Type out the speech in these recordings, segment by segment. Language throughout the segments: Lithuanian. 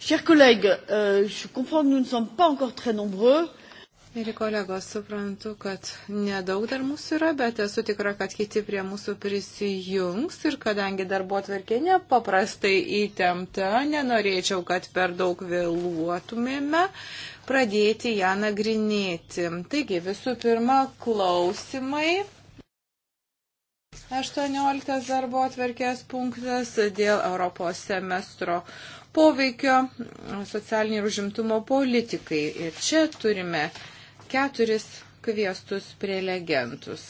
Chers collègues, euh, je comprends que nous ne sommes pas encore très nombreux. Mėly kolegos, suprantu, kad nedaug dar mūsų yra, bet esu tikra, kad kiti prie mūsų prisijungs ir kadangi darbo atverkė nepaprastai įtempta, nenorėčiau, kad per daug vėluotumėme pradėti ją nagrinėti. Taigi, visų pirma, klausimai. 18 darbo atverkės punktas dėl Europos semestro poveikio socialiniai ir užimtumo politikai. Ir čia turime keturis kvieštus prelegentus.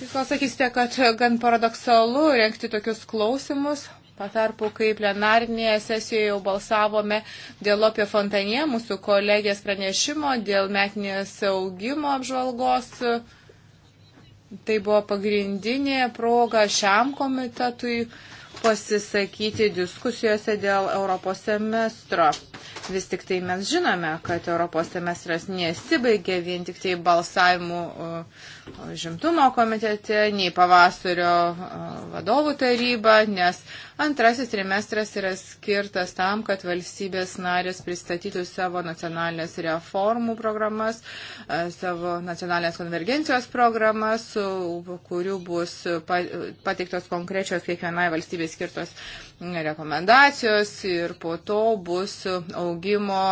Jūs pasakysite, kad gan paradoksalu renkti tokius klausimus. Patarpu, kai plenarinėje sesijoje jau balsavome dėl Lopio Fontanie, mūsų kolegės pranešimo, dėl metinės augimo apžvalgos Tai buvo pagrindinė proga šiam komitetui pasisakyti diskusijose dėl Europos semestro. Vis tik tai mes žinome, kad Europos semestras nesibaigė vien tik tai balsavimu uh, žimtumo komitete, nei pavasario vadovų taryba, nes antrasis trimestras yra skirtas tam, kad valstybės narės pristatytų savo nacionalinės reformų programas, savo nacionalinės konvergencijos programas, kurių bus pateiktos konkrečios kiekvienai valstybės skirtos rekomendacijos ir po to bus augimo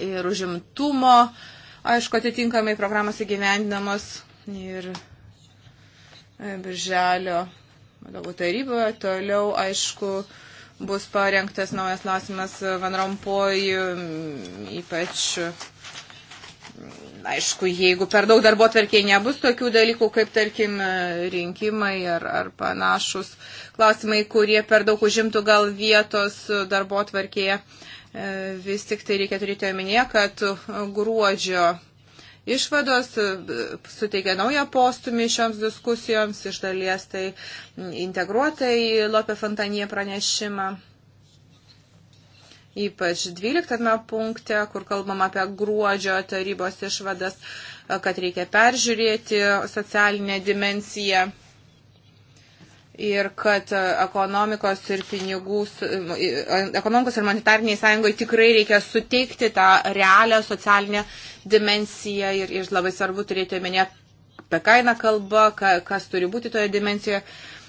ir užimtumo uh, aišku, atitinkamai programos įgyvendinamos ir e, birželio vadovų taryboje. Toliau, aišku, bus parengtas naujas klausimas Van Rompoj, ypač aišku, jeigu per daug darbo tvarkiai nebus tokių dalykų, kaip, tarkim, rinkimai ar, ar panašus klausimai, kurie per daug užimtų gal vietos darbo tvarkėje. Uh, E, vis tik tai reikia turėti omenyje, kad gruodžio išvados e, suteikia naują postumį šioms diskusijoms, iš dalies tai integruotai į Lopė Fontanie pranešimą. Ypač 12 punkte, kur kalbam apie gruodžio tarybos išvadas, e, kad reikia peržiūrėti socialinę dimensiją ir kad e, ekonomikos ir pinigų, e, e, ekonomikos ir monetariniai sąjungai tikrai reikia suteikti tą realią socialinę dimensiją ir, ir labai svarbu turėti omenyje, apie ką eina kalba, ka, kas turi būti toje dimensijoje.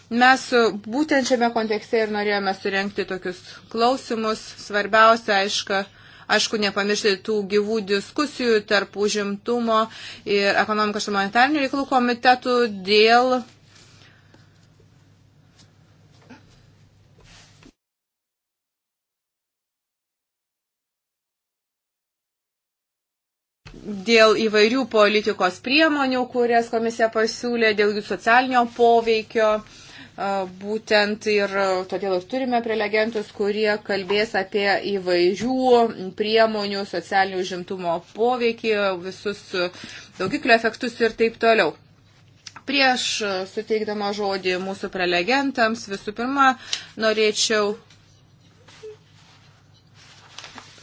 Mes būtent šiame kontekste ir norėjome surenkti tokius klausimus. Svarbiausia, aišku, aišku, nepamiršti tų gyvų diskusijų tarp užimtumo ir ekonomikos ir monetarinių reikalų komitetų dėl dėl įvairių politikos priemonių, kurias komisija pasiūlė, dėl jų socialinio poveikio. Būtent ir todėl ir turime prelegentus, kurie kalbės apie įvairių priemonių socialinių žimtumo poveikį, visus daugiklio efektus ir taip toliau. Prieš suteikdama žodį mūsų prelegentams, visų pirma, norėčiau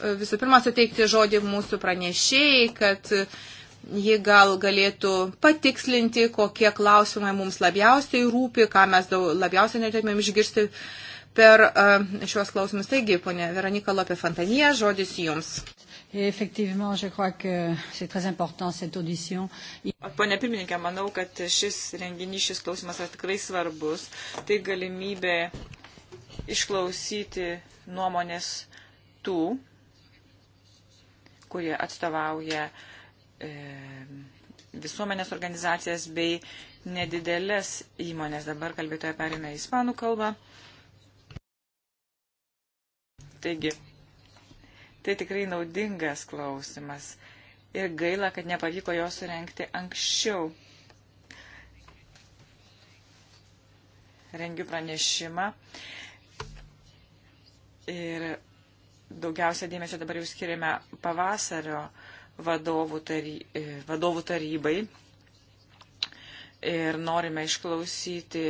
visų pirma suteikti žodį mūsų pranešėjai, kad ji gal galėtų patikslinti, kokie klausimai mums labiausiai rūpi, ką mes labiausiai norėtumėm išgirsti per e, šios klausimus. Taigi, ponė Veronika Lopė Fantanija, žodis jums. Effectivement, je crois que c'est très important cette audition. Pone pirmininkė, manau, kad šis renginys, šis klausimas yra tikrai svarbus. Tai galimybė išklausyti nuomonės tų, kurie atstovauja e, visuomenės organizacijas bei nedidelės įmonės. Dabar kalbėtoje perina į ispanų kalbą. Taigi, tai tikrai naudingas klausimas ir gaila, kad nepavyko jo surenkti anksčiau. Rengiu pranešimą ir daugiausia dėmesio dabar jau skiriame pavasario vadovų, tary, e, vadovų tarybai ir norime išklausyti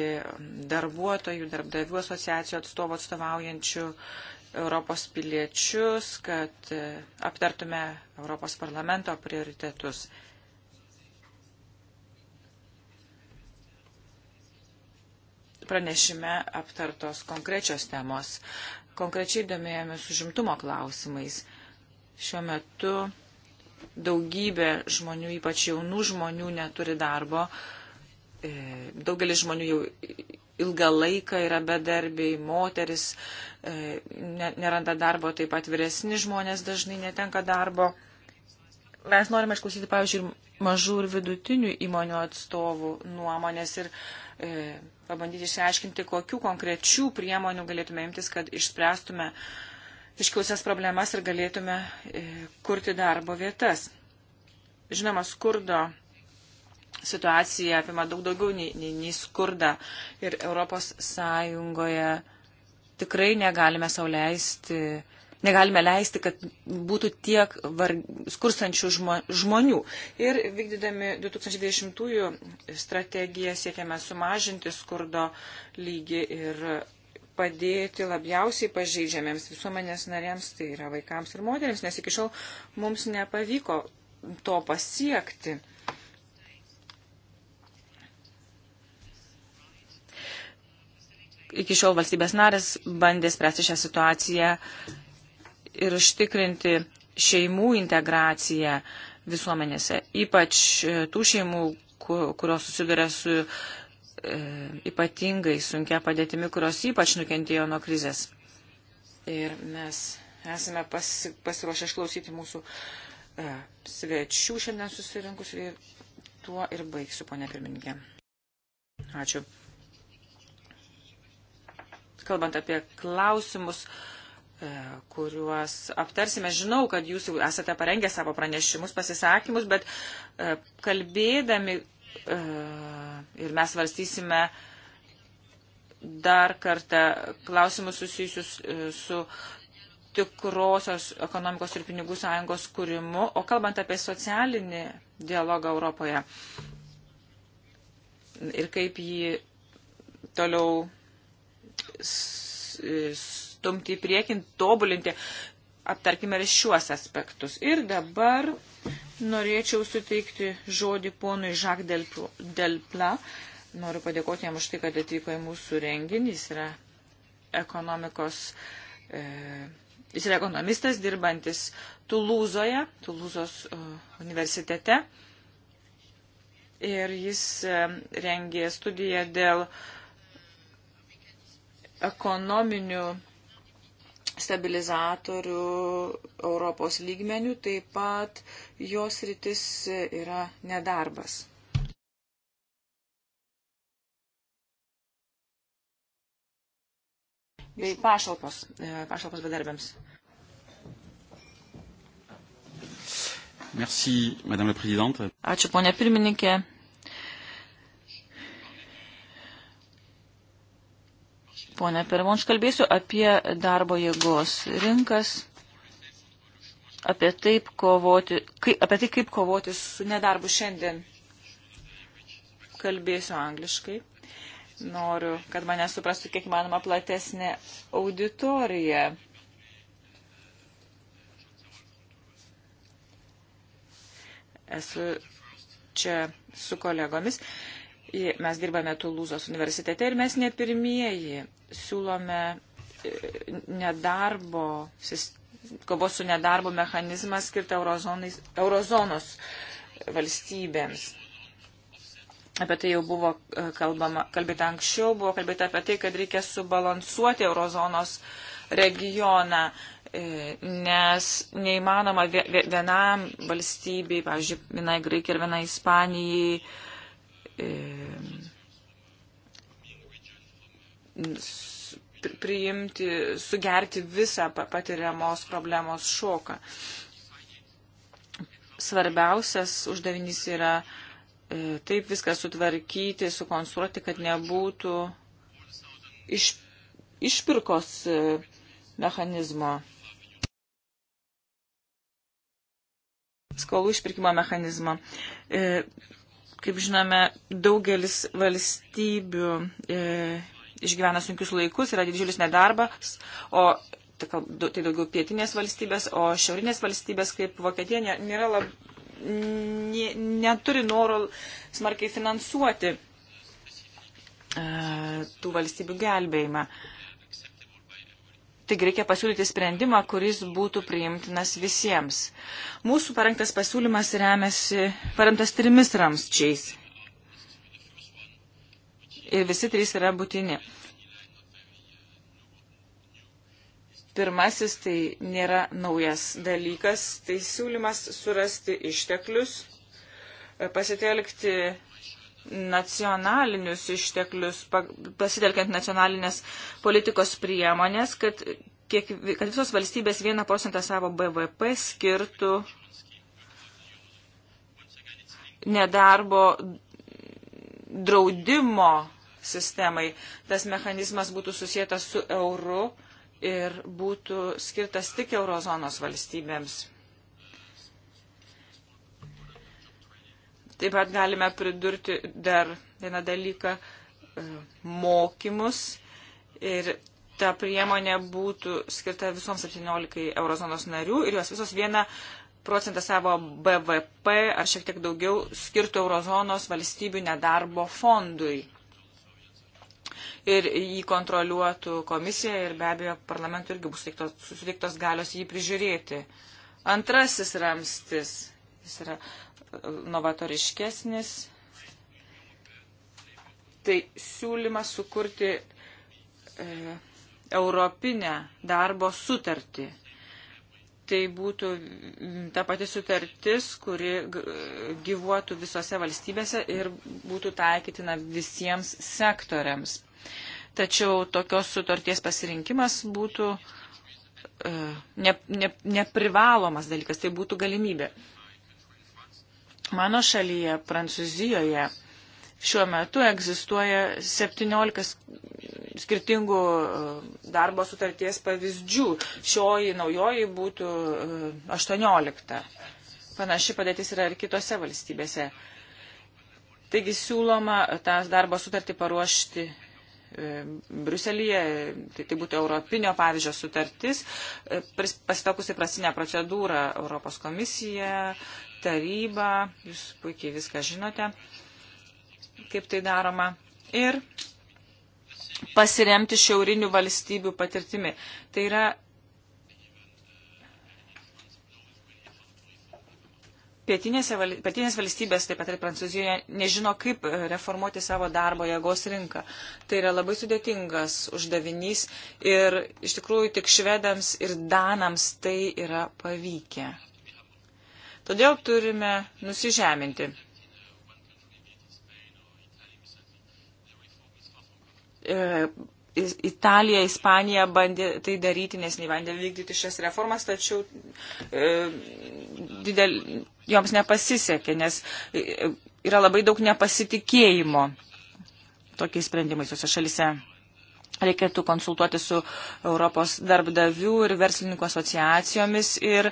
darbuotojų, darbdavių asociacijų atstovų atstovaujančių Europos piliečius, kad e, aptartume Europos parlamento prioritetus. Pranešime aptartos konkrečios temos konkrečiai domėjomės užimtumo klausimais. Šiuo metu daugybė žmonių, ypač jaunų žmonių, neturi darbo. E, daugelis žmonių jau ilgą laiką yra bedarbiai, moteris e, neranda darbo, taip pat vyresni žmonės dažnai netenka darbo mes norime išklausyti, pavyzdžiui, mažų ir vidutinių įmonių atstovų nuomonės ir e, pabandyti išsiaiškinti, kokiu konkrečių priemonių galėtume imtis, kad išspręstume iškiausias problemas ir galėtume e, kurti darbo vietas. Žinoma, skurdo situacija apima daug daugiau nei, nei, nei skurda ir Europos Sąjungoje tikrai negalime sauliaisti leisti negalime leisti, kad būtų tiek var, skurstančių žmo, žmonių. Ir vykdydami 2020-ųjų strategiją siekiame sumažinti skurdo lygį ir padėti labiausiai pažeidžiamiems visuomenės narėms, tai yra vaikams ir moteriams, nes iki šiol mums nepavyko to pasiekti. Iki šiol valstybės narės bandė spręsti šią situaciją ir užtikrinti šeimų integraciją visuomenėse, ypač e, tų šeimų, kurios susiduria su e, ypatingai sunkia padėtimi, kurios ypač nukentėjo nuo krizės. Ir mes esame pasi, pasiruošę išklausyti mūsų e, svečių šiandien susirinkus ir tuo ir baigsiu, ponė pirmininkė. Ačiū. Kalbant apie klausimus, e, E, kuriuos aptarsime. Žinau, kad jūs jau esate parengę savo pranešimus, pasisakymus, bet e, kalbėdami e, ir mes varstysime dar kartą klausimus susijusius su tikrosios ekonomikos ir pinigų sąjungos kūrimu, o kalbant apie socialinį dialogą Europoje ir kaip jį toliau stumti į priekį, tobulinti. Aptarkime ir šiuos aspektus. Ir dabar norėčiau suteikti žodį ponui Žak Delpla. Noriu padėkoti jam už tai, kad atvyko į mūsų renginį. Jis yra ekonomikos. E, Jis yra ekonomistas, dirbantis Tulūzoje, Tulūzos e, universitete. Ir jis e, rengė studiją dėl ekonominių stabilizatorių Europos lygmenių, taip pat jos rytis yra nedarbas. Bei pašalpos, e, pašalpos bedarbiams. Merci, Madame la Présidente. Ačiū, ponė pirmininkė. Pone Permonš, kalbėsiu apie darbo jėgos rinkas, apie, taip kovoti, kaip, apie tai, kaip kovoti su nedarbu šiandien. Kalbėsiu angliškai. Noriu, kad mane suprastų kiek manoma platesnė auditorija. Esu čia su kolegomis. Mes dirbame Tulūzos universitete ir mes ne pirmieji siūlome e, nedarbo, kovos su nedarbo mechanizmą skirtą eurozonos valstybėms. Apie tai jau buvo e, kalbama, kalbėta anksčiau, buvo kalbėta apie tai, kad reikia subalansuoti eurozonos regioną, e, nes neįmanoma vienam valstybei, pavyzdžiui, vienai Graikijai ir vienai Ispanijai priimti, sugerti visą patiriamos problemos šoką. Svarbiausias uždavinys yra e, taip viską sutvarkyti, sukonstruoti, kad nebūtų iš, išpirkos e, mechanizmo. Skolų išpirkimo mechanizmo. E, kaip žinome, daugelis valstybių išgyvena sunkius laikus, yra didžiulis nedarbas, o tai, tai daugiau pietinės valstybės, o šiaurinės valstybės kaip Vokietija nėra lab, nė, neturi noro smarkiai finansuoti e, tų valstybių gelbėjimą. Taigi reikia pasiūlyti sprendimą, kuris būtų priimtinas visiems. Mūsų parengtas pasiūlymas remiasi paremtas trimis ramsčiais ir visi trys yra būtini. Pirmasis tai nėra naujas dalykas, tai siūlymas surasti išteklius, pasitelkti nacionalinius išteklius, pasitelkiant nacionalinės politikos priemonės, kad, kiek, kad visos valstybės 1 procentą savo BVP skirtų nedarbo draudimo sistemai. Tas mechanizmas būtų susijęs su euru ir būtų skirtas tik eurozonos valstybėms. Taip pat galime pridurti dar vieną dalyką e, - mokymus. Ir ta priemonė būtų skirta visoms 17 eurozonos narių ir jos visos vieną procentą savo BVP ar šiek tiek daugiau skirtų eurozonos valstybių nedarbo fondui. Ir jį kontroliuotų komisija ir be abejo parlamentų irgi bus suteiktos galios jį prižiūrėti. Antrasis ramstis, jis yra e, novatoriškesnis, tai siūlymas sukurti e, europinę darbo sutartį tai būtų ta pati sutartis, kuri gyvuotų visose valstybėse ir būtų taikytina visiems sektoriams. Tačiau tokios sutarties pasirinkimas būtų e, ne, ne, neprivalomas dalykas, tai būtų galimybė. Mano šalyje, Prancūzijoje, šiuo metu egzistuoja 17 skirtingų e, darbo sutarties pavyzdžių. Šioji naujoji būtų 18. E, Panaši padėtis yra ir kitose valstybėse. Taigi siūloma tą darbo sutartį paruošti e, Bruselėje, tai, tai būtų europinio pavyzdžio sutartis, pasitokusi prasinę procedūrą Europos komisija, taryba, jūs puikiai viską žinote, kaip tai daroma. Ir pasiremti šiaurinių valstybių patirtimi. Tai yra pietinėse, pietinės valstybės, taip pat ir Prancūzijoje, nežino, kaip e, reformuoti savo darbo jėgos rinką. Tai yra labai sudėtingas uždavinys ir iš tikrųjų tik švedams ir danams tai yra pavykę. Todėl turime nusižeminti. E, Italija, Ispanija bandė tai daryti, nes nebandė vykdyti šias reformas, tačiau e, didel, joms nepasisekė, nes e, yra labai daug nepasitikėjimo tokiais sprendimais tose šalise. Reikėtų konsultuoti su Europos darbdavių ir verslininkų asociacijomis ir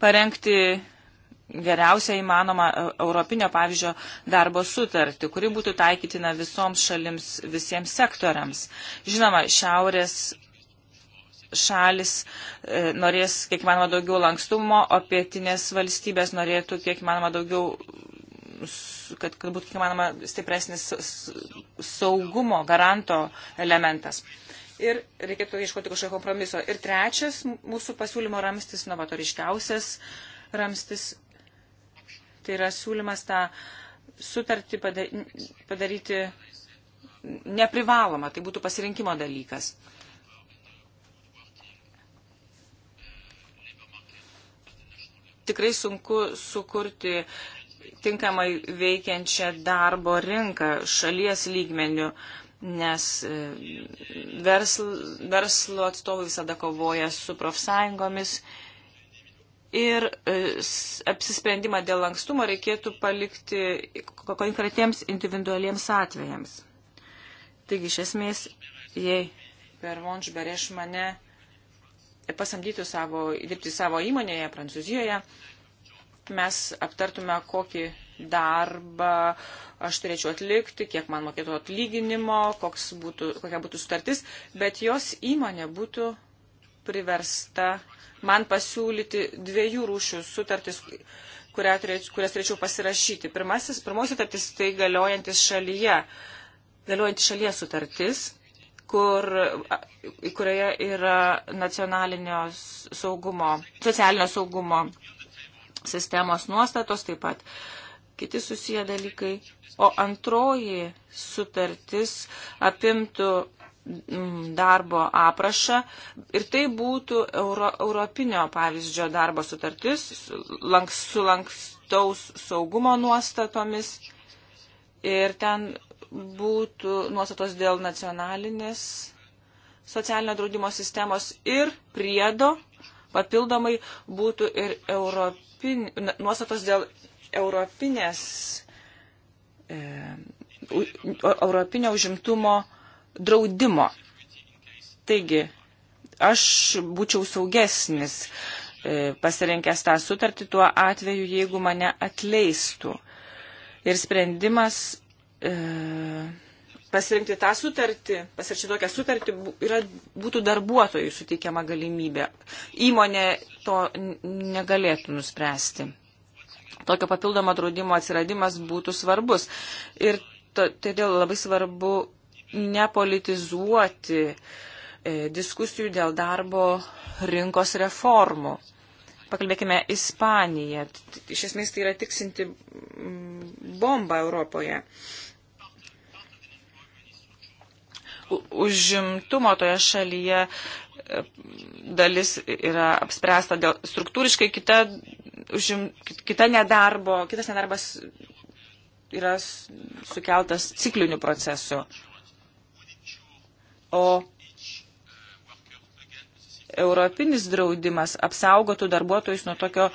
parengti geriausia įmanoma e, europinio pavyzdžio darbo sutartį, kuri būtų taikytina visoms šalims, visiems sektoriams. Žinoma, šiaurės šalis e, norės kiek manoma daugiau lankstumo, o pietinės valstybės norėtų kiek manoma daugiau, kad, kad būtų kiek manoma stipresnis saugumo garanto elementas. Ir reikėtų ieškoti kažkokio kompromiso. Ir trečias mūsų pasiūlymo ramstis, novatoriškiausias ramstis Tai yra siūlymas tą sutartį padaryti neprivaloma, tai būtų pasirinkimo dalykas. Tikrai sunku sukurti tinkamai veikiančią darbo rinką šalies lygmenių, nes e, verslo, verslo atstovai visada kovoja su profsąjungomis, ir e, apsisprendimą dėl lankstumo reikėtų palikti konkretiems individualiems atvejams. Taigi, iš esmės, jei per Monš Bereš mane pasamdytų savo, dirbti savo įmonėje Prancūzijoje, mes aptartume, kokį darbą aš turėčiau atlikti, kiek man mokėtų atlyginimo, būtų, kokia būtų sutartis, bet jos įmonė būtų priversta man pasiūlyti dviejų rūšių sutartis, turėč, kurias turėčiau pasirašyti. Pirmasis, pirmoji sutartis tai galiojantis šalyje, galiojantis šalyje sutartis, kur, kurioje yra nacionalinio saugumo, socialinio saugumo sistemos nuostatos, taip pat kiti susiję dalykai. O antroji sutartis apimtų Mm, darbo aprašą ir tai būtų euro, europinio pavyzdžio darbo sutartis lanks, su lankstaus saugumo nuostatomis ir ten būtų nuostatos dėl nacionalinės socialinio draudimo sistemos ir priedo papildomai būtų ir europin, nuostatos dėl europinės, e, u, europinio užimtumo draudimo. Taigi, aš būčiau saugesnis e, pasirinkęs tą sutartį tuo atveju, jeigu mane atleistų. Ir sprendimas e, pasirinkti tą sutartį, pasirašyti tokią sutartį, yra, būtų darbuotojų suteikiama galimybė. Įmonė to negalėtų nuspręsti. Tokio papildomo draudimo atsiradimas būtų svarbus. Ir to, todėl labai svarbu nepolitizuoti e, diskusijų dėl darbo rinkos reformų. Pakalbėkime Ispaniją. Iš esmės tai yra tiksinti mm, bomba Europoje. Užimtumo toje šalyje e, dalis yra apspręsta dėl struktūriškai, kita, užim, kita nedarbo, kitas nedarbas yra sukeltas ciklinių procesų o europinis draudimas apsaugotų darbuotojus nuo tokio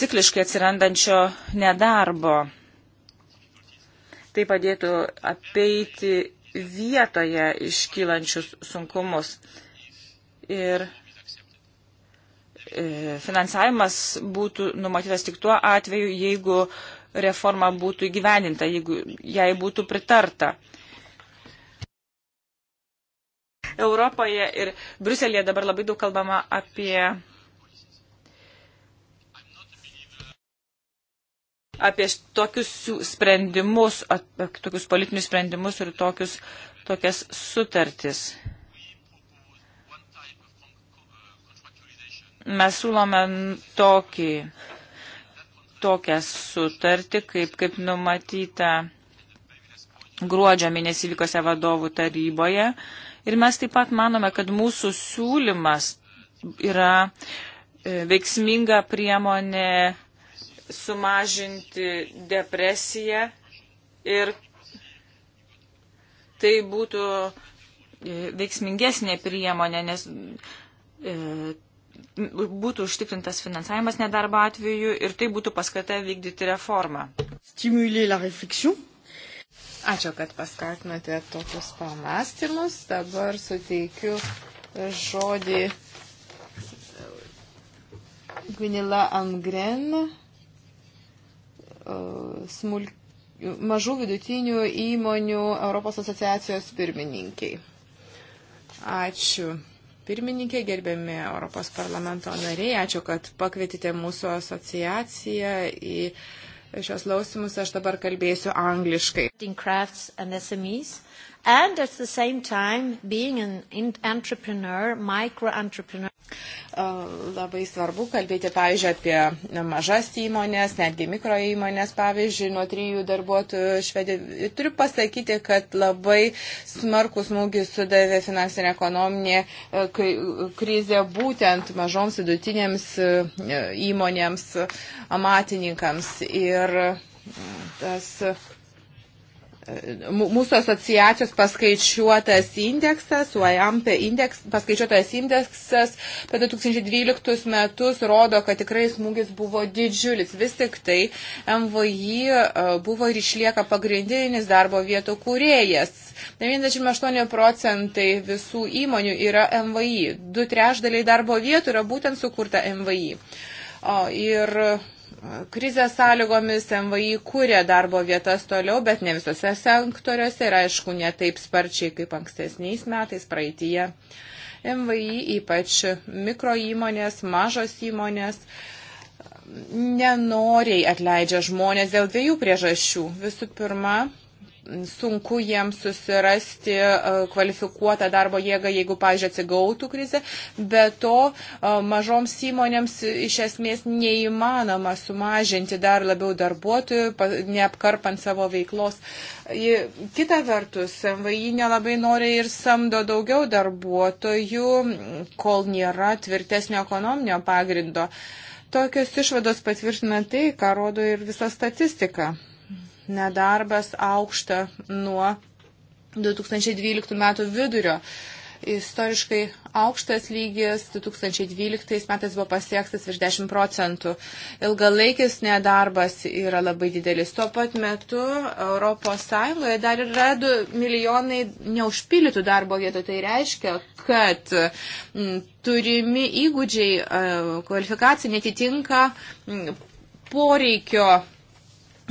cikliškai atsirandančio nedarbo. Tai padėtų apeiti vietoje iškylančius sunkumus. Ir e, finansavimas būtų numatytas tik tuo atveju, jeigu reforma būtų įgyveninta, jeigu jai būtų pritarta. Europoje ir Bruselėje dabar labai daug kalbama apie. apie tokius sprendimus, apie tokius politinius sprendimus ir tokius, tokias sutartis. Mes siūlome tokį, tokią sutartį, kaip, kaip numatyta gruodžio mėnesį vykusią vadovų taryboje. Uh, Ir mes taip pat manome, kad mūsų siūlymas yra e, veiksminga priemonė sumažinti depresiją ir tai būtų e, veiksmingesnė priemonė, nes e, būtų užtikrintas finansavimas nedarbo atveju ir tai būtų paskata vykdyti reformą. Stimuliai la reflexion. Ačiū, kad paskatinote tokius pamastymus. Dabar suteikiu žodį Gvinila Angren, e, smulk... mažų vidutinių įmonių Europos asociacijos pirmininkiai. Ačiū. Pirmininkė, gerbiami Europos parlamento nariai, ačiū, kad pakvietėte mūsų asociaciją į uh, šios lausimus, aš dabar kalbėsiu angliškai and at the same time being an entrepreneur, micro-entrepreneur. Labai svarbu kalbėti, pavyzdžiui, apie mažas įmonės, netgi mikro įmonės, pavyzdžiui, nuo trijų darbuotojų švedijoje. Turiu pasakyti, kad labai smarkus smūgis sudavė finansinė ekonominė e, krizė būtent mažoms vidutinėms e, įmonėms, amatininkams. Ir tas mūsų asociacijos paskaičiuotas indeksas, UAMP indeks, paskaičiuotas indeksas per 2012 metus rodo, kad tikrai smūgis buvo didžiulis. Vis tik tai MVI e, buvo ir išlieka pagrindinis darbo vietų kūrėjas. 98 procentai visų įmonių yra MVI. Du trešdaliai darbo vietų yra būtent sukurta MVI. O, ir Krizės sąlygomis MVI kūrė darbo vietas toliau, bet ne visose sektoriuose ir aišku, ne taip sparčiai kaip ankstesniais metais praeitie. MVI, ypač mikro įmonės, mažos įmonės, nenoriai atleidžia žmonės dėl dviejų priežasčių. Visų pirma, sunku jiems susirasti e, kvalifikuotą darbo jėgą, jeigu, pažiūrėjau, atsigautų krizė. Be to, e, mažoms įmonėms iš esmės neįmanoma sumažinti dar labiau darbuotojų, neapkarpant savo veiklos. Kita vertus, MVI nelabai nori ir samdo daugiau darbuotojų, kol nėra tvirtesnio ekonominio pagrindo. Tokios išvados patvirtina tai, ką rodo ir visa statistika. Nedarbas aukšta nuo 2012 metų vidurio. Istoriškai aukštas lygis 2012 metais buvo pasiektas virš 10 procentų. Ilgalaikis nedarbas yra labai didelis. Tuo pat metu ES dar yra 2 milijonai neužpildytų darbo vietų. Tai reiškia, kad turimi įgūdžiai, e, kvalifikacija netitinka poreikio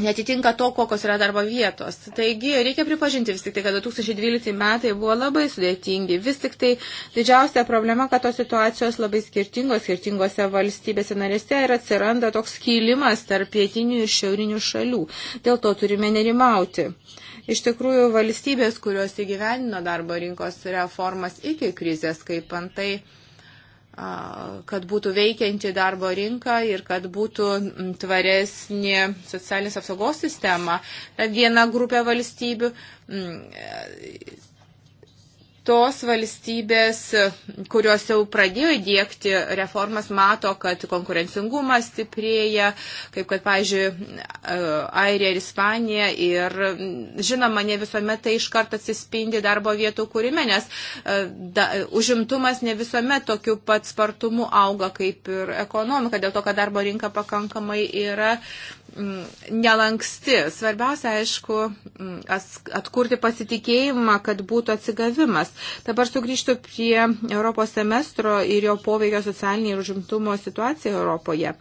netitinka to, kokios yra darbo vietos. Taigi, reikia pripažinti vis tik tai, kad 2012 metai buvo labai sudėtingi. Vis tik tai didžiausia problema, kad tos situacijos labai skirtingos, skirtingose valstybėse narėse ir atsiranda toks kylimas tarp pietinių ir šiaurinių šalių. Dėl to turime nerimauti. Iš tikrųjų, valstybės, kurios įgyvenino darbo rinkos reformas iki krizės, kaip antai. Tai kad būtų veikianti darbo rinka ir kad būtų tvaresnė socialinės apsaugos sistema. Viena grupė valstybių tos valstybės, kurios jau pradėjo įdėkti reformas, mato, kad konkurencingumas stiprėja, kaip kad, pavyzdžiui, Airija ir Ispanija. Ir žinoma, ne visuomet tai iškart atsispindi darbo vietų kūrime, nes e, da, užimtumas ne visuomet tokiu pat spartumu auga kaip ir ekonomika, dėl to, kad darbo rinka pakankamai yra Mm, nelanksti. Svarbiausia, aišku, mm, atkurti pasitikėjimą, kad būtų atsigavimas. Dabar sugrįžtų prie Europos semestro ir jo poveikio socialiniai ir užimtumo situacija Europoje.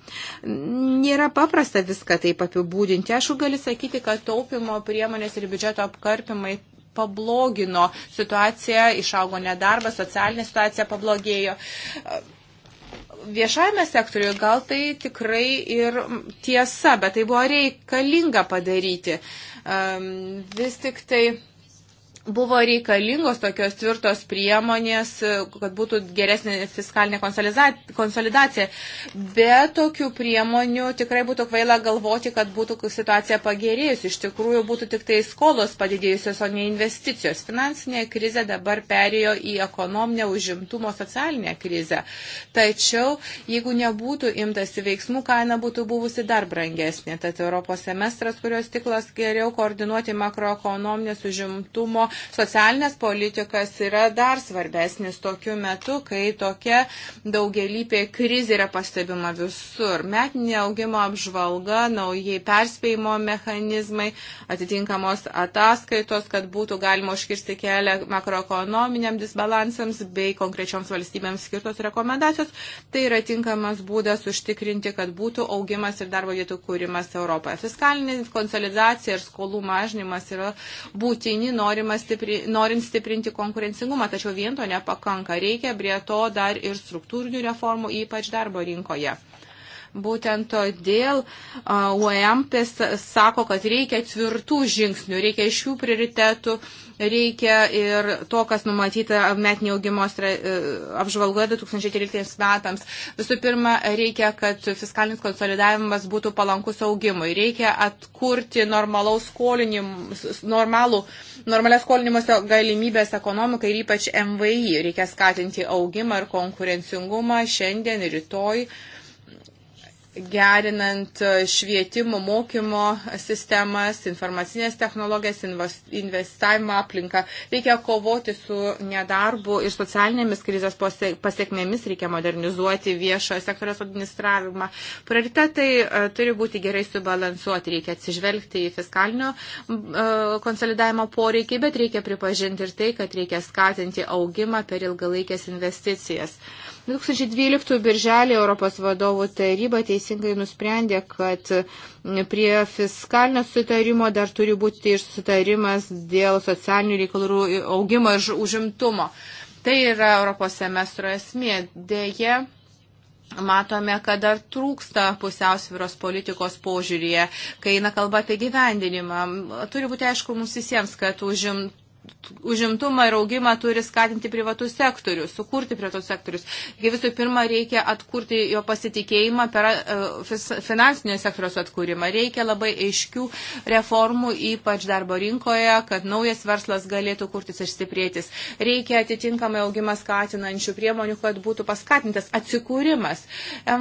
Nėra paprasta viską taip apibūdinti. Aš galiu sakyti, kad taupimo priemonės ir biudžeto apkarpimai pablogino situaciją, išaugo nedarbas, socialinė situacija pablogėjo viešajame sektoriuje gal tai tikrai ir tiesa, bet tai buvo reikalinga padaryti. Vis tik tai buvo reikalingos tokios tvirtos priemonės, e, kad būtų geresnė fiskalinė konsolidacija. Be tokių priemonių tikrai būtų kvaila galvoti, kad būtų situacija pagerėjus. Iš tikrųjų būtų tik tai skolos padidėjusios, o ne investicijos. Finansinė krizė dabar perėjo į ekonominę užimtumo socialinę krizę. Tačiau, jeigu nebūtų imtasi veiksmų, kaina būtų buvusi dar brangesnė. Tad Europos semestras, kurios tiklas geriau koordinuoti makroekonominės užimtumo socialinės politikas yra dar svarbesnis tokiu metu, kai tokia daugelypė krizė yra pastebima visur. Metinė augimo apžvalga, naujai perspėjimo mechanizmai, atitinkamos ataskaitos, kad būtų galima užkirsti kelią makroekonominiam disbalansams bei konkrečioms valstybėms skirtos rekomendacijos. Tai yra tinkamas būdas užtikrinti, kad būtų augimas ir darbo vietų kūrimas Europoje. Fiskalinė konsolidacija ir skolų mažinimas yra būtini norimas stipri, norint stiprinti konkurencingumą, tačiau vien to nepakanka. Reikia prie to dar ir struktūrinių reformų, ypač darbo rinkoje. Būtent todėl UEMPIS sako, kad reikia tvirtų žingsnių, reikia šių prioritetų, reikia ir to, kas numatyta metinio augimo e, apžvalgoje 2013 metams. Visų pirma, reikia, kad fiskalinis konsolidavimas būtų palankus augimui. Reikia atkurti normalaus skolinimus, normalų, normalias skolinimuose galimybės ekonomikai ir ypač MVI. Reikia skatinti augimą ir konkurencingumą šiandien ir rytoj gerinant e, švietimo mokymo sistemas, informacinės technologijas, investavimo aplinką. Reikia kovoti su nedarbu ir socialinėmis krizės pasiekmėmis, reikia modernizuoti viešojo sektoriaus administravimą. Prioritetai e, turi būti gerai subalansuoti, reikia atsižvelgti į fiskalinio e, konsolidavimo poreikį, bet reikia pripažinti ir tai, kad reikia skatinti augimą per ilgalaikės investicijas. 2012 birželį Europos vadovų taryba teisingai nusprendė, kad prie fiskalinio sutarimo dar turi būti ir sutarimas dėl socialinių reikalų augimo ir užimtumo. Tai yra Europos semestro esmė. Deja, Matome, kad dar trūksta pusiausvyros politikos požiūrėje, kai eina kalba apie gyvendinimą. Turi būti aišku mums visiems, kad užim, užimtumą ir augimą turi skatinti privatus sektorius, sukurti privatus sektorius. Taigi visų pirma, reikia atkurti jo pasitikėjimą per e, finansinio sektoriaus atkūrimą. Reikia labai aiškių reformų, ypač darbo rinkoje, kad naujas verslas galėtų kurtis ir stiprėtis. Reikia atitinkamai augimą skatinančių priemonių, kad būtų paskatintas atsikūrimas.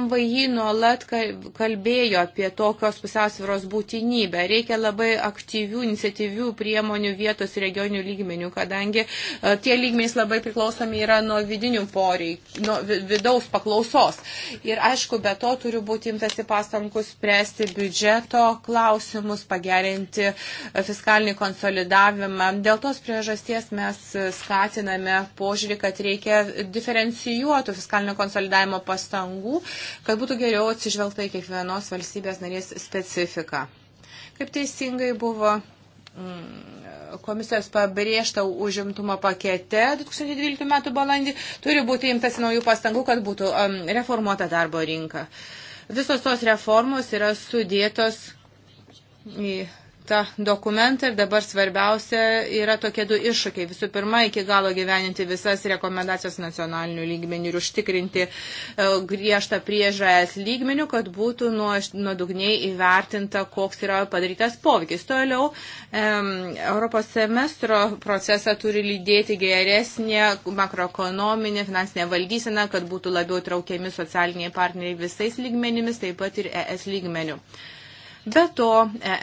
MVI nuolat kalbėjo apie tokios pusiausvėros būtinybę. Reikia labai aktyvių, iniciatyvių priemonių vietos regionių lygų lygmenių, kadangi e, tie lygmenys labai priklausomi yra nuo vidinių poreikių, nuo vidaus paklausos. Ir aišku, be to turi būti imtasi pastangų spręsti biudžeto klausimus, pagerinti e, fiskalinį konsolidavimą. Dėl tos priežasties mes skatiname požiūrį, kad reikia diferencijuotų fiskalinio konsolidavimo pastangų, kad būtų geriau atsižvelgta į kiekvienos valstybės narės specifiką. Kaip teisingai buvo mm, komisijos pabrėžta užimtumo pakete 2012 metų balandį, turi būti imtasi naujų pastangų, kad būtų um, reformuota darbo rinka. Visos tos reformos yra sudėtos į parengtą dokumentą ir dabar svarbiausia yra tokie du iššūkiai. Visų pirma, iki galo gyveninti visas rekomendacijas nacionalinių lygmenių ir užtikrinti e, griežtą priežąs lygmenių, kad būtų nuodugniai įvertinta, koks yra padarytas poveikis. Toliau, Europos semestro procesą turi lydėti geresnė makroekonominė, finansinė valdysena, kad būtų labiau traukiami socialiniai partneriai visais lygmenimis, taip pat ir ES lygmenių. Thank you. Be to,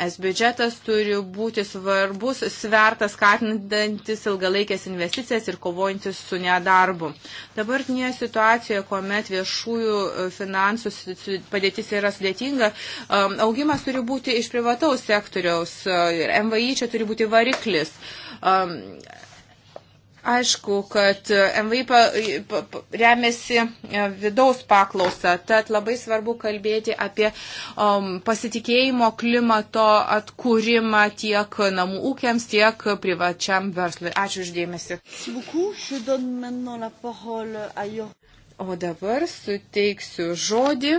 ES biudžetas turi būti svarbus, svertas skatinantis ilgalaikės investicijas ir kovojantis su nedarbu. Dabartinėje situacijoje, kuomet viešųjų finansų padėtis yra sudėtinga, um, augimas turi būti iš privataus sektoriaus uh, ir MVI čia turi būti variklis um, Aišku, kad MVI remiasi e, vidaus paklausą, tad labai svarbu kalbėti apie um, pasitikėjimo klimato atkūrimą tiek namų ūkiams, tiek privačiam verslui. Ačiū uždėmesi. O dabar suteiksiu žodį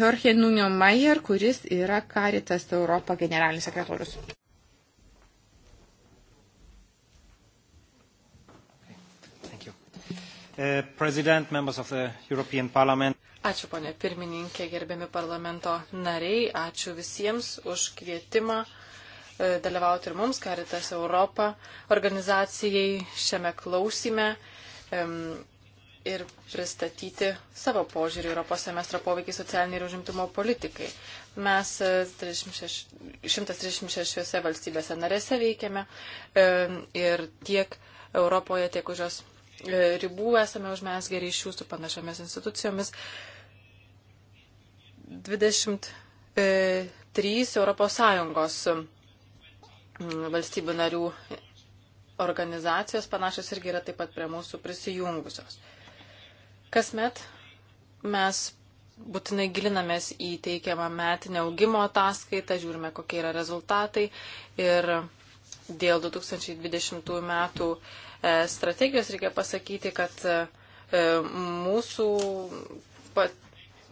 Jorge Nunio Mayer, kuris yra Karitas Europa generalinis sekretorius. Uh, ačiū, ponė pirmininkė, gerbiami parlamento nariai, ačiū visiems už kvietimą uh, dalyvauti ir mums, Karitas Europą, organizacijai šiame klausime um, ir pristatyti savo požiūrį Europos semestro poveikį socialiniai ir užimtumo politikai. Mes 36, uh, 136 valstybėse narėse veikiame um, ir tiek Europoje, tiek už jos E, ribų esame užmesgę ryšių su panašiamis institucijomis. 23 ES mm, valstybių narių organizacijos panašios irgi yra taip pat prie mūsų prisijungusios. Kasmet mes būtinai gilinamės į teikiamą metinę augimo ataskaitą, žiūrime, kokie yra rezultatai ir dėl 2020 metų E, strategijos reikia pasakyti, kad e, mūsų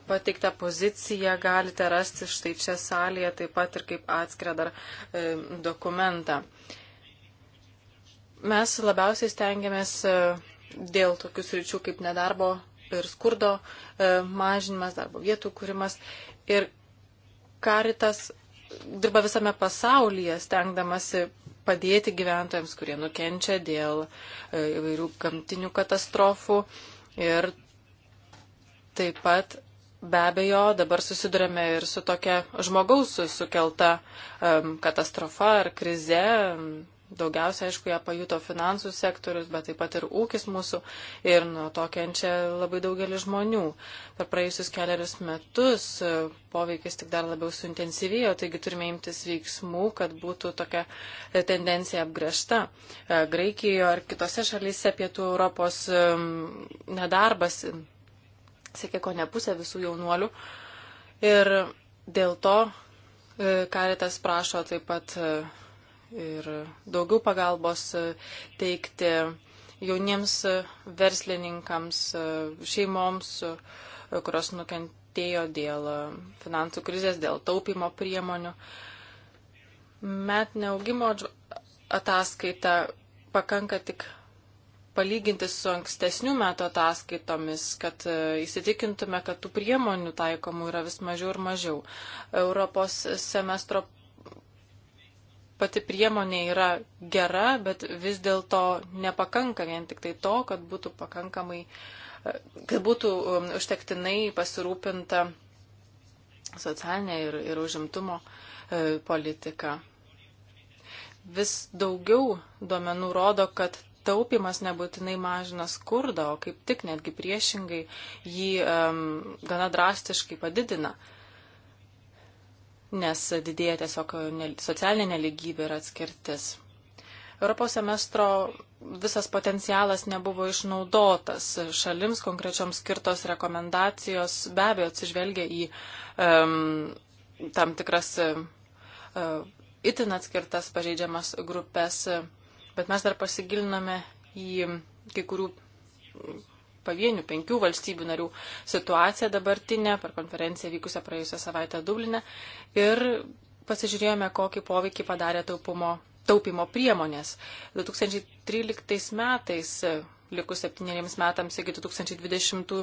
pateiktą poziciją galite rasti štai čia salėje, taip pat ir kaip atskirą dar e, dokumentą. Mes labiausiai stengiamės dėl tokių sričių kaip nedarbo ir skurdo mažinimas, darbo vietų kūrimas. Ir karitas dirba visame pasaulyje, stengdamasi padėti gyventojams, kurie nukenčia dėl e, įvairių gamtinių katastrofų. Ir taip pat be abejo dabar susidurėme ir su tokia žmogaus sukelta um, katastrofa ar krize, Daugiausia, aišku, ją pajuto finansų sektorius, bet taip pat ir ūkis mūsų ir nuo to kenčia labai daugelis žmonių. Per praėjusius keliarius metus e, poveikis tik dar labiau suintensyvėjo, taigi turime imtis veiksmų, kad būtų tokia e, tendencija apgręžta. E, Graikijoje ar kitose šalyse pietų Europos nedarbas siekia ko ne pusę visų jaunuolių. Ir dėl to Karitas prašo taip pat ir daugiau pagalbos teikti jauniems verslininkams, šeimoms, kurios nukentėjo dėl finansų krizės, dėl taupimo priemonių. Metinė augimo ataskaita pakanka tik palyginti su ankstesnių metų ataskaitomis, kad įsitikintume, kad tų priemonių taikomų yra vis mažiau ir mažiau. Europos semestro pati priemonė yra gera, bet vis dėlto nepakanka vien tik tai to, kad būtų pakankamai, e, kad būtų um, užtektinai pasirūpinta socialinė ir, ir užimtumo e, politika. Vis daugiau duomenų rodo, kad taupimas nebūtinai mažina skurdą, o kaip tik netgi priešingai jį um, gana drastiškai padidina. Uh, nes didėja tiesiog socialinė neligybė ir atskirtis. Europos semestro visas potencialas nebuvo išnaudotas. Šalims konkrečioms skirtos rekomendacijos be abejo atsižvelgia į um, tam tikras uh, itin atskirtas pažeidžiamas grupės, bet mes dar pasigilinome į kai kurių pavienių penkių valstybių narių situaciją dabartinę per konferenciją vykusią praėjusią savaitę Dublinę ir pasižiūrėjome, kokį poveikį padarė taupumo, taupimo priemonės. 2013 metais, likus septyneriems metams iki 2020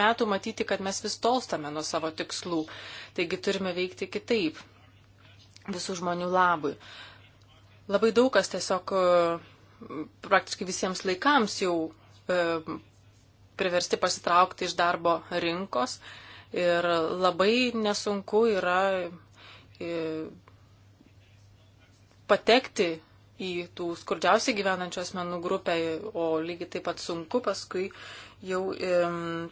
metų, matyti, kad mes vis tolstame nuo savo tikslų, taigi turime veikti kitaip visų žmonių labui. Labai daug kas tiesiog praktiškai visiems laikams jau e, priversti pasitraukti iš darbo rinkos ir labai nesunku yra e, patekti į tų skurdžiausiai gyvenančių asmenų grupę, o lygiai taip pat sunku paskui jau e,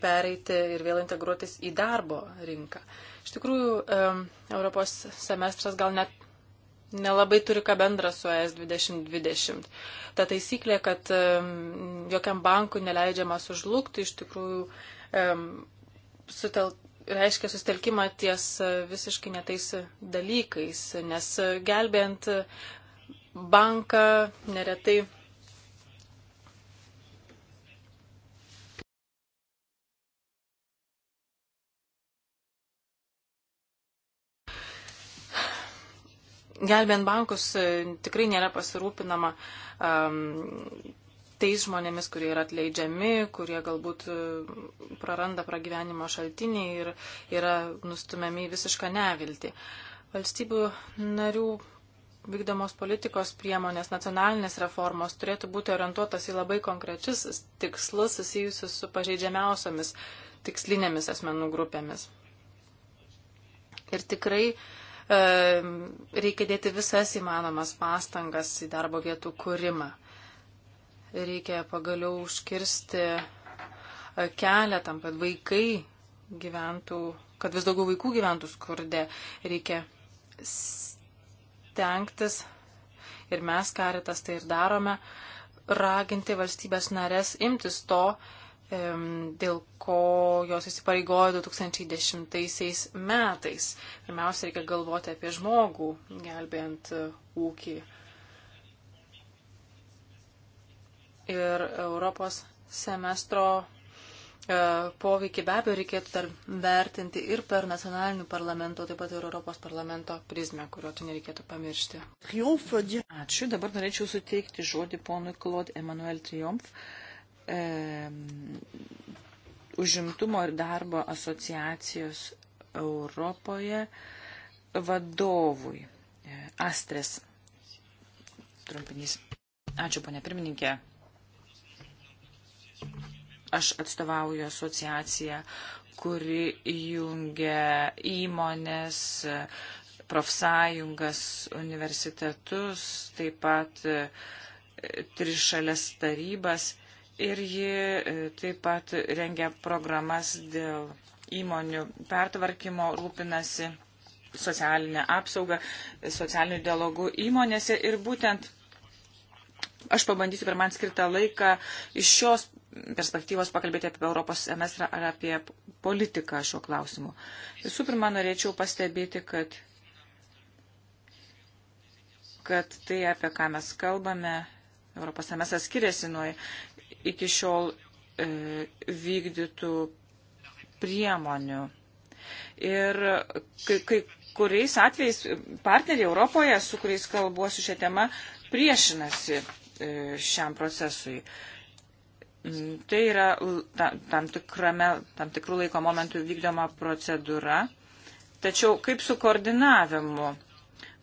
pereiti ir vėl integruotis į darbo rinką. Iš tikrųjų, e, Europos semestras gal net nelabai turi ką bendra su ES 2020. Ta taisyklė, kad jokiam bankui neleidžiama sužlugti, iš tikrųjų sutel, reiškia sustelkimą ties e, visiškai netais dalykais, nes e, gelbėjant e, banką neretai Gelbėjant bankus e, tikrai nėra pasirūpinama um, tais žmonėmis, kurie yra atleidžiami, kurie galbūt e, praranda pragyvenimo šaltinį ir yra nustumiami į visišką neviltį. Valstybių narių vykdomos politikos priemonės, nacionalinės reformos turėtų būti orientuotas į labai konkrečius tikslus susijusius su pažeidžiamiausiamis tikslinėmis asmenų grupėmis. Ir tikrai uh, E, reikia dėti visas įmanomas pastangas į darbo vietų kūrimą. Reikia pagaliau užkirsti e, kelią tam, kad vaikai gyventų, kad vis daugiau vaikų gyventų skurde. Reikia stengtis ir mes karitas tai ir darome, raginti valstybės narės imtis to, dėl ko jos įsipareigojo 2010 metais. Pirmiausia, reikia galvoti apie žmogų, gelbėjant e, ūkį. Ir Europos semestro e, poveikį be abejo reikėtų dar vertinti ir per nacionalinių parlamento, taip pat ir Europos parlamento prizmę, kurio tu nereikėtų pamiršti. Ačiū, dabar norėčiau suteikti žodį ponui Claude Emmanuel Triumph e, užimtumo ir darbo asociacijos Europoje vadovui. Astres. Trumpinys. Ačiū, ponė pirmininkė. Aš atstovauju asociaciją, kuri jungia įmonės, profsąjungas, universitetus, taip pat e, trišalės tarybas ir ji e, taip pat rengia programas dėl įmonių pertvarkymo, rūpinasi socialinę apsaugą, socialinių dialogų įmonėse ir būtent aš pabandysiu per man skirtą laiką iš šios perspektyvos pakalbėti apie Europos semestrą ar apie politiką šiuo klausimu. Visų pirma, norėčiau pastebėti, kad, kad tai, apie ką mes kalbame, Europos semestras skiriasi nuo iki šiol e, vykdytų priemonių. Ir kai, kai kuriais atvejais partneriai Europoje, su kuriais kalbuosiu šią temą, priešinasi e, šiam procesui. Tai yra tam, tikrame, tam tikrų laiko momentų vykdoma procedūra. Tačiau kaip su koordinavimu?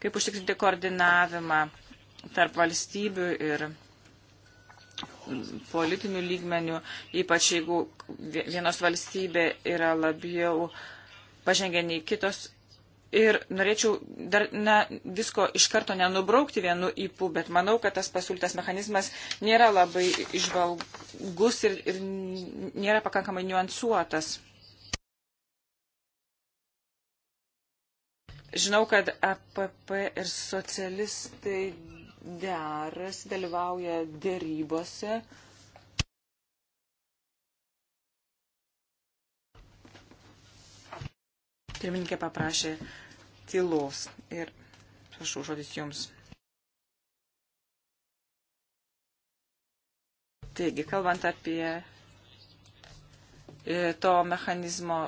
Kaip užtikrinti koordinavimą tarp valstybių ir politinių lygmenių, ypač jeigu vienos valstybė yra labiau pažengę nei kitos. Ir norėčiau dar na, visko iš karto nenubraukti vienu įpū, bet manau, kad tas pasiūlytas mechanizmas nėra labai išvalgus ir, ir nėra pakankamai niuansuotas. Žinau, kad APP ir socialistai derasi, dalyvauja dėrybose. Pirmininkė paprašė tylos ir prašau žodis jums. Taigi, kalbant apie e, to mechanizmo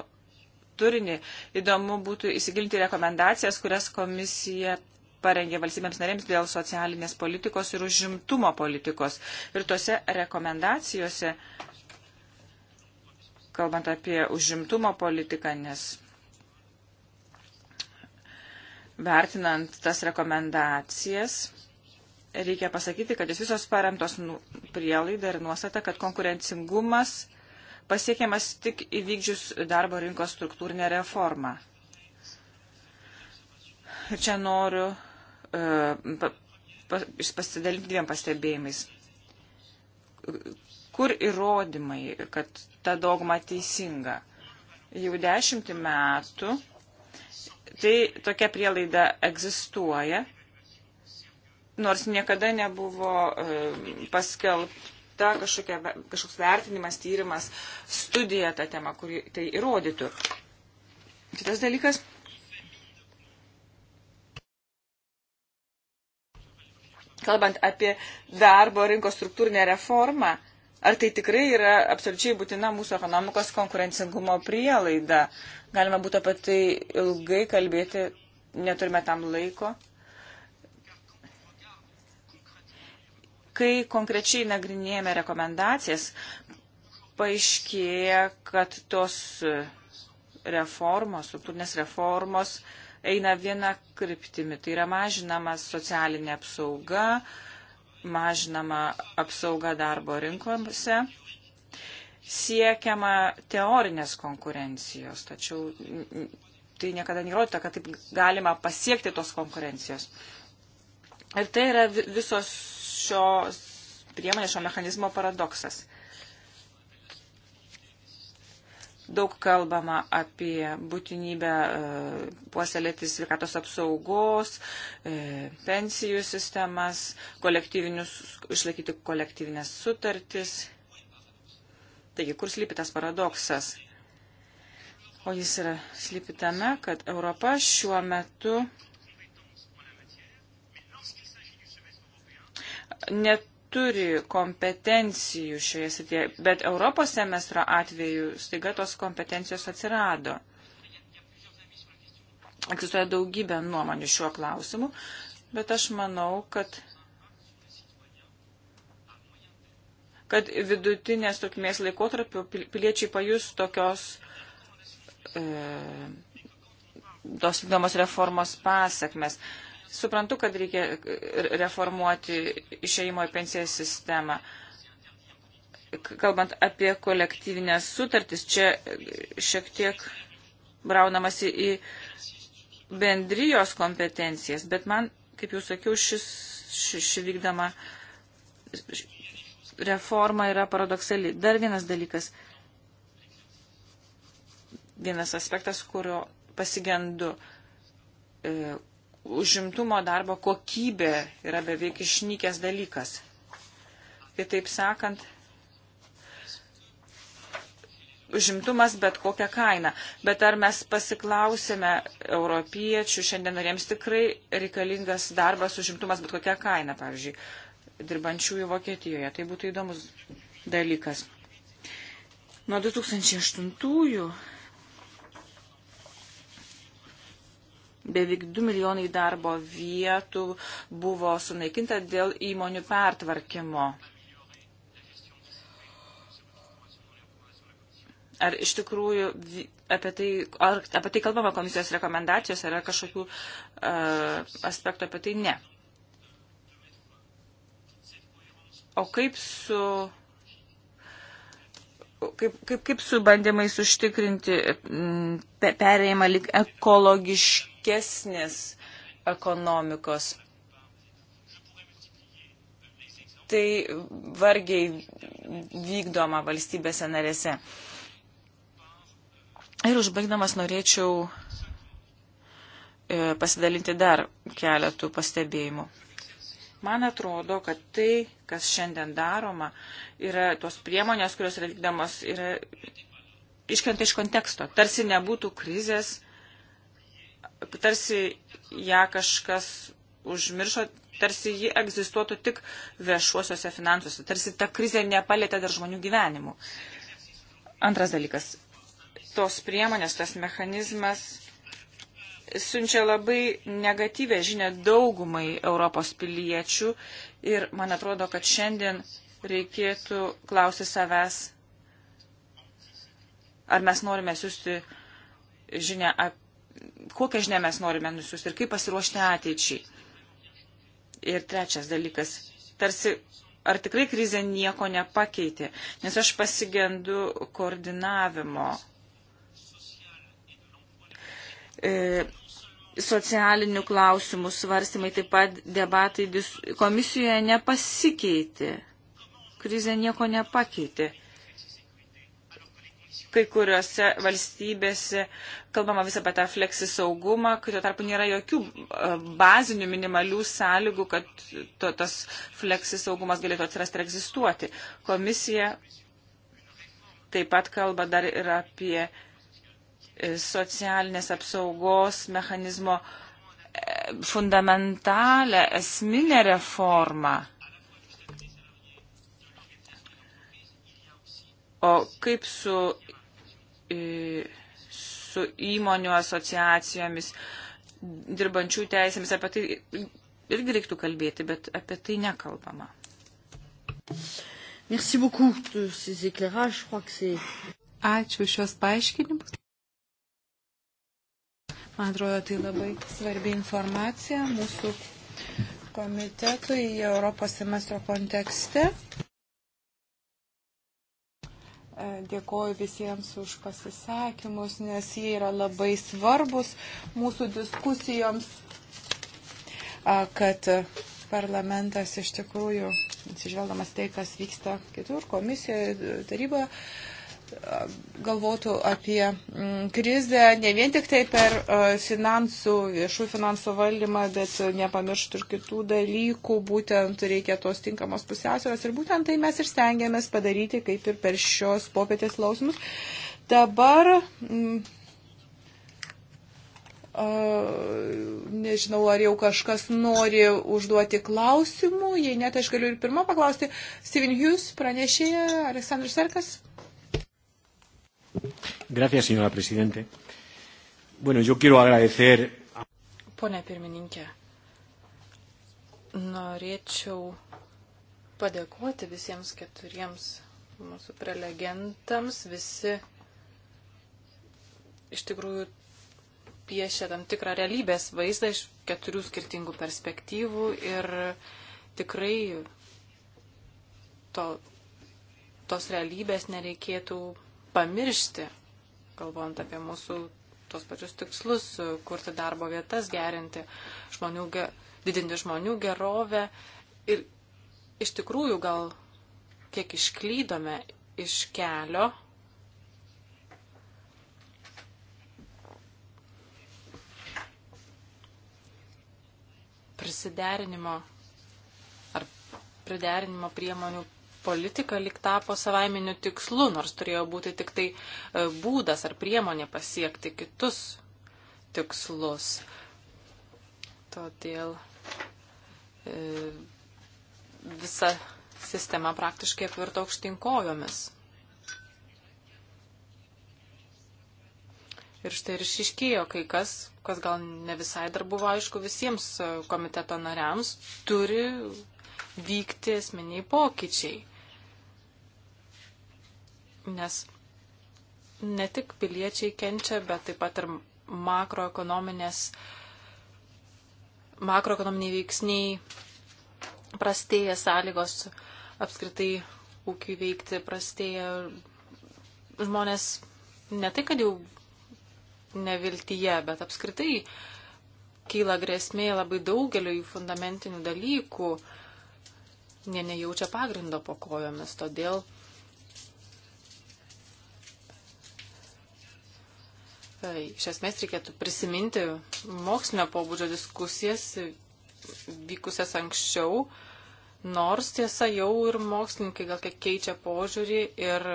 turinį, įdomu būtų įsigilinti rekomendacijas, kurias komisija parengė valstybėms narėms dėl socialinės politikos ir užimtumo politikos. Ir tose rekomendacijose, kalbant apie užimtumo politiką, nes vertinant tas rekomendacijas, reikia pasakyti, kad jis visos paremtos nu, prielaida ir nuostata, kad konkurencingumas pasiekiamas tik įvykdžius darbo rinkos struktūrinę reformą. Ir čia noriu E, pasidalinti dviem pastebėjimais. Kur įrodymai, kad ta dogma teisinga? Jau dešimtį metų tai tokia prielaida egzistuoja, nors niekada nebuvo e, paskelbta kažkokia, kažkoks vertinimas, tyrimas, studija tą temą, kuri tai įrodytų. Kitas dalykas kalbant apie darbo rinkos struktūrinę reformą, ar tai tikrai yra absoliučiai būtina mūsų ekonomikos konkurencingumo prielaida. Galima būtų apie tai ilgai kalbėti, neturime tam laiko. Kai konkrečiai nagrinėjame rekomendacijas, paaiškėja, kad tos reformos, struktūrinės reformos uh, eina viena kryptimi. Tai yra mažinama socialinė apsauga, mažinama apsauga darbo rinkose, siekiama teorinės konkurencijos, tačiau tai niekada nerodyta, kad taip galima pasiekti tos konkurencijos. Ir tai yra visos šios priemonės, šio mechanizmo paradoksas. Daug kalbama apie būtinybę e, puoselėti sveikatos apsaugos, e, pensijų sistemas, išlaikyti kolektyvinės sutartis. Taigi, kur slypi tas paradoksas? O jis yra slypi tame, kad Europa šiuo metu net turi kompetencijų šioje srityje, bet Europos semestro atveju staiga tos kompetencijos atsirado. Egzistuoja daugybė nuomonių šiuo klausimu, bet aš manau, kad, kad vidutinės trukmės laikotarpiu piliečiai pajus tokios e, tos vykdomos reformos pasiekmes. Suprantu, kad reikia reformuoti išeimo į pensiją sistemą. Kalbant apie kolektyvinės sutartis, čia šiek tiek braunamasi į bendrijos kompetencijas, bet man, kaip jau sakiau, šis, ši, ši vykdama reforma yra paradoksali. Dar vienas dalykas, vienas aspektas, kurio pasigendu, e, užimtumo darbo kokybė yra beveik išnykęs dalykas. Kitaip sakant, užimtumas bet kokią kainą. Bet ar mes pasiklausėme europiečių, šiandien ar jiems tikrai reikalingas darbas užimtumas bet kokią kainą, pavyzdžiui, dirbančiųjų Vokietijoje. Tai būtų įdomus dalykas. Nuo 2008 beveik 2 milijonai darbo vietų buvo sunaikinta dėl įmonių pertvarkymo. Ar iš tikrųjų apie tai, ar, apie tai kalbama komisijos rekomendacijos, ar yra kažkokių uh, aspektų apie tai? Ne. O kaip su kaip, kaip, kaip su bandymais užtikrinti perėjimą lik ekologiškai? sveikesnės ekonomikos. Tai vargiai vykdoma valstybėse narėse. Ir užbaigdamas norėčiau e, pasidalinti dar keletų pastebėjimų. Man atrodo, kad tai, kas šiandien daroma, yra tos priemonės, kurios yra vykdamos, yra iškrenta iš konteksto. Tarsi nebūtų krizės, tarsi ją kažkas užmiršo, tarsi ji egzistuotų tik viešuosiuose finansuose, tarsi ta krizė nepalėtė dar žmonių gyvenimų. Antras dalykas. Tos priemonės, tas mechanizmas siunčia labai negatyvę žinę daugumai Europos piliečių ir man atrodo, kad šiandien reikėtų klausyti savęs, ar mes norime siūsti žinę apie kokią žinę mes norime nusiųsti ir kaip pasiruošti ateičiai. Ir trečias dalykas, tarsi ar tikrai krizė nieko nepakeitė, nes aš pasigendu koordinavimo e, socialinių klausimų svarstymai, taip pat debatai dis, komisijoje nepasikeitė. Krizė nieko nepakeitė kai kuriuose valstybėse kalbama vis apie tą fleksi saugumą, kai tuo tarpu nėra jokių e, bazinių minimalių sąlygų, kad to, tas fleksi saugumas galėtų atsirasti ir egzistuoti. Komisija taip pat kalba dar ir apie e, socialinės apsaugos mechanizmo e, fundamentalę, esminę reformą. O kaip su, su įmonių asociacijomis, dirbančių teisėmis, apie tai irgi reiktų kalbėti, bet apie tai nekalbama. Merci beaucoup de ces éclairages. Je crois que c'est. Ačiū šios paaiškinimus. Man atrodo, tai labai svarbi informacija mūsų komitetui Europos semestro kontekste. E, dėkoju visiems už pasisakymus, nes jie yra labai svarbus mūsų diskusijoms, kad parlamentas iš tikrųjų, atsižvelgdamas tai, kas vyksta kitur komisijoje, taryboje, galvotų apie mm, krizę ne vien tik tai per e, finansų, viešų finansų valdymą, bet e, nepamirštų ir kitų dalykų, būtent reikia tos tinkamos pusiausvėros ir būtent tai mes ir stengiamės padaryti, kaip ir per šios popietės lausimus. Dabar. M, mm, e, nežinau, ar jau kažkas nori užduoti klausimų, jei net tai aš galiu ir pirmą paklausti. Steven Hughes pranešė, Aleksandras Serkas. Gracias, señora presidente. Bueno, yo quiero agradecer. Pone pirmininkė, norėčiau padėkoti visiems keturiems mūsų prelegentams. Visi iš tikrųjų piešia tam tikrą realybės vaizdą iš keturių skirtingų perspektyvų ir tikrai to, tos realybės nereikėtų pamiršti, galvojant apie mūsų tos pačius tikslus, kurti darbo vietas, gerinti žmonių, didinti žmonių gerovę. Ir iš tikrųjų gal kiek išklydome iš kelio. Prisiderinimo ar priderinimo priemonių politika lik tapo savaiminiu tikslu, nors turėjo būti tik tai e, būdas ar priemonė pasiekti kitus tikslus. Todėl e, visa sistema praktiškai apvirto aukštinkojomis. Ir štai ir išiškėjo kai kas, kas gal ne visai dar buvo aišku visiems e, komiteto nariams, turi vykti esminiai pokyčiai nes ne tik piliečiai kenčia, bet taip pat ir makroekonominės, makroekonominiai veiksniai, prastėja sąlygos apskritai ūkiui veikti, prastėja žmonės ne tai, kad jau neviltyje, bet apskritai kyla grėsmė labai daugeliu jų fundamentinių dalykų, jie nejaučia pagrindo po kojomis, todėl Tai iš esmės reikėtų prisiminti mokslinio pobūdžio diskusijas vykusias anksčiau, nors tiesa jau ir mokslininkai gal kiek keičia požiūrį ir,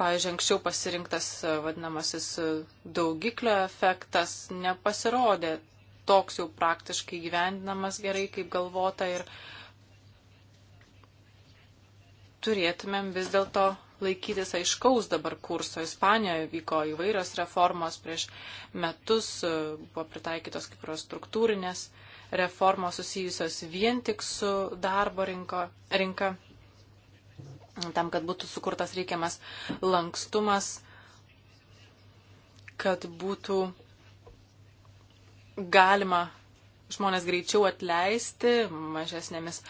pavyzdžiui, anksčiau pasirinktas vadinamasis daugiklio efektas nepasirodė toks jau praktiškai gyvendinamas gerai, kaip galvota ir turėtumėm vis dėlto laikytis aiškaus dabar kurso. Ispanijoje vyko įvairios reformos prieš metus, e, buvo pritaikytos kai kurios struktūrinės reformos susijusios vien tik su darbo rinko, rinka, tam, kad būtų sukurtas reikiamas lankstumas, kad būtų galima žmonės greičiau atleisti mažesnėmis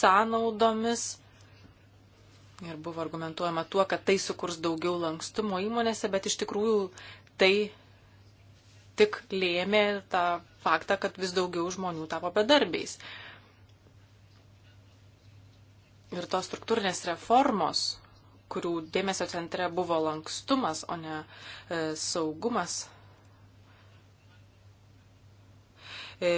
sąnaudomis Ir buvo argumentuojama tuo, kad tai sukurs daugiau lankstumo įmonėse, bet iš tikrųjų tai tik lėmė tą faktą, kad vis daugiau žmonių tapo bedarbiais. Ir tos struktūrinės reformos, kurių dėmesio centre buvo lankstumas, o ne e, saugumas, e,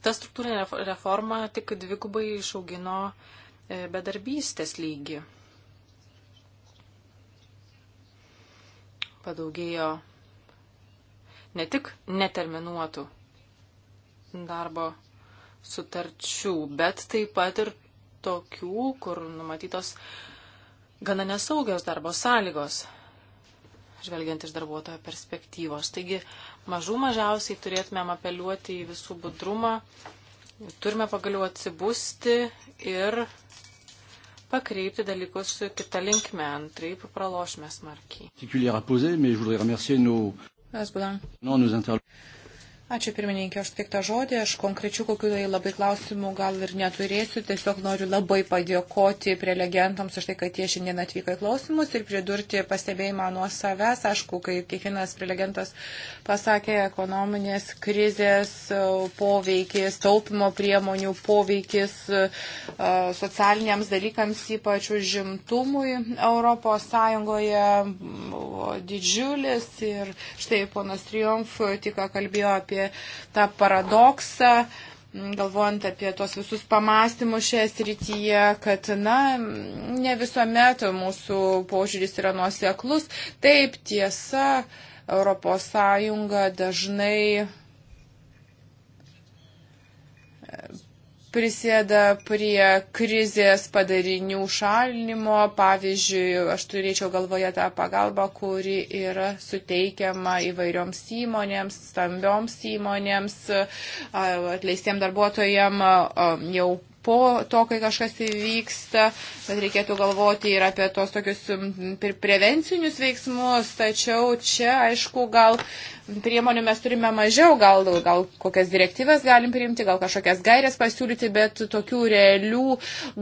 ta struktūrinė reforma tik dvigubai išaugino e, E, bedarbystės lygį. Padaugėjo ne tik neterminuotų darbo sutarčių, bet taip pat ir tokių, kur numatytos gana nesaugios darbo sąlygos, žvelgiant iš darbuotojo perspektyvos. Taigi mažų mažiausiai turėtumėm apeliuoti į visų budrumą, turime pagaliau atsibusti ir pakreipti dalykus kitą linkmę, antraip pralošime smarkiai. Mes būdame. Ačiū pirmininkė, aš tik tą žodį, aš konkrečių kokių tai labai klausimų gal ir neturėsiu, tiesiog noriu labai padėkoti prelegentams už tai, kad jie šiandien atvyko į klausimus ir pridurti pastebėjimą nuo savęs. Aišku, kaip kiekvienas prelegentas pasakė, ekonominės krizės poveikis, taupimo priemonių poveikis socialiniams dalykams, ypač užimtumui Europos Sąjungoje didžiulis. Ir štai ponas Triumf tik kalbėjo apie apie tą paradoksą, galvojant apie tos visus pamastymus šioje srityje, kad, na, ne visuomet mūsų požiūris yra nuoseklus. Taip, tiesa, ES dažnai prisėda prie krizės padarinių šalinimo. Pavyzdžiui, aš turėčiau galvoje tą pagalbą, kuri yra suteikiama įvairioms įmonėms, stambioms įmonėms, atleistiem darbuotojam jau po to, kai kažkas įvyksta, bet reikėtų galvoti ir apie tos tokius prevencinius veiksmus, tačiau čia, aišku, gal priemonių mes turime mažiau, gal, gal kokias direktyvas galim priimti, gal kažkokias gairias pasiūlyti, bet tokių realių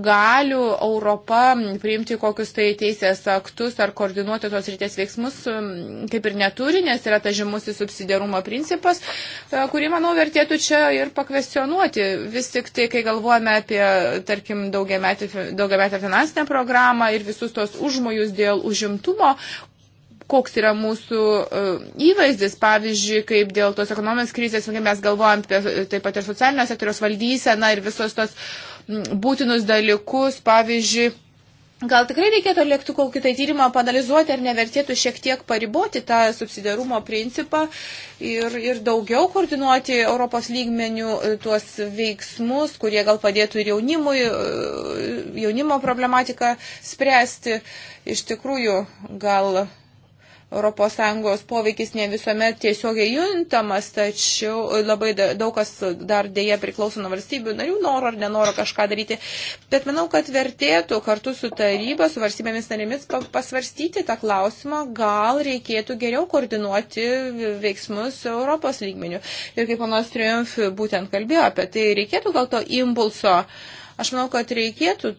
galių Europa priimti kokius tai teisės aktus ar koordinuoti tos ryties veiksmus um, kaip ir neturi, nes yra ta žymusis subsidiarumo principas, uh, kurį, manau, vertėtų čia ir pakvestionuoti. Vis tik tai, kai galvojame apie, tarkim, daugiametę finansinę programą ir visus tos užmojus dėl užimtumo, koks yra mūsų e, įvaizdis, pavyzdžiui, kaip dėl tos ekonominės krizės, mes galvojam apie taip pat ir socialinio sektoriaus valdyseną ir visos tos būtinus dalykus, pavyzdžiui, Gal tikrai reikėtų lėkti kokį tai tyrimą panalizuoti, ar nevertėtų šiek tiek pariboti tą subsidiarumo principą ir, ir daugiau koordinuoti Europos lygmenių e, tuos veiksmus, kurie gal padėtų ir jaunimui, e, jaunimo problematiką spręsti. Iš tikrųjų, gal ES poveikis ne visuomet tiesiogiai juntamas, tačiau labai daug kas dar dėja priklauso nuo valstybių narių noro ar nenoro kažką daryti. Bet manau, kad vertėtų kartu su taryba, su valstybėmis narėmis pasvarstyti tą klausimą, gal reikėtų geriau koordinuoti veiksmus Europos lygmenių. Ir kaip panas Triumf būtent kalbėjo apie tai, reikėtų gal to impulso. Aš manau, kad reikėtų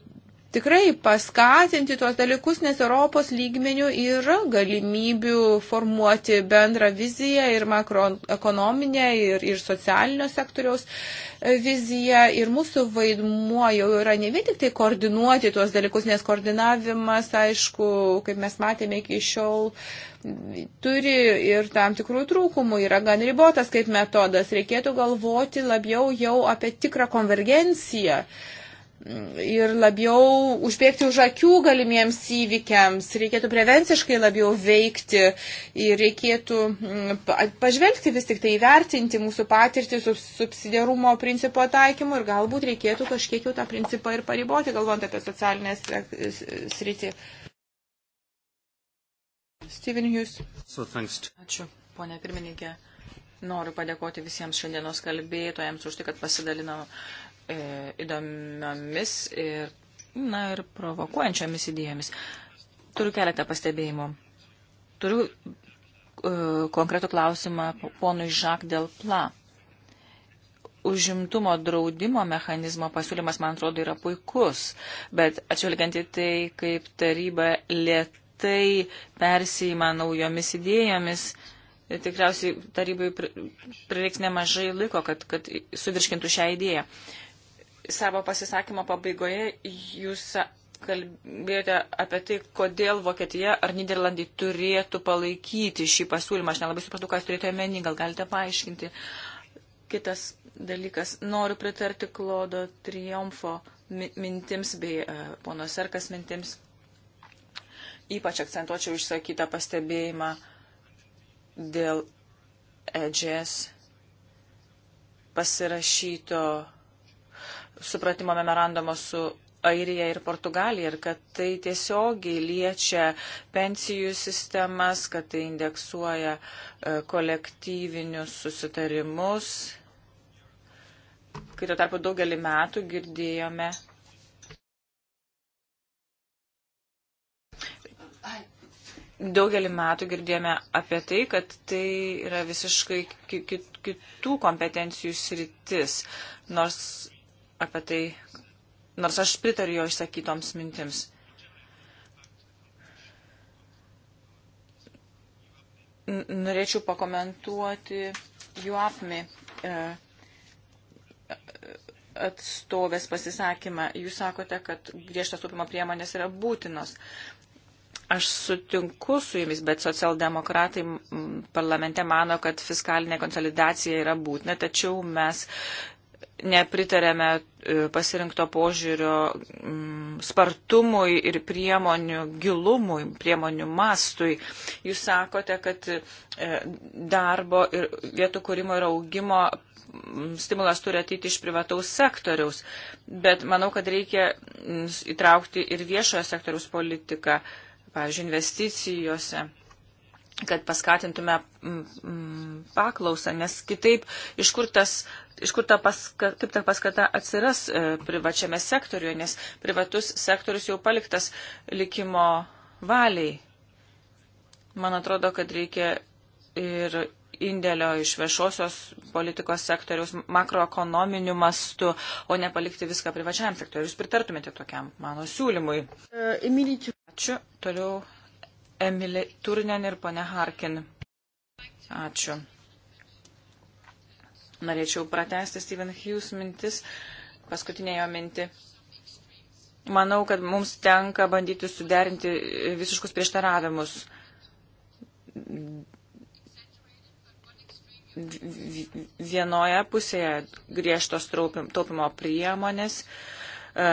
tikrai paskatinti tuos dalykus, nes Europos lygmenių yra galimybių formuoti bendrą viziją ir makroekonominę, ir, ir socialinio sektoriaus e, viziją. Ir mūsų vaidmuo jau yra ne vien tik tai koordinuoti tuos dalykus, nes koordinavimas, aišku, kaip mes matėme iki šiol, turi ir tam tikrų trūkumų, yra gan ribotas kaip metodas. Reikėtų galvoti labiau jau apie tikrą konvergenciją. Uh, ir labiau užbėgti už akių galimiems įvykiams, reikėtų prevenciškai labiau veikti ir reikėtų mm, pažvelgti vis tik tai įvertinti mūsų patirtį su subsidiarumo principo taikymu ir galbūt reikėtų kažkiek jau tą principą ir pariboti, galvojant apie socialinę e, sritį. Steven Hughes. So, Ačiū, ponė pirmininkė. Noriu padėkoti visiems šiandienos kalbėtojams už tai, kad pasidalino E, įdomiomis ir, na, ir provokuojančiomis idėjomis. Turiu keletą pastebėjimų. Turiu e, konkretų klausimą ponui Jacques Delpla. Užimtumo draudimo mechanizmo pasiūlymas, man atrodo, yra puikus, bet atšvelgiant į tai, kaip taryba lietai persijima naujomis idėjomis, tikriausiai tarybai prireiks nemažai laiko, kad, kad suvirškintų šią idėją. Uh, savo pasisakymo pabaigoje jūs kalbėjote apie tai, kodėl Vokietija ar Niderlandai turėtų palaikyti šį pasiūlymą. Aš nelabai supratau, ką jūs turėjote omeny, gal galite paaiškinti. Kitas dalykas, noriu pritarti Klodo triumfo mintims bei uh, pono Serkas mintims. Ypač akcentuočiau išsakytą pastebėjimą dėl EGS pasirašyto supratimo memorandumo su Airija ir Portugalija ir kad tai tiesiogiai liečia pensijų sistemas, kad tai indeksuoja e, kolektyvinius susitarimus. Kai tuo tarpu daugelį metų girdėjome. Daugelį metų girdėjome apie tai, kad tai yra visiškai kitų kompetencijų sritis, nors apie tai, nors aš pritariu jo išsakytoms mintims. Norėčiau pakomentuoti Juapmi e, atstovės pasisakymą. Jūs sakote, kad griežtas taupimo priemonės yra būtinos. Aš sutinku su jumis, bet socialdemokratai parlamente mano, kad fiskalinė konsolidacija yra būtina, tačiau mes nepritarėme e, pasirinkto požiūrio spartumui ir priemonių gilumui, priemonių mastui. Jūs sakote, kad e, darbo ir vietų kūrimo ir augimo stimulas turi ateiti iš privataus sektoriaus, bet manau, kad reikia įtraukti ir viešojo sektoriaus politiką, pavyzdžiui, investicijose kad paskatintume paklausą, nes kitaip iš kur, tas, iš kur ta, paska, kaip ta paskata atsiras e, privačiame sektoriuje, nes privatus sektorius jau paliktas likimo valiai. Man atrodo, kad reikia ir indėlio iš viešosios politikos sektoriaus makroekonominių mastų, o ne palikti viską privačiam sektoriui. Jūs pritartumėte tokiam mano siūlymui? E, Ačiū. Toliau Emilė Turnen ir ponė Harkin. Ačiū. Norėčiau pratesti Steven Hughes mintis, paskutinėjo mintį. Manau, kad mums tenka bandyti suderinti visiškus prieštaravimus. Vienoje pusėje griežtos taupimo priemonės, E,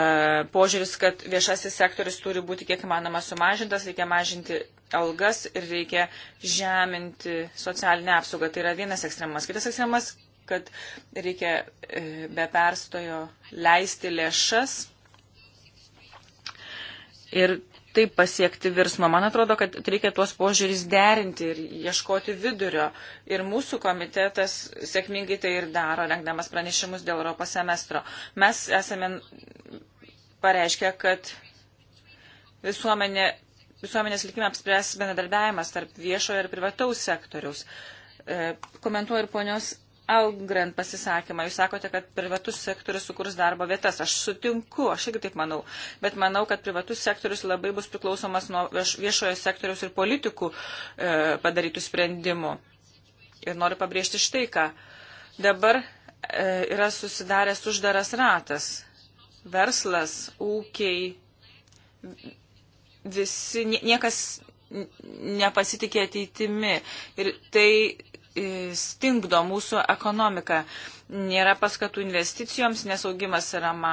požiūris, kad viešasis sektoris turi būti kiek įmanoma sumažintas, reikia mažinti algas ir reikia žeminti socialinę apsaugą. Tai yra vienas ekstremas. Kitas ekstremas, kad reikia e, be perstojo leisti lėšas ir taip pasiekti virsmą. Man atrodo, kad reikia tuos požiūris derinti ir ieškoti vidurio. Ir mūsų komitetas sėkmingai tai ir daro, rengdamas pranešimus dėl Europos semestro. Mes esame pareiškę, kad visuomenė, visuomenės likimą apspręs bendradarbiavimas tarp viešojo ir privataus sektoriaus. E, komentuoju ir ponios Algren pasisakymą. Jūs sakote, kad privatus sektorius sukurs darbo vietas. Aš sutinku, aš irgi taip manau. Bet manau, kad privatus sektorius labai bus priklausomas nuo viešojo sektoriaus ir politikų e, padarytų sprendimų. Ir noriu pabrėžti štai ką. Dabar e, yra susidaręs uždaras ratas. Verslas, ūkiai, visi, niekas nepasitikė ateitimi. Ir tai stingdo mūsų ekonomiką. Nėra paskatų investicijoms, nes augimas yra ma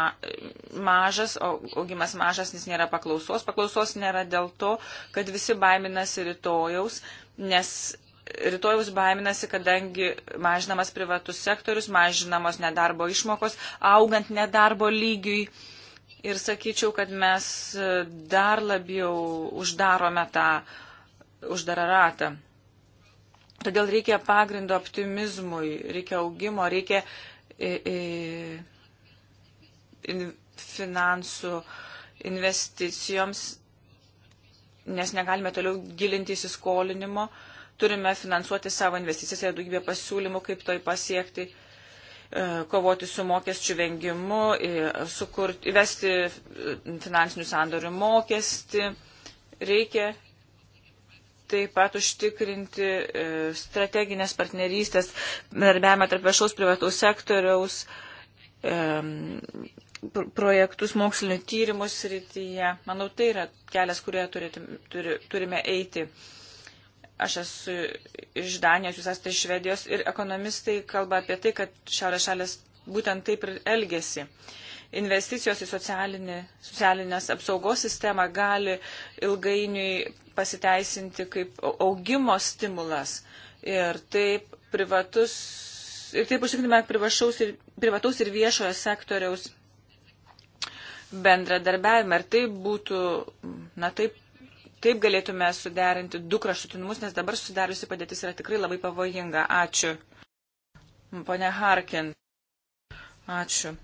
mažas, o augimas mažas, nes nėra paklausos. Paklausos nėra dėl to, kad visi baiminasi rytojaus, nes rytojaus baiminasi, kadangi mažinamas privatus sektorius, mažinamos nedarbo išmokos, augant nedarbo lygiui. Ir sakyčiau, kad mes dar labiau uždarome tą uždarą ratą. Todėl reikia pagrindo optimizmui, reikia augimo, reikia e, e, finansų investicijoms, nes negalime toliau gilinti įsiskolinimo, turime finansuoti savo investicijas ir daugybė pasiūlymų, kaip to pasiekti, e, kovoti su mokesčių vengimu, e, sukurti, įvesti e, finansinių sandorių mokestį. Reikia taip pat užtikrinti e, strateginės partnerystės, bendarbiavimą tarp viešaus privataus sektoriaus, e, projektus mokslinio tyrimų srityje. Manau, tai yra kelias, kurie turime eiti. Aš esu iš Danijos, jūs esate iš Švedijos ir ekonomistai kalba apie tai, kad šiaurės šalės būtent taip ir elgesi investicijos į socialinį, socialinės apsaugos sistemą gali ilgainiui pasiteisinti kaip augimo stimulas. Ir taip privatus, ir taip užtikriname privataus ir, privataus ir viešojo sektoriaus bendradarbiavimą. Ir taip būtų, na taip, taip galėtume suderinti du kraštutinumus, nes dabar sudariusi padėtis yra tikrai labai pavojinga. Ačiū. Pone Harkin. Ačiū.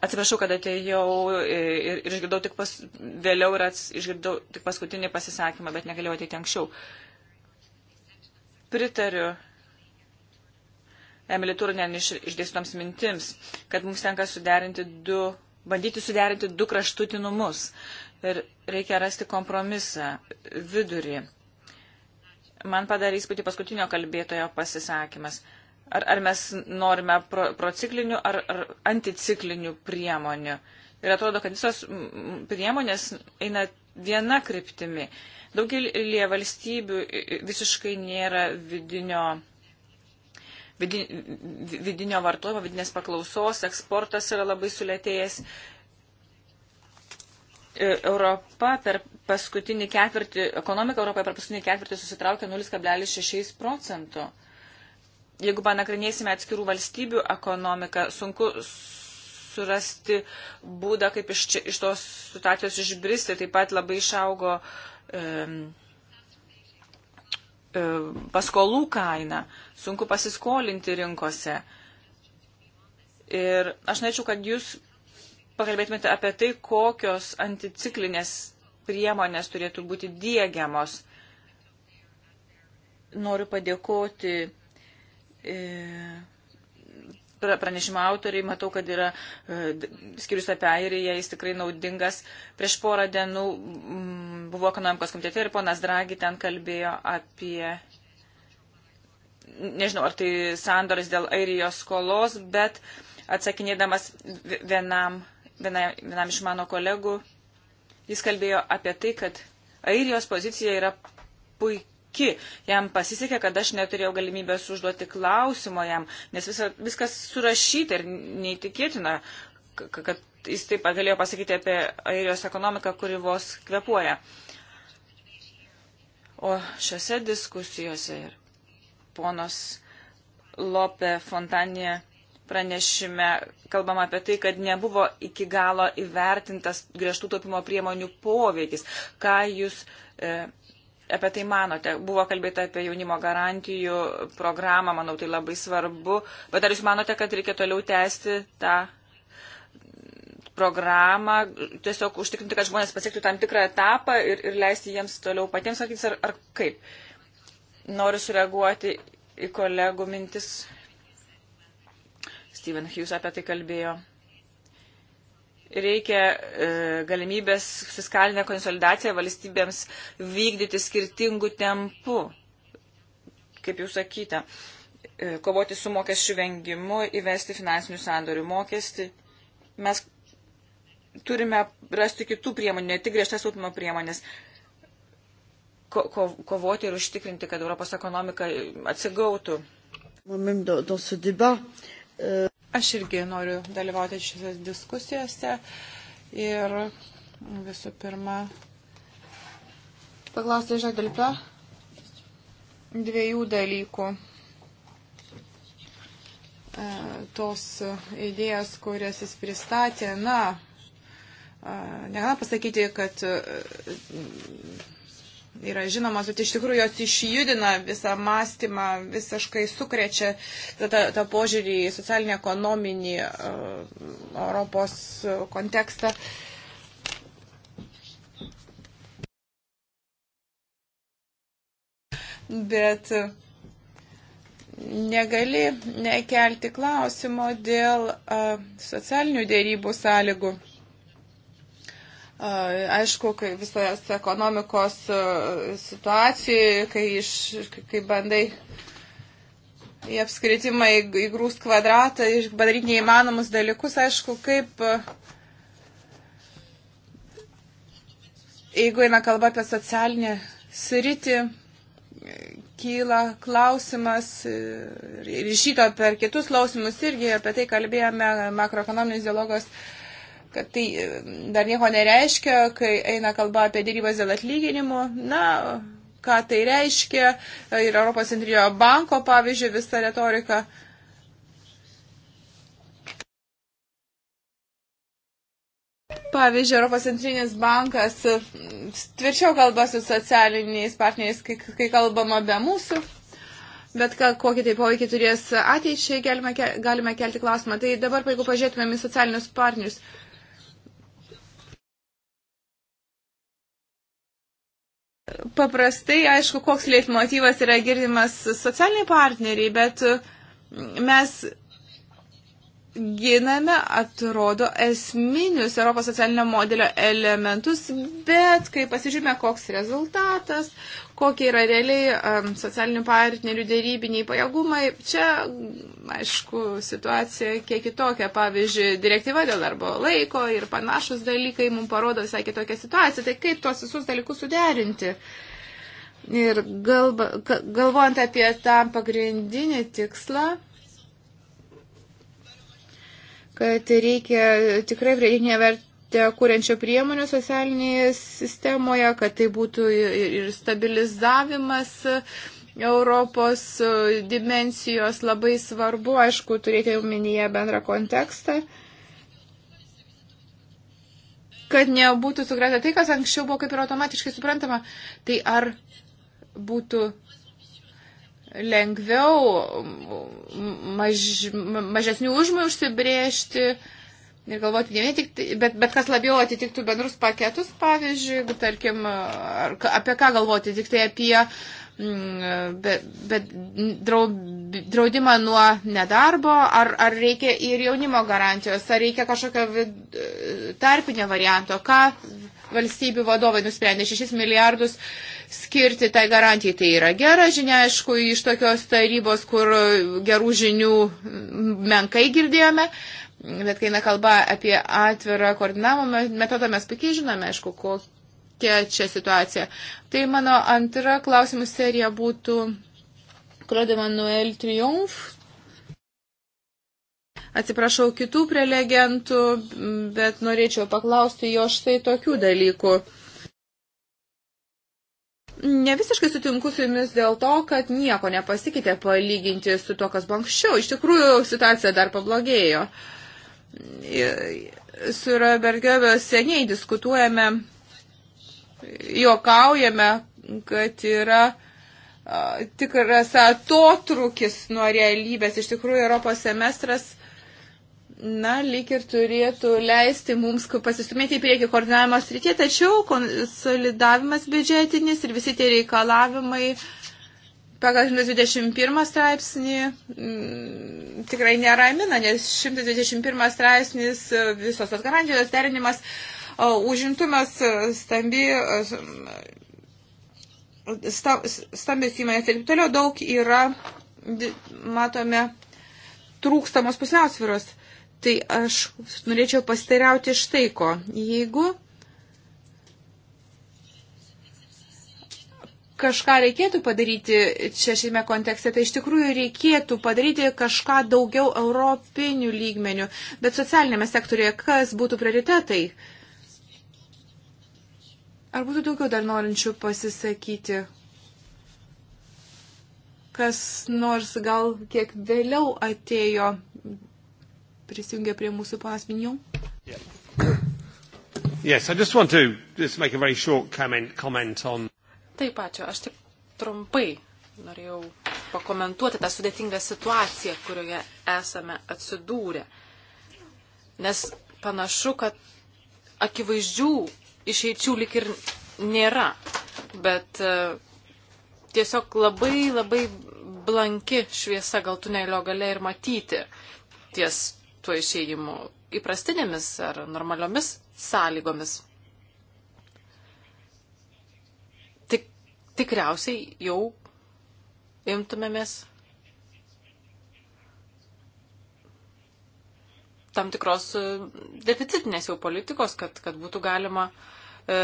Atsiprašau, kad atėjau ir, ir išgirdau tik pas, vėliau ir ats, išgirdau tik paskutinį pasisakymą, bet negalėjau ateiti anksčiau. Pritariu Emily Turnen iš, išdėstoms mintims, kad mums tenka suderinti du, bandyti suderinti du kraštutinumus ir reikia rasti kompromisą vidurį. Man padarė įspūdį paskutinio kalbėtojo pasisakymas ar, ar mes norime pro, prociklinių ar, ar anticiklinių priemonių. Ir atrodo, kad visos priemonės eina viena kryptimi. Daugelie valstybių visiškai nėra vidinio, vidin, vidinio vartojimo, vidinės paklausos, eksportas yra labai sulėtėjęs. E, Europa per paskutinį ketvirtį, ekonomika Europoje per paskutinį ketvirtį susitraukė 0,6 procento jeigu panagrinėsime atskirų valstybių ekonomiką, sunku surasti būdą, kaip iš, čia, iš tos situacijos išbristi. Taip pat labai išaugo e, e, paskolų kaina, sunku pasiskolinti rinkose. Ir aš norėčiau, kad jūs pakalbėtumėte apie tai, kokios anticiklinės priemonės turėtų būti dėgiamos. Noriu padėkoti E, pranešimo autoriai, matau, kad yra e, skirius apie Airiją, jis tikrai naudingas. Prieš porą dienų mm, buvo ekonomikos komitete ir ponas Dragi ten kalbėjo apie, nežinau, ar tai sandoris dėl Airijos skolos, bet atsakinėdamas vienam, vienam, vienam iš mano kolegų, jis kalbėjo apie tai, kad Airijos pozicija yra puikia puiki. Jam pasisekė, kad aš neturėjau galimybės užduoti klausimo jam, nes visa, viskas surašyta ir neįtikėtina, kad jis taip pat galėjo pasakyti apie airijos ekonomiką, kuri vos kvepuoja. O šiuose diskusijose ir ponos Lope Fontanė pranešime kalbama apie tai, kad nebuvo iki galo įvertintas griežtų taupimo priemonių poveikis. Ką jūs e, apie tai manote? Buvo kalbėta apie jaunimo garantijų programą, manau, tai labai svarbu, bet ar jūs manote, kad reikia toliau tęsti tą programą, tiesiog užtikrinti, kad žmonės pasiektų tam tikrą etapą ir, ir leisti jiems toliau patiems sakytis, ar, ar kaip? Noriu sureaguoti į kolegų mintis. Steven Hughes apie tai kalbėjo reikia e, galimybės fiskalinę konsolidaciją valstybėms vykdyti skirtingų tempų, kaip jau sakyta, e, kovoti su mokesčių vengimu, įvesti finansinių sandorių mokestį. Mes turime rasti kitų priemonių, ne tik griežtas taupimo priemonės, ko, ko, kovoti ir užtikrinti, kad Europos ekonomika atsigautų. Moi-même dans, dans ce débat, euh... Aš irgi noriu dalyvauti šiose diskusijose ir visų pirma. Paklausti Žadalpio dviejų dalykų e, tos idėjos, kurias jis pristatė, na, e, negalima pasakyti, kad yra žinomos, bet iš tikrųjų jos išjudina visą mąstymą, visiškai sukrečia tą, tą požiūrį į socialinį ekonominį uh, Europos kontekstą. Bet negali nekelti klausimo dėl uh, socialinių dėrybų sąlygų. Aišku, kai visos ekonomikos situacijoje, kai, iš, kai bandai į apskritimą įgrūst kvadratą, padaryti neįmanomus dalykus, aišku, kaip jeigu eina kalba apie socialinę sritį, kyla klausimas e, ir šito per kitus klausimus irgi apie tai kalbėjome makroekonominis dialogas. Uh, kad tai e, dar nieko nereiškia, kai eina kalba apie dėrybas dėl atlyginimų. Na, ką tai reiškia e, ir Europos centrinio banko, pavyzdžiui, visa retorika. Pavyzdžiui, Europos centrinis bankas e, tvirčiau kalba su socialiniais partneriais, kai, kai kalbama be mūsų. Bet ką, kokį tai poveikį turės ateičiai, galime, kelti klausimą. Tai dabar, jeigu pažiūrėtumėm į socialinius partnerius, uh, paprastai, aišku, koks leitmotyvas yra girdimas socialiniai partneriai, bet mm, mes giname, atrodo, esminius Europos socialinio modelio elementus, bet kai pasižiūrime, koks rezultatas, kokie yra realiai um, socialinių partnerių dėrybiniai pajėgumai. Čia, aišku, situacija kiek kitokia. Pavyzdžiui, direktyva dėl darbo laiko ir panašus dalykai mums parodo visai kitokią situaciją. Tai kaip tuos visus dalykus suderinti? Ir galba, galvojant apie tą pagrindinį tikslą, kad reikia tikrai pridėtinę vertę kuriančio priemonių socialinėje sistemoje, kad tai būtų ir stabilizavimas Europos dimensijos labai svarbu, aišku, turėti omenyje bendrą kontekstą, kad nebūtų sugreta tai, kas anksčiau buvo kaip ir automatiškai suprantama, tai ar būtų lengviau maž, mažesnių užmojų užsibriežti, uh, ir galvoti ne vien tik, tai, bet, bet kas labiau atitiktų bendrus paketus, pavyzdžiui, tarkim, ar, apie ką galvoti, tik tai apie bet, mm, bet draudimą nuo nedarbo, ar, ar reikia ir jaunimo garantijos, ar reikia kažkokio vid, tarpinio varianto, ką valstybių vadovai nusprendė 6 milijardus skirti tai garantijai. Tai yra gera žinia, aišku, iš tokios tarybos, kur gerų žinių menkai girdėjome, Bet kai nekalba apie atvirą koordinavimo metodą, mes puikiai žinome, aišku, kokia čia situacija. Tai mano antra klausimų serija būtų Claude Manuel Triumph. Atsiprašau kitų prelegentų, bet norėčiau paklausti jo štai tokių dalykų ne visiškai sutinku su jumis dėl to, kad nieko nepasikite palyginti su to, kas buvo anksčiau. Iš tikrųjų, situacija dar pablogėjo. Uh, su Robergiovio seniai diskutuojame, jokaujame, kad yra tikras atotrukis nuo realybės. Iš tikrųjų, Europos semestras na, lyg ir turėtų leisti mums pasistumėti į priekį koordinavimo srityje, tačiau konsolidavimas biudžetinis ir visi tie reikalavimai uh, pagal 121 straipsnį m, mm, tikrai neramina, nes 121 straipsnis e, visos tos garantijos derinimas, e, užimtumas e, stambi, stambės įmonės ir toliau daug yra, matome, trūkstamos pusiausviros. Tai aš norėčiau pasiteiriauti štai ko. Jeigu kažką reikėtų padaryti čia šiame kontekste, tai iš tikrųjų reikėtų padaryti kažką daugiau europinių lygmenių. Bet socialinėme sektorėje kas būtų prioritetai? Ar būtų daugiau dar norinčių pasisakyti? Kas nors gal kiek vėliau atėjo, prisijungė prie mūsų pasminių? Yeah. Yes, I just want to just make a very short comment, comment on Taip, ačiū. Aš tik trumpai norėjau pakomentuoti tą sudėtingą situaciją, kurioje esame atsidūrę. Nes panašu, kad akivaizdžių išeičių lik ir nėra, bet e, tiesiog labai labai blanki šviesa gal tunelio gale ir matyti ties tuo išėjimu įprastinėmis ar normaliomis sąlygomis. tikriausiai jau imtumėmės tam tikros e, deficitinės jau politikos, kad, kad būtų galima e,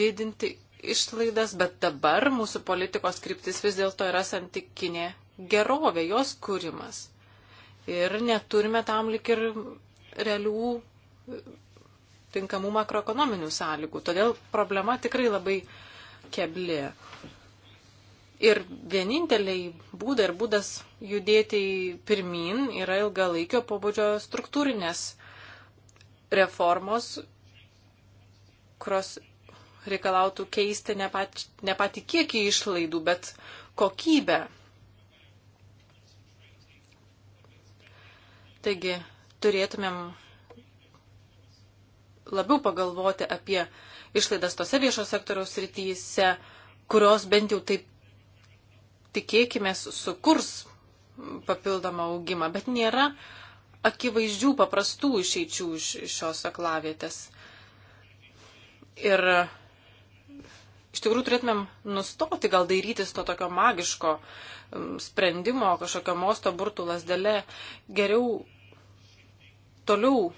didinti išlaidas, bet dabar mūsų politikos kryptis vis dėlto yra santykinė gerovė, jos kūrimas. Ir neturime tam lik ir realių e, tinkamų makroekonominių sąlygų. Todėl problema tikrai labai kebli. Ir vieninteliai būdai ir būdas judėti pirmin yra ilgalaikio pobūdžio struktūrinės reformos, kurios reikalautų keisti ne, pat, ne patį kiekį išlaidų, bet kokybę. Taigi turėtumėm labiau pagalvoti apie išlaidas tose viešo sektoriaus rytyse, kurios bent jau taip tikėkime sukurs papildomą augimą, bet nėra akivaizdžių paprastų išeičių iš šios aklavietės. Ir iš tikrųjų turėtumėm nustoti gal dairytis to tokio magiško mm, sprendimo, kažkokio mosto burtų lasdelė, geriau toliau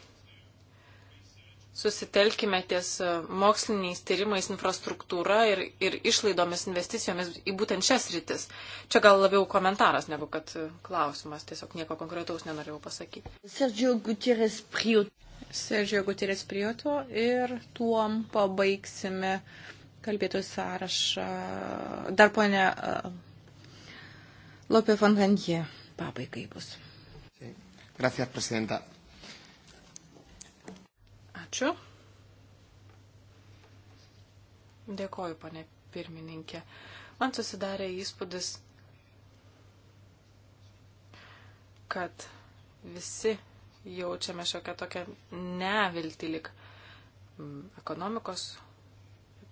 susitelkime ties e, moksliniais tyrimais, infrastruktūra ir, ir išlaidomis, investicijomis į būtent šias rytis. Čia gal labiau komentaras negu kad e, klausimas, tiesiog nieko konkretaus nenorėjau pasakyti. Sergio Gutierrez Prioto. Sergio Gutierrez Prioto ir tuom pabaigsime kalbėtų sąrašą. Dar ponė e, Lopė Fontanjė pabaigai bus. Gracias, presidenta. Ačiū. Dėkoju, pane pirmininkė. Man susidarė įspūdis, kad visi jaučiame šiokią tokią neviltį lik mm, ekonomikos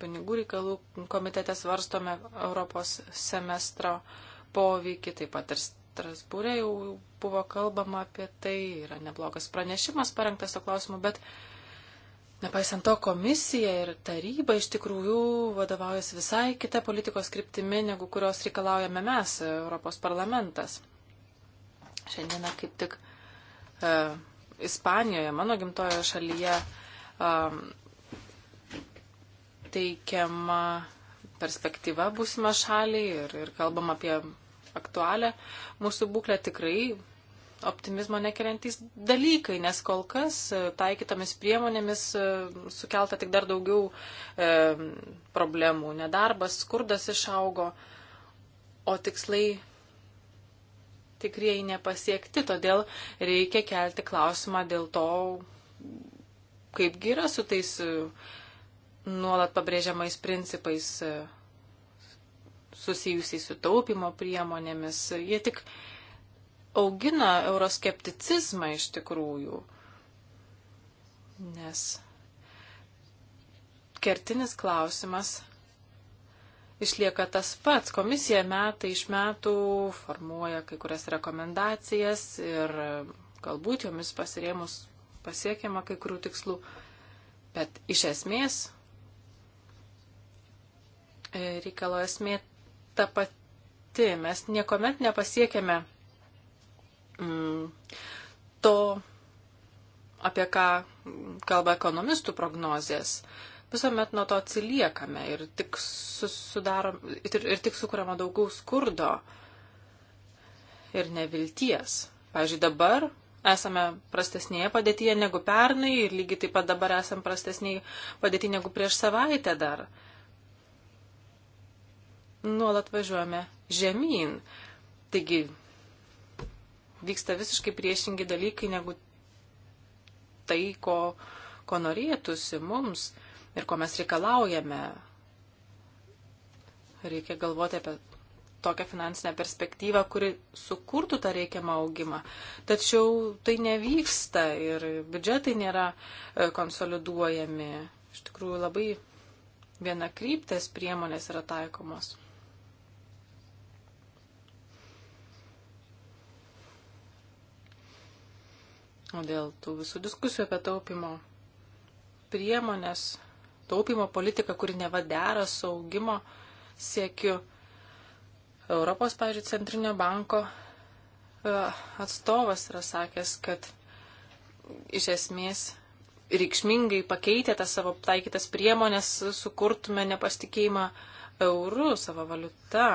pinigų reikalų komitete svarstome Europos semestro poveikį, taip pat ir Strasbūrė jau buvo kalbama apie tai, yra neblogas pranešimas parengtas to klausimu, bet uh, Nepaisant to, komisija ir taryba iš tikrųjų vadovaujasi visai kitą politikos kryptimi, negu kurios reikalaujame mes, Europos parlamentas. Šiandieną kaip tik uh, Ispanijoje, mano gimtojo šalyje, um, teikiama perspektyva būsima šaliai ir, ir kalbam apie aktualią mūsų būklę tikrai optimizmo nekeliantys dalykai, nes kol kas e, taikytomis priemonėmis e, sukelta tik dar daugiau e, problemų. Nedarbas, skurdas išaugo, o tikslai tikrieji nepasiekti, todėl reikia kelti klausimą dėl to, kaipgi yra su tais e, nuolat pabrėžiamais principais susijusiais su taupimo priemonėmis. Jie tik augina euroskepticizmą iš tikrųjų. Nes kertinis klausimas išlieka tas pats. Komisija metai iš metų formuoja kai kurias rekomendacijas ir galbūt jomis pasirėmus pasiekiama kai kurių tikslų, bet iš esmės e, reikalo esmė ta pati. Mes niekuomet nepasiekėme Mm, to, apie ką kalba ekonomistų prognozijas, visuomet nuo to atsiliekame ir tik, sudarom, ir, ir tik sukuriama daugiau skurdo ir nevilties. Pavyzdžiui, dabar esame prastesnėje padėtyje negu pernai ir lygiai taip pat dabar esame prastesnėje padėtyje negu prieš savaitę dar. Nuolat važiuojame žemyn. Taigi vyksta visiškai priešingi dalykai negu tai, ko, ko norėtųsi mums ir ko mes reikalaujame. Reikia galvoti apie tokią finansinę perspektyvą, kuri sukurtų tą reikiamą augimą. Tačiau tai nevyksta ir biudžetai nėra e, konsoliduojami. Iš tikrųjų labai viena kryptės priemonės yra taikomos. dėl tų visų diskusijų apie taupimo priemonės, taupimo politiką, kuri nevadera su augimo siekiu. Europos, pavyzdžiui, Centrinio banko e, atstovas yra sakęs, kad iš esmės reikšmingai pakeitę tas savo taikytas priemonės sukurtume nepasitikėjimą eurų savo valiuta.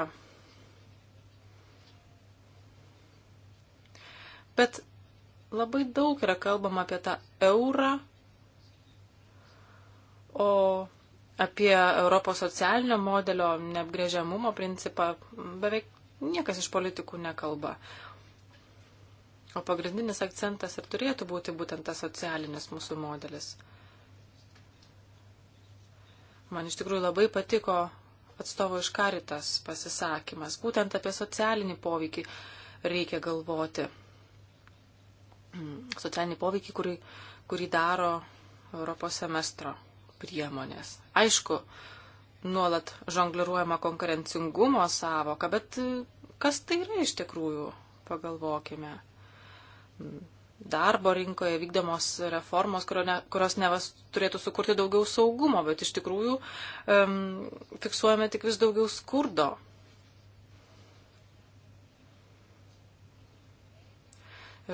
Bet Labai daug yra kalbama apie tą eurą, o apie Europos socialinio modelio neapgrėžiamumo principą beveik niekas iš politikų nekalba. O pagrindinis akcentas ir turėtų būti būtent tas socialinis mūsų modelis. Man iš tikrųjų labai patiko atstovo iš Karitas pasisakymas. Būtent apie socialinį poveikį reikia galvoti. socialinį poveikį, kurį, kurį daro Europos semestro priemonės. Aišku, nuolat žongliruojama konkurencingumo savoka, bet e, kas tai yra iš tikrųjų, pagalvokime. Darbo rinkoje vykdomos reformos, ne, kurios nevas turėtų sukurti daugiau saugumo, bet iš tikrųjų um, fiksuojame tik vis daugiau skurdo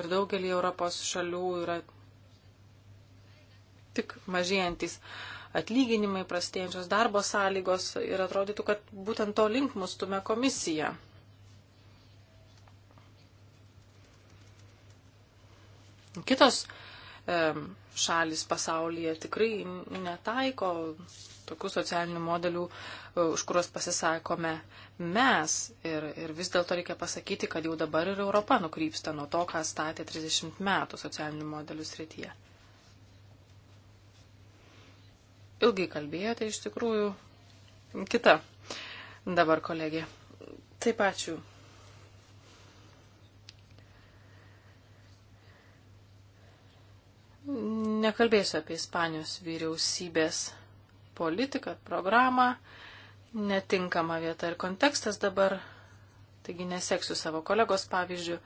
ir daugelį Europos šalių yra tik mažėjantis atlyginimai, prastėjančios darbo sąlygos ir atrodytų, kad būtent to link mus tume komisija. Kitos šalis pasaulyje tikrai netaiko tokių socialinių modelių, e, už kuriuos pasisakome mes. Ir, ir vis dėlto reikia pasakyti, kad jau dabar ir Europa nukrypsta nuo to, ką statė 30 metų socialinių modelių srityje. Ilgai kalbėjote iš tikrųjų. Kita dabar kolegė. Taip ačiū. Nekalbėsiu apie Ispanijos vyriausybės politiką, programą, netinkama vieta ir kontekstas dabar, taigi neseksiu savo kolegos pavyzdžių,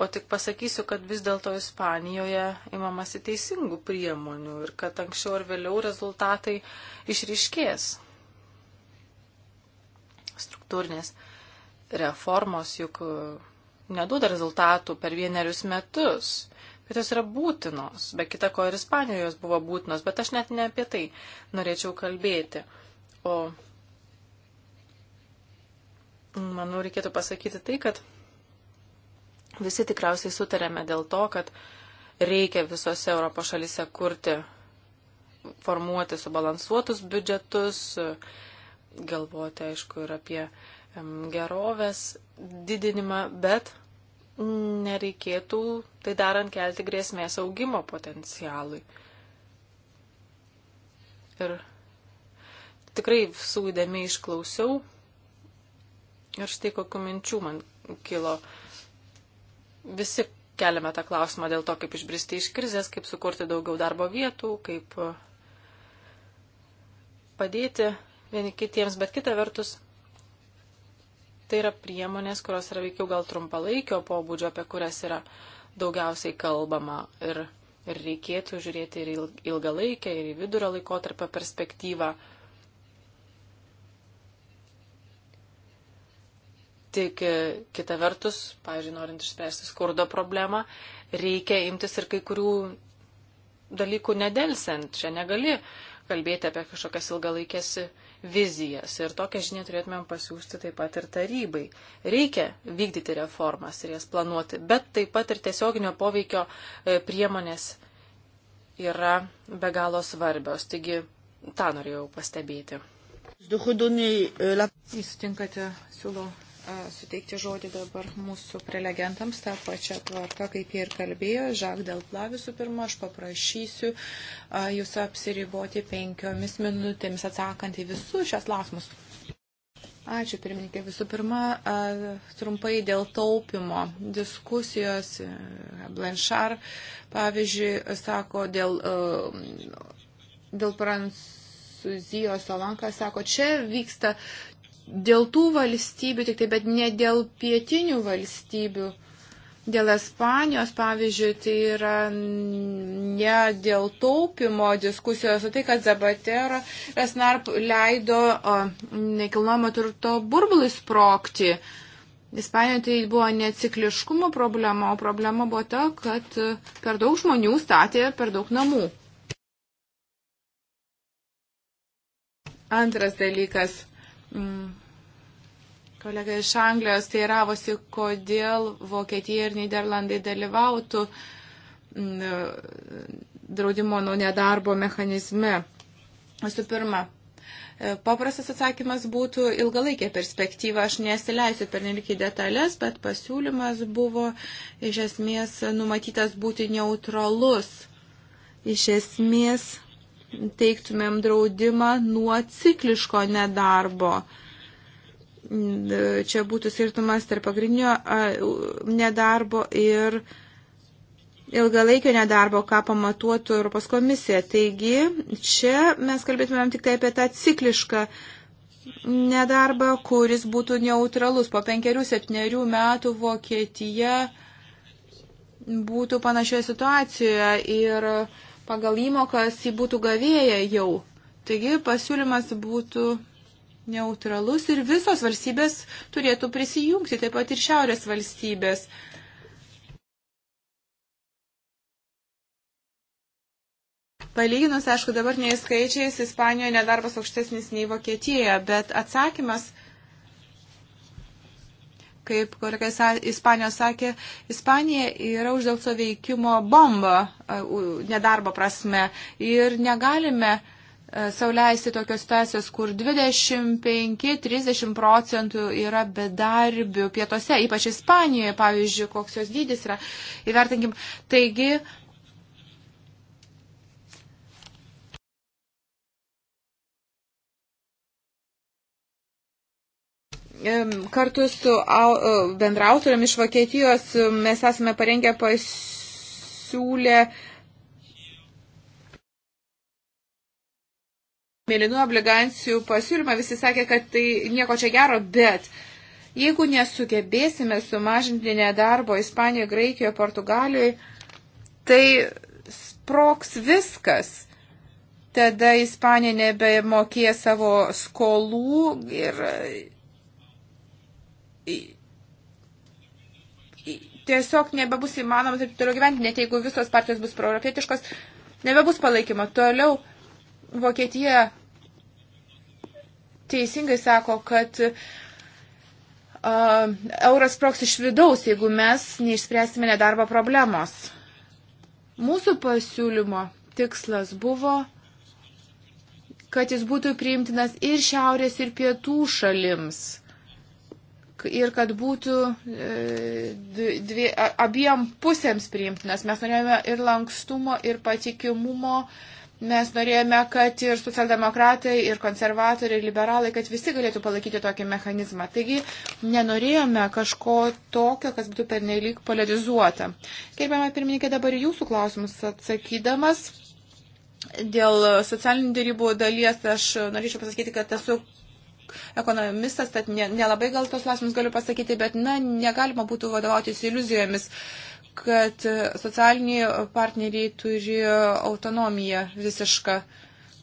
o tik pasakysiu, kad vis dėlto Ispanijoje imamasi teisingų priemonių ir kad anksčiau ar vėliau rezultatai išryškės. Struktūrinės reformos juk neduoda rezultatų per vienerius metus kad jos yra būtinos. Be kita ko ir Ispanijoje jos buvo būtinos, bet aš net ne apie tai norėčiau kalbėti. O manau, reikėtų pasakyti tai, kad visi tikriausiai sutarėme dėl to, kad reikia visose Europos šalise kurti, formuoti subalansuotus biudžetus, galvoti, aišku, ir apie gerovės didinimą, bet nereikėtų tai darant kelti grėsmės augimo potencialui. Ir tikrai visų įdėmiai išklausiau ir štai kokiu minčių man kilo. Visi keliame tą klausimą dėl to, kaip išbristi iš krizės, kaip sukurti daugiau darbo vietų, kaip padėti vieni kitiems, bet kita vertus tai yra priemonės, kurios yra veikiau gal trumpalaikio pobūdžio, apie kurias yra daugiausiai kalbama. Ir, ir reikėtų žiūrėti ir ilgalaikę, ir į vidurio laikotarpio perspektyvą. Tik e, kita vertus, pavyzdžiui, norint išspręsti skurdo problemą, reikia imtis ir kai kurių dalykų nedelsiant. Čia negali kalbėti apie kažkokias ilgalaikės vizijas. Ir tokią žinią turėtumėm pasiūsti taip pat ir tarybai. Reikia vykdyti reformas ir jas planuoti, bet taip pat ir tiesioginio poveikio e, priemonės yra be galo svarbios. Taigi tą norėjau pastebėti. Jei sutinkate, siūlau suteikti žodį dabar mūsų prelegentams tą pačią tvarką, kaip jie ir kalbėjo. Žak Delpla visų pirma, aš paprašysiu jūs apsiriboti penkiomis minutėmis atsakant į visus šias lausimus. Ačiū, pirmininkė. Visų pirma, trumpai dėl taupimo diskusijos. E, Blanchard, pavyzdžiui, sako dėl, e, dėl prancūzijos Solanka, sako, čia vyksta uh, dėl tų valstybių tik tai, bet ne dėl pietinių valstybių. Dėl Ispanijos, pavyzdžiui, tai yra ne dėl taupimo diskusijos, o tai, kad Zapatero Resnarp leido nekilnojamo turto burbulai sprokti. Ispanijoje tai buvo necikliškumo problema, o problema buvo ta, kad per daug žmonių statė per daug namų. Antras dalykas. Mm Kolega iš Anglijos teiravosi, kodėl Vokietija ir Niderlandai dalyvautų mm, draudimo nuo nedarbo mechanizme. Visų pirma, e, paprastas atsakymas būtų ilgalaikė perspektyva. Aš nesileisiu per nelikį detalės, bet pasiūlymas buvo iš esmės numatytas būti neutralus. Iš esmės teiktumėm draudimą nuo cikliško nedarbo čia būtų skirtumas tarp pagrindinio nedarbo ir ilgalaikio nedarbo, ką pamatuotų Europos komisija. Taigi, čia mes kalbėtumėm tik tai apie tą ciklišką nedarbą, kuris būtų neutralus. Po penkerių, septynerių metų Vokietija būtų panašioje situacijoje ir pagal įmokas jį būtų gavėję jau. Taigi, pasiūlymas būtų neutralus ir visos valstybės turėtų prisijungti, taip pat ir šiaurės valstybės. Palyginus, aišku, dabartiniais skaičiais Ispanijoje nedarbas aukštesnis nei Vokietijoje, bet atsakymas, kaip kolega Ispanijos sakė, Ispanija yra uždėlso veikimo bomba e, nedarbo prasme ir negalime uh, E, sauliaisti tokios situacijos, kur 25-30 procentų yra bedarbių pietose, ypač Ispanijoje, pavyzdžiui, koks jos dydis yra. Įvertinkim, taigi. Kartu su e, bendrautoriam iš Vokietijos mes esame parengę pasiūlę uh, mėlynų obligacijų pasiūlymą, visi sakė, kad tai nieko čia gero, bet jeigu nesugebėsime sumažinti nedarbo Ispanijoje, Graikijoje, Portugalijoje, tai sproks viskas. Tada Ispanija nebemokė savo skolų ir tiesiog nebebus įmanoma taip toliau gyventi, net jeigu visos partijos bus proeuropietiškos, nebebus palaikymo. Toliau Vokietija teisingai sako, kad uh, euras proks iš vidaus, jeigu mes neišspręsime nedarbo problemos. Mūsų pasiūlymo tikslas buvo, kad jis būtų priimtinas ir šiaurės, ir pietų šalims. Ir kad būtų e, dvie, abiem pusėms priimtinas. Mes norėjome ir lankstumo, ir patikimumo uh, Mes norėjome, kad ir socialdemokratai, ir konservatoriai, ir liberalai, kad visi galėtų palaikyti tokį mechanizmą. Taigi nenorėjome kažko tokio, kas būtų pernelyg polarizuota. Gerbiamą pirmininkę, dabar jūsų klausimus atsakydamas. Dėl socialinių dėrybų dalies aš norėčiau pasakyti, kad esu ekonomistas, tad nelabai ne gal tos klausimus galiu pasakyti, bet, na, negalima būtų vadovautis iliuzijomis kad socialiniai partneriai turi autonomiją visišką.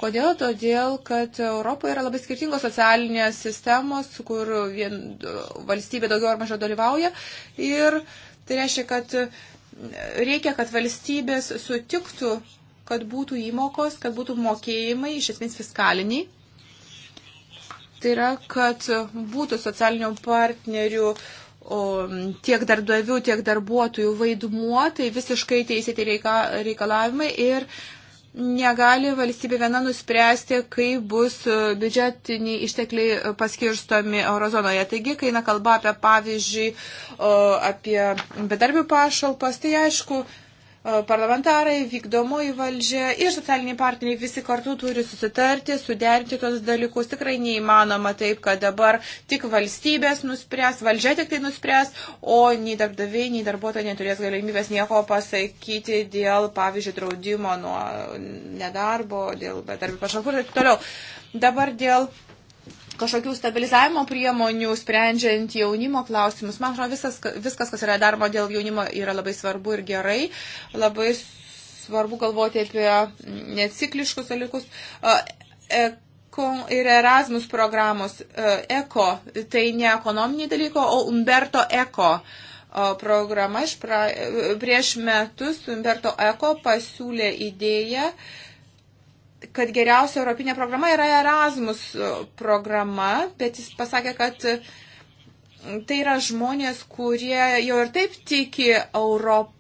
Kodėl? Todėl, kad Europoje yra labai skirtingos socialinės sistemos, kur vien, valstybė daugiau ar mažiau dalyvauja. Ir tai reiškia, kad reikia, kad valstybės sutiktų, kad būtų įmokos, kad būtų mokėjimai, iš esmės fiskaliniai. Tai yra, kad būtų socialinių partnerių uh, o tiek darbdavių, tiek darbuotojų vaidmuo, tai visiškai teisėti reikalavimai ir negali valstybė viena nuspręsti, kaip bus biudžetiniai ištekliai paskirstomi eurozonoje. Taigi, kai eina kalba apie pavyzdžiui, apie bedarbių pašalpas, tai aišku, E, parlamentarai, vykdomoji valdžia ir socialiniai partneriai visi kartu turi susitarti, suderinti tos dalykus. Tikrai neįmanoma taip, kad dabar tik valstybės nuspręs, valdžia tik tai nuspręs, o nei darbdaviai, nei darbuotojai neturės galimybės nieko pasakyti dėl, pavyzdžiui, draudimo nuo nedarbo, dėl bedarbių pašalpų ir taip toliau. Dabar dėl kažkokių stabilizavimo priemonių, sprendžiant jaunimo klausimus. Man atrodo, visas, viskas, kas yra daroma dėl jaunimo, yra labai svarbu ir gerai. Labai svarbu galvoti apie necikliškus dalykus. Ir Erasmus programos ECO, tai ne ekonominiai dalyko, o Umberto ECO programa. Iš pra, prieš metus Umberto ECO pasiūlė idėją uh, kad geriausia europinė programa yra Erasmus programa, bet jis pasakė, kad tai yra žmonės, kurie jau ir taip tiki Europą.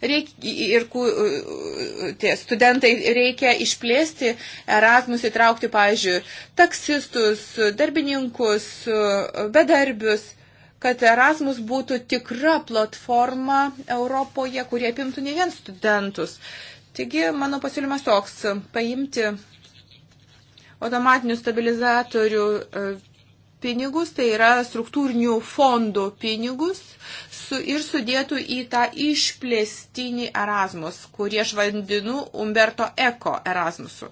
Reik, ir tie studentai reikia išplėsti Erasmus, įtraukti, pavyzdžiui, taksistus, darbininkus, bedarbius, kad Erasmus būtų tikra platforma Europoje, kurie apimtų ne vien studentus. Uh, Taigi, mano pasiūlymas toks - paimti automatinių stabilizatorių e, pinigus, tai yra struktūrinių fondų pinigus su, ir sudėtų į tą išplėstinį Erasmus, kurį aš vadinu Umberto Eko Erasmusu.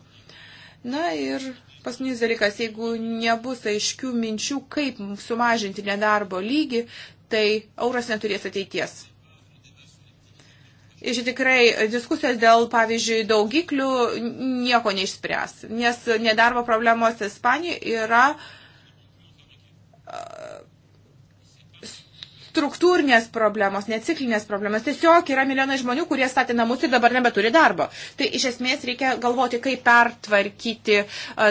Na ir paskutinis dalykas, jeigu nebus aiškių minčių, kaip sumažinti nedarbo lygį, tai euras neturės ateities. Ir tikrai diskusijos dėl, pavyzdžiui, daugiklių nieko neišspręs, nes nedarbo problemos Ispanijoje yra e, struktūrinės problemos, neciklinės problemos. Tiesiog yra milijonai žmonių, kurie statė namus ir dabar nebeturi darbo. Tai iš esmės reikia galvoti, kaip pertvarkyti e,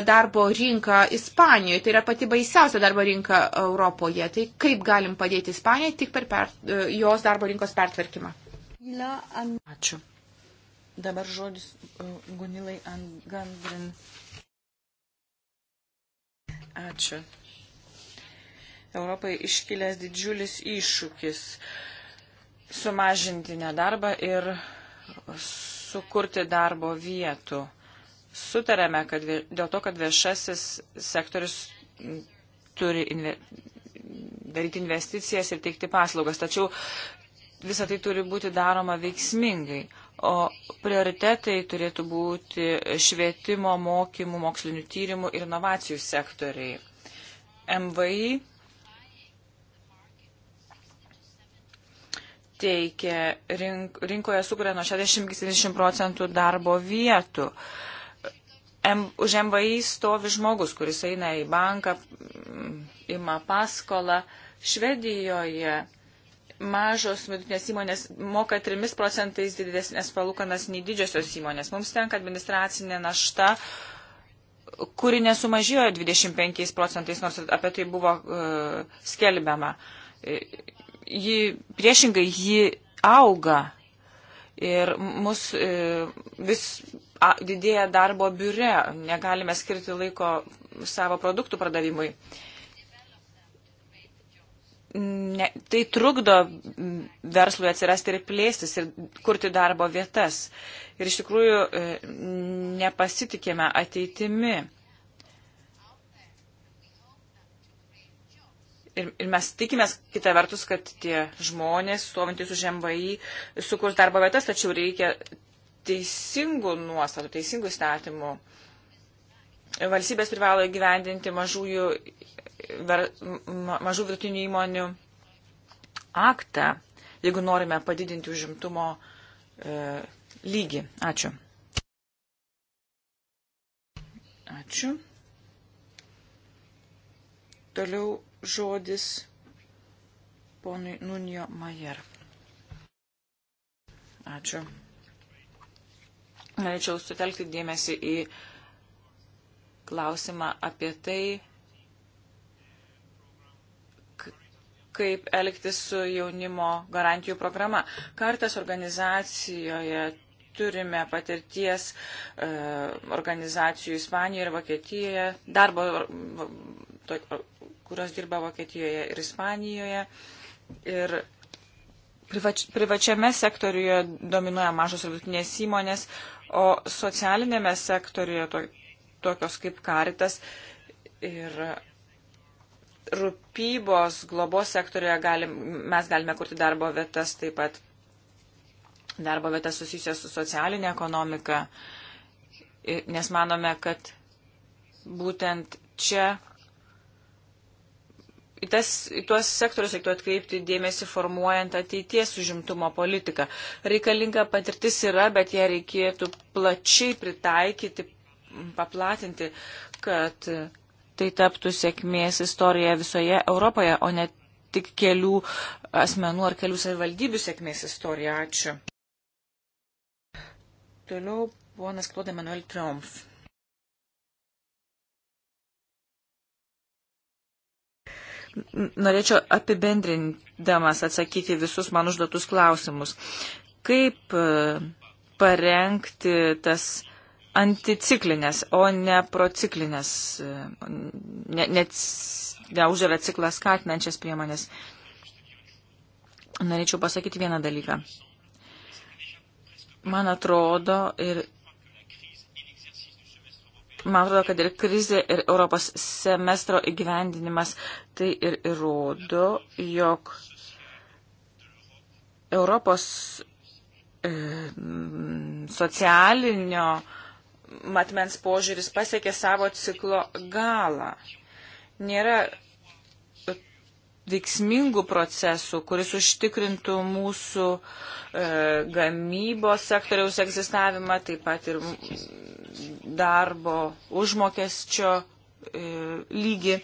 darbo rinką Ispanijoje. Tai yra pati baisiausia darbo rinka Europoje. Tai kaip galim padėti Ispanijai tik per, per e, jos darbo rinkos pertvarkymą. Ačiū. Dabar žodis uh, Gunilai Angandrin. Ačiū. Europai iškilęs didžiulis iššūkis sumažinti nedarbą ir sukurti darbo vietų. Sutarėme, kad dėl to, kad viešasis sektorius turi inve daryti investicijas ir teikti paslaugas. Tačiau visą tai turi būti daroma veiksmingai, o prioritetai turėtų būti švietimo, mokymų, mokslinių tyrimų ir inovacijų sektoriai. MVI teikia rink, rinkoje sukuria nuo 60-70 procentų darbo vietų. M, už MVI stovi žmogus, kuris eina į banką, ima paskolą. Švedijoje mažos vidutinės įmonės moka 3 procentais didesnės palūkanas nei didžiosios įmonės. Mums tenka administracinė našta, kuri nesumažėjo 25 procentais, nors apie tai buvo uh, skelbiama. E, ji, priešingai, ji auga ir mus uh, vis a, didėja darbo biure, negalime skirti laiko savo produktų pardavimui. Uh, ne, tai trukdo verslui atsirasti ir plėstis ir kurti darbo vietas. Ir iš tikrųjų e, nepasitikėme ateitimi. Ir, ir mes tikimės kitą vertus, kad tie žmonės, stovintys už MVI, sukurs darbo vietas, tačiau reikia teisingų nuostatų, teisingų statymų. Valstybės privalo įgyvendinti mažųjų mažų vidutinių įmonių aktą, jeigu norime padidinti užimtumo e, lygį. Ačiū. Ačiū. Toliau žodis ponui Nunio Majer. Ačiū. Norėčiau sutelkti dėmesį į klausimą apie tai, kaip elgtis su jaunimo garantijų programa. Kartas organizacijoje turime patirties e, organizacijų Ispanijoje ir Vokietijoje, darbo, to, kurios dirba Vokietijoje ir Ispanijoje. Ir privač, privačiame sektoriuje dominuoja mažos ir vidutinės įmonės, o socialinėme sektoriuje to, tokios kaip karitas ir rūpybos globos sektorioje galim, mes galime kurti darbo vietas, taip pat darbo vietas susijusias su socialinė ekonomika, nes manome, kad būtent čia į, tas, į tuos sektorius reiktų atkreipti dėmesį formuojant ateities užimtumo politiką. Reikalinga patirtis yra, bet ją reikėtų plačiai pritaikyti, paplatinti, kad tai taptų sėkmės istorija visoje Europoje, o ne tik kelių asmenų ar kelių savivaldybių sėkmės istorija. Ačiū. Toliau ponas Klodė Manuel Triumf. Norėčiau apibendrindamas atsakyti visus man užduotus klausimus. Kaip e, parengti tas anticiklinės, o ne prociklinės, ne, ne, ne uždarą ciklą skatinančias priemonės. Norėčiau pasakyti vieną dalyką. Man atrodo ir. Man atrodo, kad ir krizė, ir Europos semestro įgyvendinimas tai ir įrodo, jog Europos e, socialinio e, matmens požiūris pasiekė savo ciklo galą. Nėra veiksmingų procesų, kuris užtikrintų mūsų e, gamybos sektoriaus egzistavimą, taip pat ir darbo užmokesčio e, lygį.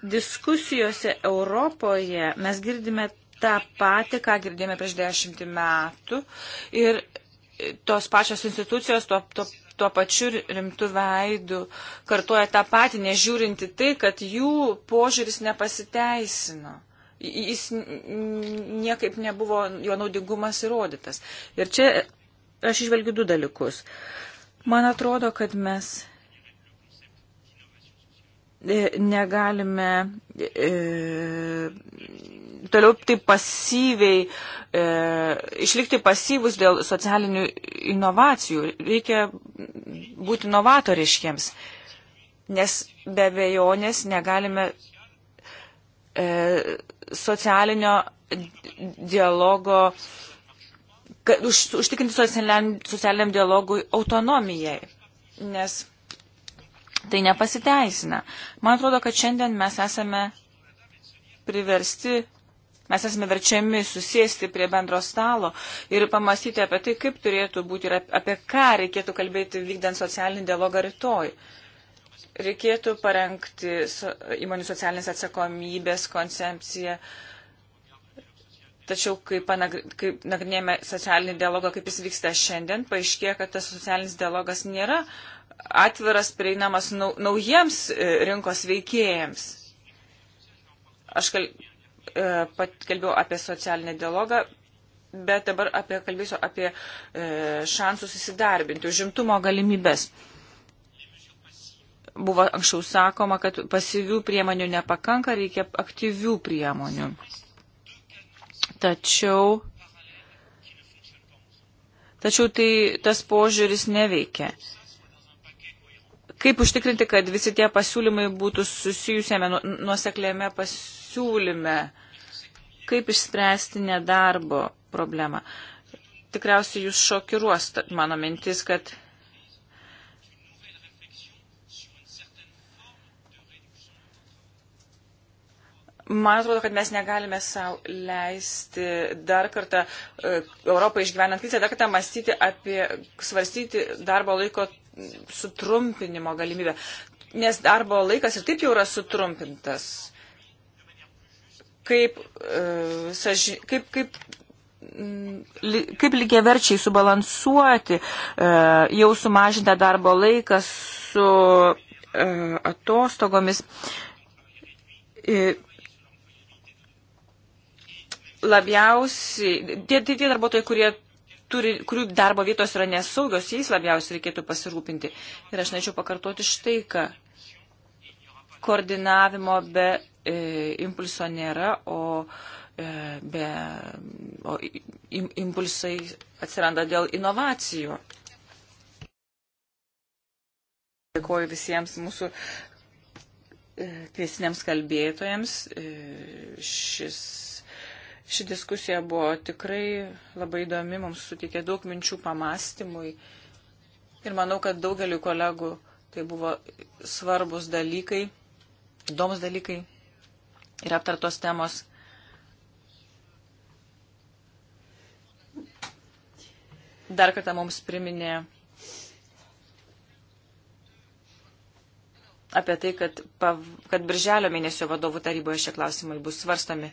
Diskusijose Europoje mes girdime tą patį, ką girdėjome prieš dešimtį metų ir tos pačios institucijos tuo, tuo tuo pačiu rimtu veidu kartuoja tą patį, nežiūrinti tai, kad jų požiūris nepasiteisino. Jis niekaip nebuvo, jo naudingumas įrodytas. Ir čia aš išvelgiu du dalykus. Man atrodo, kad mes e, negalime e, toliau taip pasyviai, e, išlikti pasyvus dėl socialinių inovacijų. Reikia būti novatoriškiams, nes be abejonės negalime e, socialinio dialogo, kad, už, užtikrinti socialiniam, socialiniam dialogui autonomijai, nes tai nepasiteisina. Man atrodo, kad šiandien mes esame priversti Mes esame verčiami susėsti prie bendro stalo ir pamastyti apie tai, kaip turėtų būti ir apie ką reikėtų kalbėti vykdant socialinį dialogą rytoj. Reikėtų parengti įmonių socialinės atsakomybės koncepciją. Tačiau, kai, panagr... kai nagrinėjame socialinį dialogą, kaip jis vyksta šiandien, paaiškėja, kad tas socialinis dialogas nėra atviras, prieinamas naujiems e, rinkos veikėjams. Aš kal E, pat kalbėjau apie socialinę dialogą, bet dabar apie, kalbėsiu apie e, šansus įsidarbinti, užimtumo galimybės. Buvo anksčiau sakoma, kad pasyvių priemonių nepakanka, reikia aktyvių priemonių. Tačiau, tačiau tai, tas požiūris neveikia. Kaip užtikrinti, kad visi tie pasiūlymai būtų susijusiame nu, nuoseklėme pasiūlyme? kaip išspręsti nedarbo problemą. Tikriausiai jūs šokiruos mano mintis, kad Man atrodo, kad mes negalime savo leisti dar kartą e, Europai išgyvenant krizę, dar kartą mąstyti apie, svarstyti darbo laiko sutrumpinimo galimybę. Nes darbo laikas ir taip jau yra sutrumpintas kaip, e, saži, kaip, kaip mm, kaip lygiaverčiai subalansuoti e, jau sumažintą darbo laiką su e, atostogomis labiausiai, tie, tie, tie darbuotojai, kurie turi, kurių darbo vietos yra nesaugios, jais labiausiai reikėtų pasirūpinti. Ir aš norėčiau pakartoti štai, ką koordinavimo be e, impulso nėra, o, e, be, o im, impulsai atsiranda dėl inovacijų. Dėkuoju visiems mūsų e, kviesiniams kalbėtojams. E, šis, ši diskusija buvo tikrai labai įdomi, mums suteikė daug minčių pamastymui. Ir manau, kad daugeliu kolegų tai buvo svarbus dalykai įdomus dalykai ir aptartos temos. Dar kartą mums priminė apie tai, kad, pav, kad birželio mėnesio vadovų taryboje šie klausimai bus svarstami.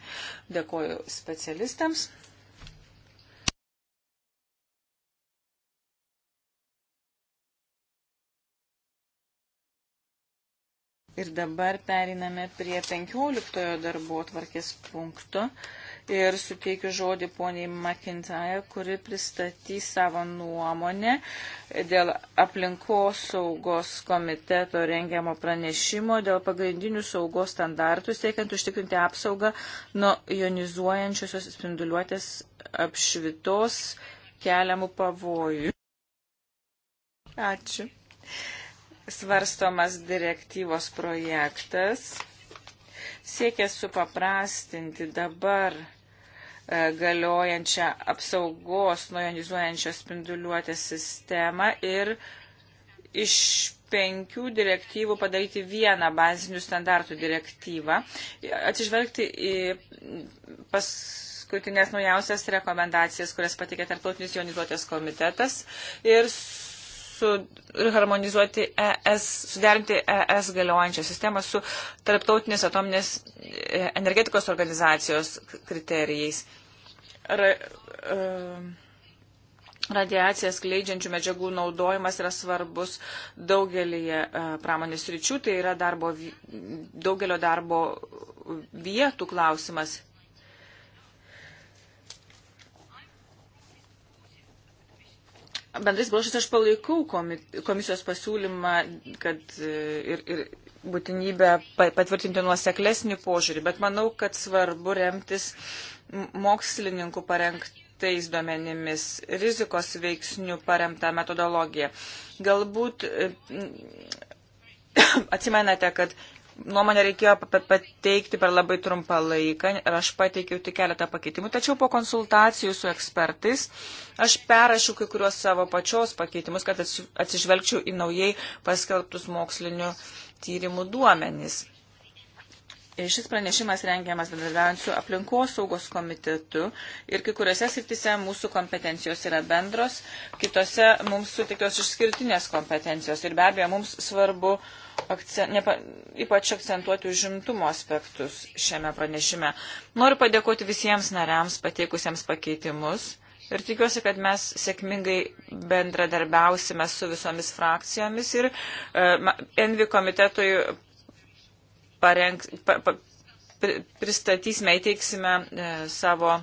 Dėkoju specialistams. Ir dabar periname prie 15 darbo tvarkės punkto ir suteikiu žodį poniai McIntyre, kuri pristatys savo nuomonę dėl aplinkos saugos komiteto rengiamo pranešimo dėl pagrindinių saugos standartų, siekiant užtikrinti apsaugą nuo jonizuojančiosios spinduliuotės apšvitos keliamų pavojų. Ačiū svarstomas direktyvos projektas siekia supaprastinti dabar e, galiojančią apsaugos nuo jonizuojančios spinduliuotės sistemą ir iš penkių direktyvų padaryti vieną bazinių standartų direktyvą, atsižvelgti į paskutinės naujausias rekomendacijas, kurias patikė Tarptautinis jonizuotės komitetas ir su harmonizuoti ES, suderinti ES galiojančią sistemą su tarptautinės atominės e, energetikos organizacijos kriterijais. Ra, uh, radiaciją skleidžiančių medžiagų naudojimas yra svarbus daugelį uh, e, pramonės ryčių, tai yra darbo, daugelio darbo vietų klausimas bendrais brošais aš palaikau komisijos pasiūlymą, kad e, ir, ir būtinybę patvirtinti nuoseklesnį požiūrį, bet manau, kad svarbu remtis mokslininkų parengtais duomenimis, rizikos veiksnių paremta metodologija. Galbūt e, atsimenate, kad nuomonę reikėjo pateikti per labai trumpą laiką ir aš pateikiau tik keletą pakeitimų, tačiau po konsultacijų su ekspertais aš perrašiau kai kuriuos savo pačios pakeitimus, kad atsižvelgčiau į naujai paskelbtus mokslinių tyrimų duomenys. Šis pranešimas rengiamas bendradarbiaujant su aplinkos saugos komitetu ir kai kuriuose srityse mūsų kompetencijos yra bendros, kitose mums sutiktos išskirtinės kompetencijos ir be abejo mums svarbu akcent, nepa, ypač akcentuoti užimtumo aspektus šiame pranešime. Noriu padėkoti visiems nariams pateikusiems pakeitimus ir tikiuosi, kad mes sėkmingai bendradarbiausime su visomis frakcijomis ir uh, Envi komitetui parengs, pa, pa, pristatysime, įteiksime e, savo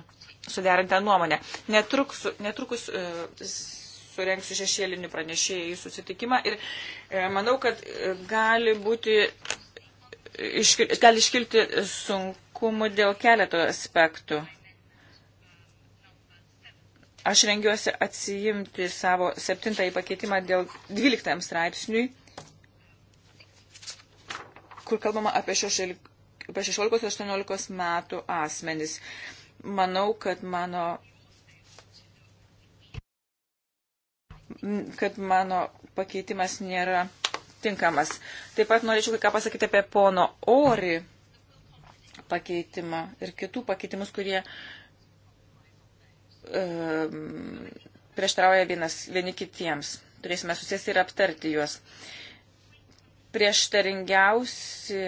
suderintą nuomonę. Netruks, netrukus e, surenksiu šešėlinių pranešėjų susitikimą ir e, manau, kad e, gali būti, e, iš, gali iškilti sunkumų dėl keleto aspektų. Aš rengiuosi atsijimti savo septintąjį pakeitimą dėl dvyliktam straipsniui kur kalbama apie 16-18 metų asmenis. Manau, kad mano, kad mano pakeitimas nėra tinkamas. Taip pat norėčiau ką pasakyti apie pono Ori pakeitimą ir kitų pakeitimus, kurie e, prieštarauja vienas, vieni kitiems. Turėsime susėsti ir aptarti juos. E, prieštaringiausi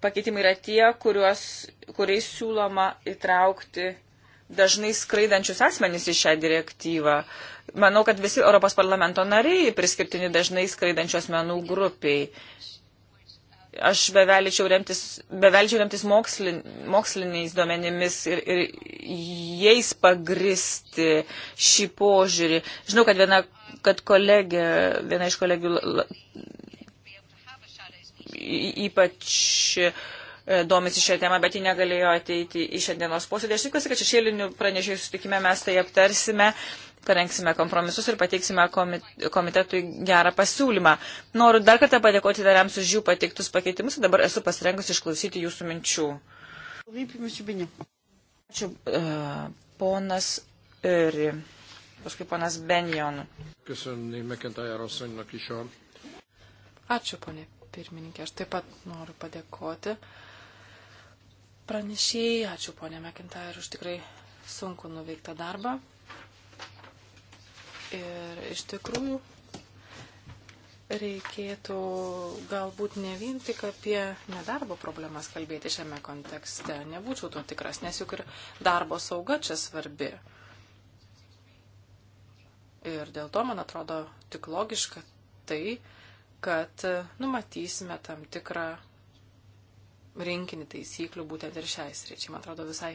pakeitimai yra tie, kuriuos, kuriais siūloma įtraukti dažnai skraidančius asmenys į šią direktyvą. Manau, kad visi Europos parlamento nariai priskirtini dažnai skraidančių asmenų grupiai. Aš bevelyčiau remtis, bevelyčiau remtis mokslin, moksliniais duomenimis ir, ir jais pagristi šį požiūrį. Žinau, kad viena, kad kolegė, viena iš kolegių ypač e, domisi šią temą, bet ji negalėjo ateiti į šiandienos posėdį. Aš tikiuosi, kad šešėlinių pranešėjų sutikime mes tai aptarsime, parengsime kompromisus ir pateiksime komitetui gerą pasiūlymą. Noriu dar kartą padėkoti dariams už jų pateiktus pakeitimus ir dabar esu pasirengusi išklausyti jūsų minčių. Ačiū, e, ponas Öri. Paskui ponas Benjon. Ačiū, ponė pirmininkė. Aš taip pat noriu padėkoti pranešėjai. Ačiū ponė Mekinta ir už tikrai sunku nuveiktą darbą. Ir iš tikrųjų reikėtų galbūt ne vien tik apie nedarbo problemas kalbėti šiame kontekste. Nebūčiau tuo tikras, nes juk ir darbo sauga čia svarbi. Ir dėl to, man atrodo, tik logiška tai, kad numatysime tam tikrą rinkinį taisyklių būtent ir šiai sričiai. Man atrodo visai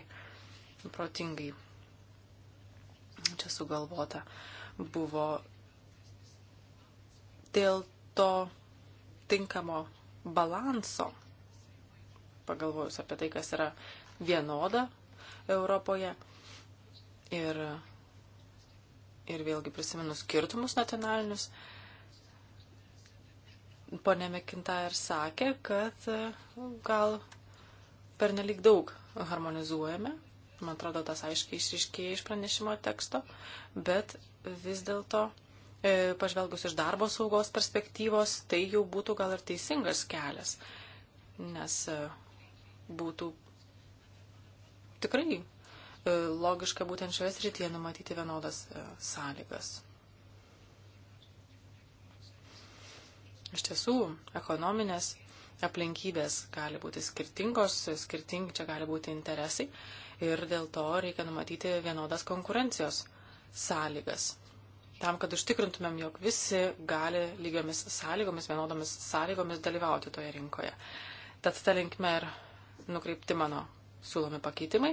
protingai čia sugalvota buvo dėl to tinkamo balanso, pagalvojus apie tai, kas yra vienoda Europoje ir, ir vėlgi prisiminus skirtumus nacionalinius, uh, ponė Mekinta ir sakė, kad e, gal per nelik daug harmonizuojame. Man atrodo, tas aiškiai išriškėja iš pranešimo teksto, bet vis dėlto e, pažvelgus iš darbo saugos perspektyvos, tai jau būtų gal ir teisingas kelias, nes e, būtų tikrai logiška būtent šioje srityje numatyti vienodas sąlygas. Iš tiesų, ekonominės aplinkybės gali būti skirtingos, skirtingi čia gali būti interesai ir dėl to reikia numatyti vienodas konkurencijos sąlygas. Tam, kad užtikrintumėm, jog visi gali lygiomis sąlygomis, vienodomis sąlygomis dalyvauti toje rinkoje. Tad ta linkme ir nukreipti mano siūlomi pakeitimai.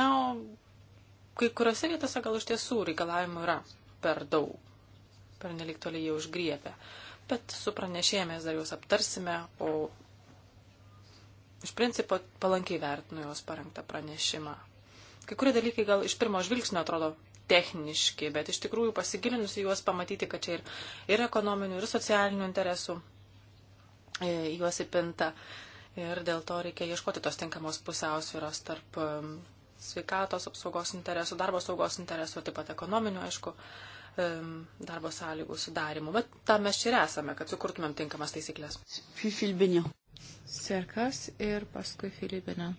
Na, o kai kuriuose vietose gal iš tiesų reikalavimų yra per daug per nelik toliai jie užgriepia. Bet su pranešėjimės dar juos aptarsime, o iš principo palankiai vertinu jos parengtą pranešimą. Kai kurie dalykai gal iš pirmo žvilgsnio atrodo techniški, bet iš tikrųjų pasigilinus į juos pamatyti, kad čia ir, ir ekonominių, ir socialinių interesų e, juos įpinta. Ir dėl to reikia ieškoti tos tinkamos pusiausvyros tarp sveikatos apsaugos interesų, darbo saugos interesų, taip pat ekonominių, aišku, darbo sąlygų sudarimo. Bet tam mes čia ir esame, kad sukurtumėm tinkamas taisyklės. Filibinio. Serkas ir paskui Filibinio.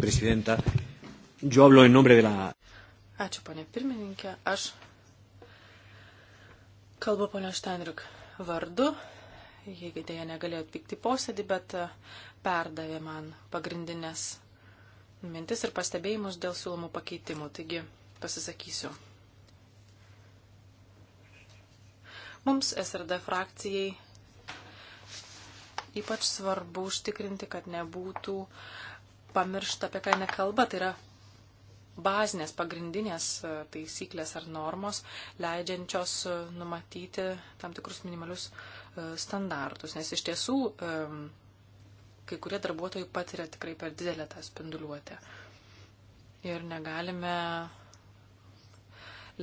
Prezidenta, yo hablo en nombre de la. Ačiū, ponė pirmininkė. Aš kalbu ponio Štenriuk vardu. Jie dėja negalėjo atvykti posėdį, bet e, perdavė man pagrindinės mintis ir pastebėjimus dėl siūlomų pakeitimų. Taigi pasisakysiu Mums SRD frakcijai ypač svarbu užtikrinti, kad nebūtų pamiršta, apie ką nekalba, tai yra bazinės, pagrindinės e, taisyklės ar normos, leidžiančios e, numatyti tam tikrus minimalius e, standartus. Nes iš tiesų kai kurie darbuotojai patiria tikrai per didelę tą spinduliuotę. Ir negalime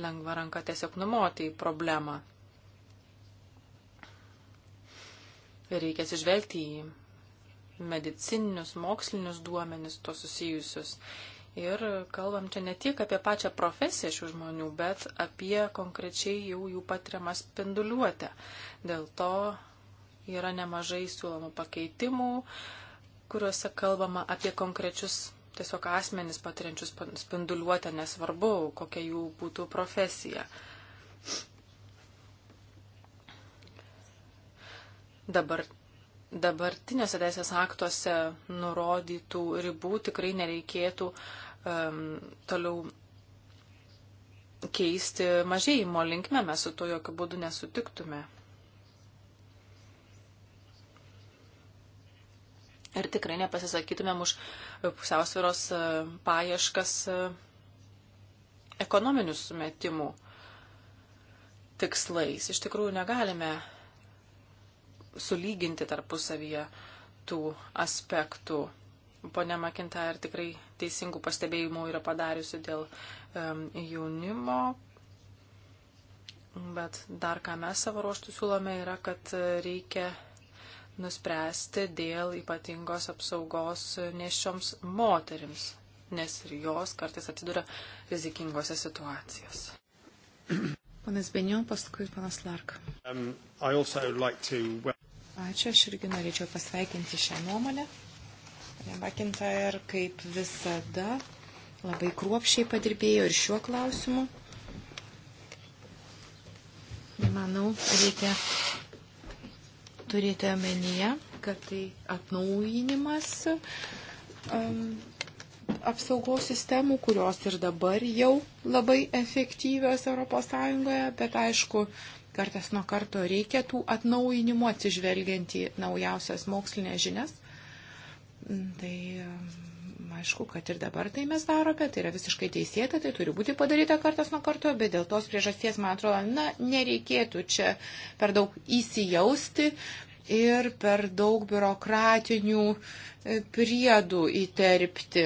lengva ranka tiesiog numoti į problemą. Reikia atsižvelgti į medicininius, mokslinius duomenis to susijusius. Ir kalbam čia ne tiek apie pačią profesiją šių žmonių, bet apie konkrečiai jau jų patiriamą spinduliuotę. Dėl to yra nemažai siūlomų pakeitimų, kuriuose kalbama apie konkrečius tiesiog asmenis patiriančius spinduliuotę, nesvarbu, kokia jų būtų profesija. dabar, dabartiniuose teisės aktuose nurodytų ribų tikrai nereikėtų um, toliau keisti mažėjimo linkme, mes su to jokių būdų nesutiktume. Ir tikrai nepasisakytumėm už pusiausvėros e, paieškas e, ekonominių sumetimų tikslais. Iš tikrųjų negalime sulyginti tarpusavyje tų aspektų. Pone Makinta ir tikrai teisingų pastebėjimų yra padariusi dėl um, jaunimo. Bet dar ką mes savo ruoštų siūlome yra, kad reikia nuspręsti dėl ypatingos apsaugos nešioms moterims, nes ir jos kartais atsiduria rizikingose situacijose. Panas Benio, paskui panas Lark. Um, like to... Ačiū, aš irgi norėčiau pasveikinti šią nuomonę. Nebakinta ir kaip visada labai kruopšiai padirbėjo ir šiuo klausimu. Manau, reikia turėti omenyje, kad tai atnaujinimas um, apsaugos sistemų, kurios ir dabar jau labai efektyvios ES, bet aišku, Kartas nuo karto reikia tų atnaujinimų atsižvelgiant į naujausias mokslinės žinias. Mm, tai mm, aišku, kad ir dabar tai mes darome, tai yra visiškai teisėta, tai turi būti padaryta kartas nuo karto, bet dėl tos priežasties, man atrodo, na, nereikėtų čia per daug įsijausti ir per daug biurokratinių e, priedų įterpti.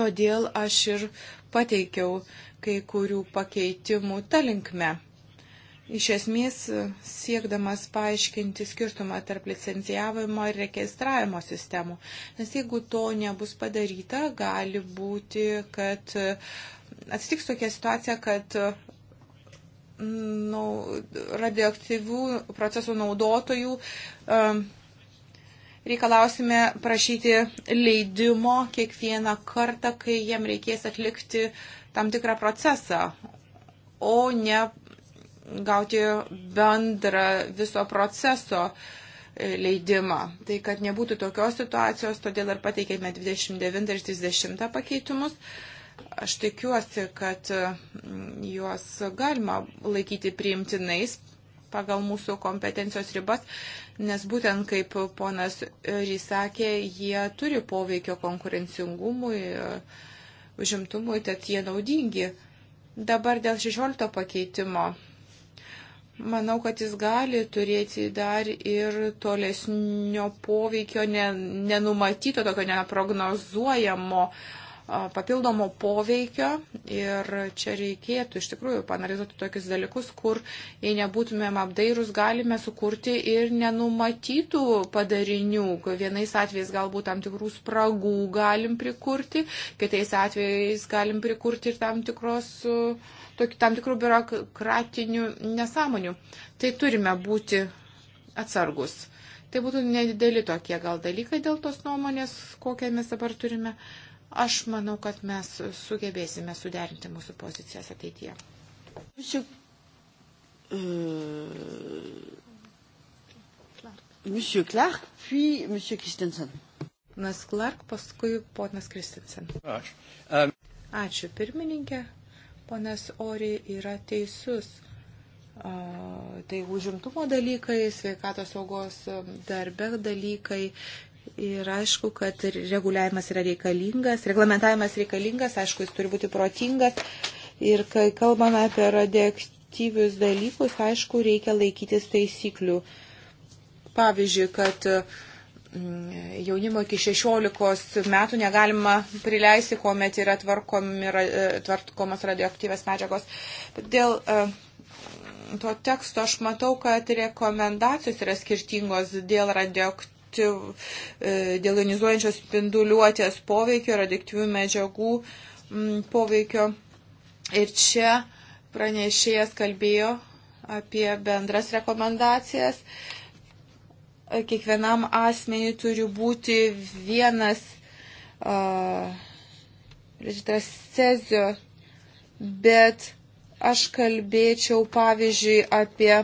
Todėl aš ir pateikiau kai kurių pakeitimų tą linkme iš esmės e, siekdamas paaiškinti skirtumą tarp licencijavimo ir registravimo sistemų. Nes jeigu to nebus padaryta, gali būti, kad e, atsitiks tokia situacija, kad e, nu, radioaktyvių procesų naudotojų um, reikalausime prašyti leidimo kiekvieną kartą, kai jiem reikės atlikti tam tikrą procesą, o ne gauti bendrą viso proceso e, leidimą. Tai kad nebūtų tokios situacijos, todėl ir pateikėme 29 ir 30 pakeitimus. Aš tikiuosi, kad mm, juos galima laikyti priimtinais pagal mūsų kompetencijos ribas, nes būtent kaip ponas Rysakė, jie turi poveikio konkurencingumui, e, užimtumui, tad jie naudingi. Dabar dėl 16 pakeitimo Manau, kad jis gali turėti dar ir tolesnio poveikio, nenumatyto, tokio neprognozuojamo papildomo poveikio ir čia reikėtų iš tikrųjų panalizuoti tokius dalykus, kur jei nebūtumėm apdairus, galime sukurti ir nenumatytų padarinių. Vienais atvejais galbūt tam tikrų spragų galim prikurti, kitais atvejais galim prikurti ir tam tikros uh, tam tikrų biurokratinių nesąmonių. Tai turime būti atsargus. Tai būtų nedideli tokie gal dalykai dėl tos nuomonės, kokią mes dabar turime. Aš manau, kad mes sugebėsime suderinti mūsų pozicijas ateityje. Monsieur, uh, Monsieur Clark, puis Monsieur Christensen. Nas Clark, paskui ponas Christensen. Ačiū. Um... Ačiū pirmininkė ponas Ori yra teisus. Tai užimtumo dalykai, sveikatos saugos darbe dalykai Ir aišku, kad reguliavimas yra reikalingas, reglamentavimas reikalingas, aišku, jis turi būti protingas. Ir kai kalbame apie radioaktyvius dalykus, aišku, reikia laikytis taisyklių. Pavyzdžiui, kad uh, Mm, jaunimo iki 16 metų negalima prileisti, kuomet yra tvarkomas e, radioaktyvės medžiagos. Dėl e, to teksto aš matau, kad rekomendacijos yra skirtingos dėl radioaktyvės e, dėl ionizuojančios spinduliuotės poveikio, radioaktyvių medžiagų mm, poveikio. Ir čia pranešėjas kalbėjo apie bendras rekomendacijas. Uh, kiekvienam asmeniui turi būti vienas šitas cezio, bet aš kalbėčiau pavyzdžiui apie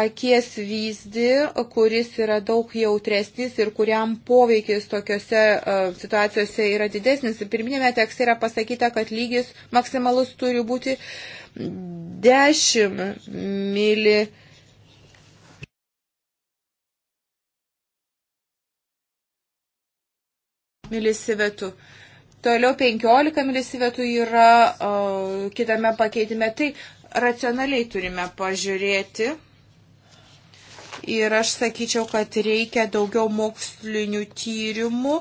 akies vyzdį, kuris yra daug jautresnis ir kuriam poveikis tokiuose uh, situacijose yra didesnis. Pirminėme tekste yra pasakyta, kad lygis maksimalus turi būti 10 mili. Mm, milisivetų. Toliau 15 milisivetų yra o, kitame pakeitime. Tai racionaliai turime pažiūrėti. Ir aš sakyčiau, kad reikia daugiau mokslinių tyrimų,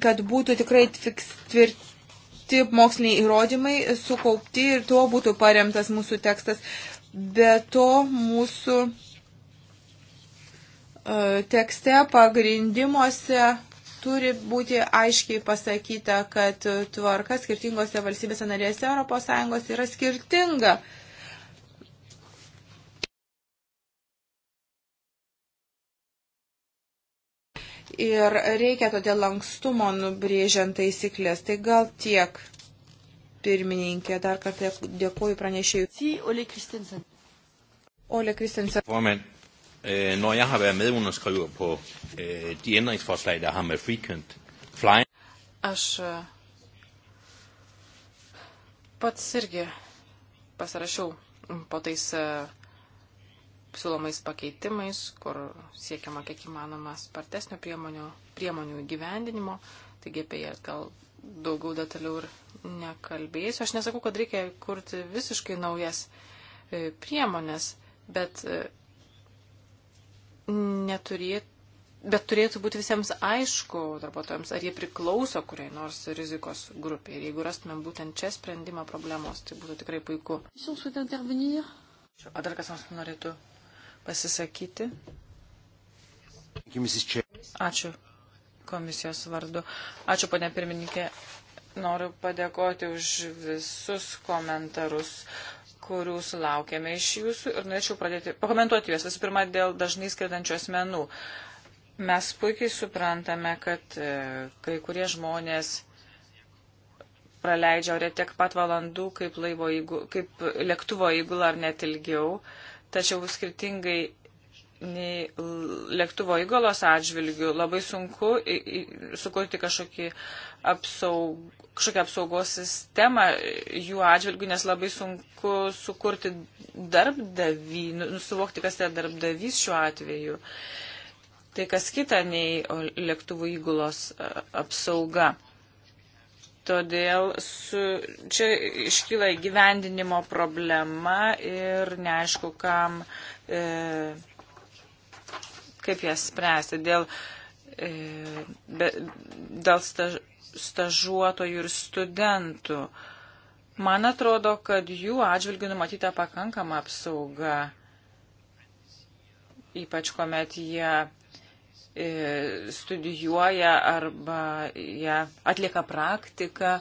kad būtų tikrai tvirti moksliniai įrodymai sukaupti ir tuo būtų paremtas mūsų tekstas. Be to mūsų e, tekste pagrindimuose turi būti aiškiai pasakyta, kad tvarka skirtingose valstybėse narėse ES yra skirtinga. Ir reikia todėl lankstumo nubrėžiant taisyklės. Tai gal tiek, pirmininkė, dar kartą dėkuoju pranešėjui. Ole Kristensen. Ole Kristensen øh, når jeg har været medunderskriver på øh, de ændringsforslag, der har med frequent flying. Aš øh, pats irgi pasirašiau po tais e, siūlomais pakeitimais, kur siekiama kiek įmanoma spartesnio priemonių, priemonių įgyvendinimo, taigi apie jas gal daugiau detaliau ir nekalbėsiu. Aš nesakau, kad reikia kurti visiškai naujas e, priemonės, bet e, neturėtų. Bet turėtų būti visiems aišku darbuotojams, ar jie priklauso kuriai nors rizikos grupiai. Ir jeigu rastumėm būtent čia sprendimą problemos, tai būtų tikrai puiku. Ar dar kas nors norėtų pasisakyti? Ačiū komisijos vardu. Ačiū, ponė pirmininkė. Noriu padėkoti už visus komentarus kurių sulaukėme iš jūsų ir norėčiau pradėti, pakomentuoti juos visų pirma dėl dažnai skrendančių asmenų. Mes puikiai suprantame, kad e, kai kurie žmonės praleidžia ore tiek pat valandų, kaip, laivo, įgul, kaip lėktuvo įgula ar net ilgiau, tačiau skirtingai nei lėktuvo įgalos atžvilgių labai sunku sukurti kažkokį apsaug, kažkokią apsaugos sistemą jų atžvilgių, nes labai sunku sukurti darbdavį, nusivokti, nu, kas tai yra darbdavys šiuo atveju. Tai kas kita nei lėktuvų įgulos apsauga. Todėl su, čia iškyla įgyvendinimo problema ir neaišku, kam. E, kaip jas spręsti dėl, e, be, dėl staž, stažuotojų ir studentų. Man atrodo, kad jų atžvilgių numatyta pakankama apsauga, ypač kuomet jie e, studijuoja arba jie atlieka praktiką,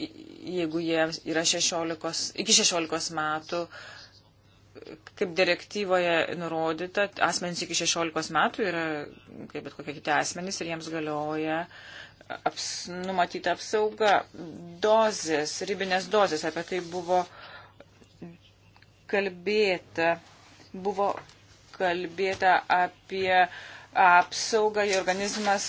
jeigu jie yra 16, iki 16 metų, kaip direktyvoje nurodyta, asmenys iki 16 metų yra, kaip bet kokie kiti asmenys, ir jiems galioja aps, numatyta apsauga. Dozės, ribinės dozės, apie tai buvo kalbėta. Buvo kalbėta apie apsaugą, jei organizmas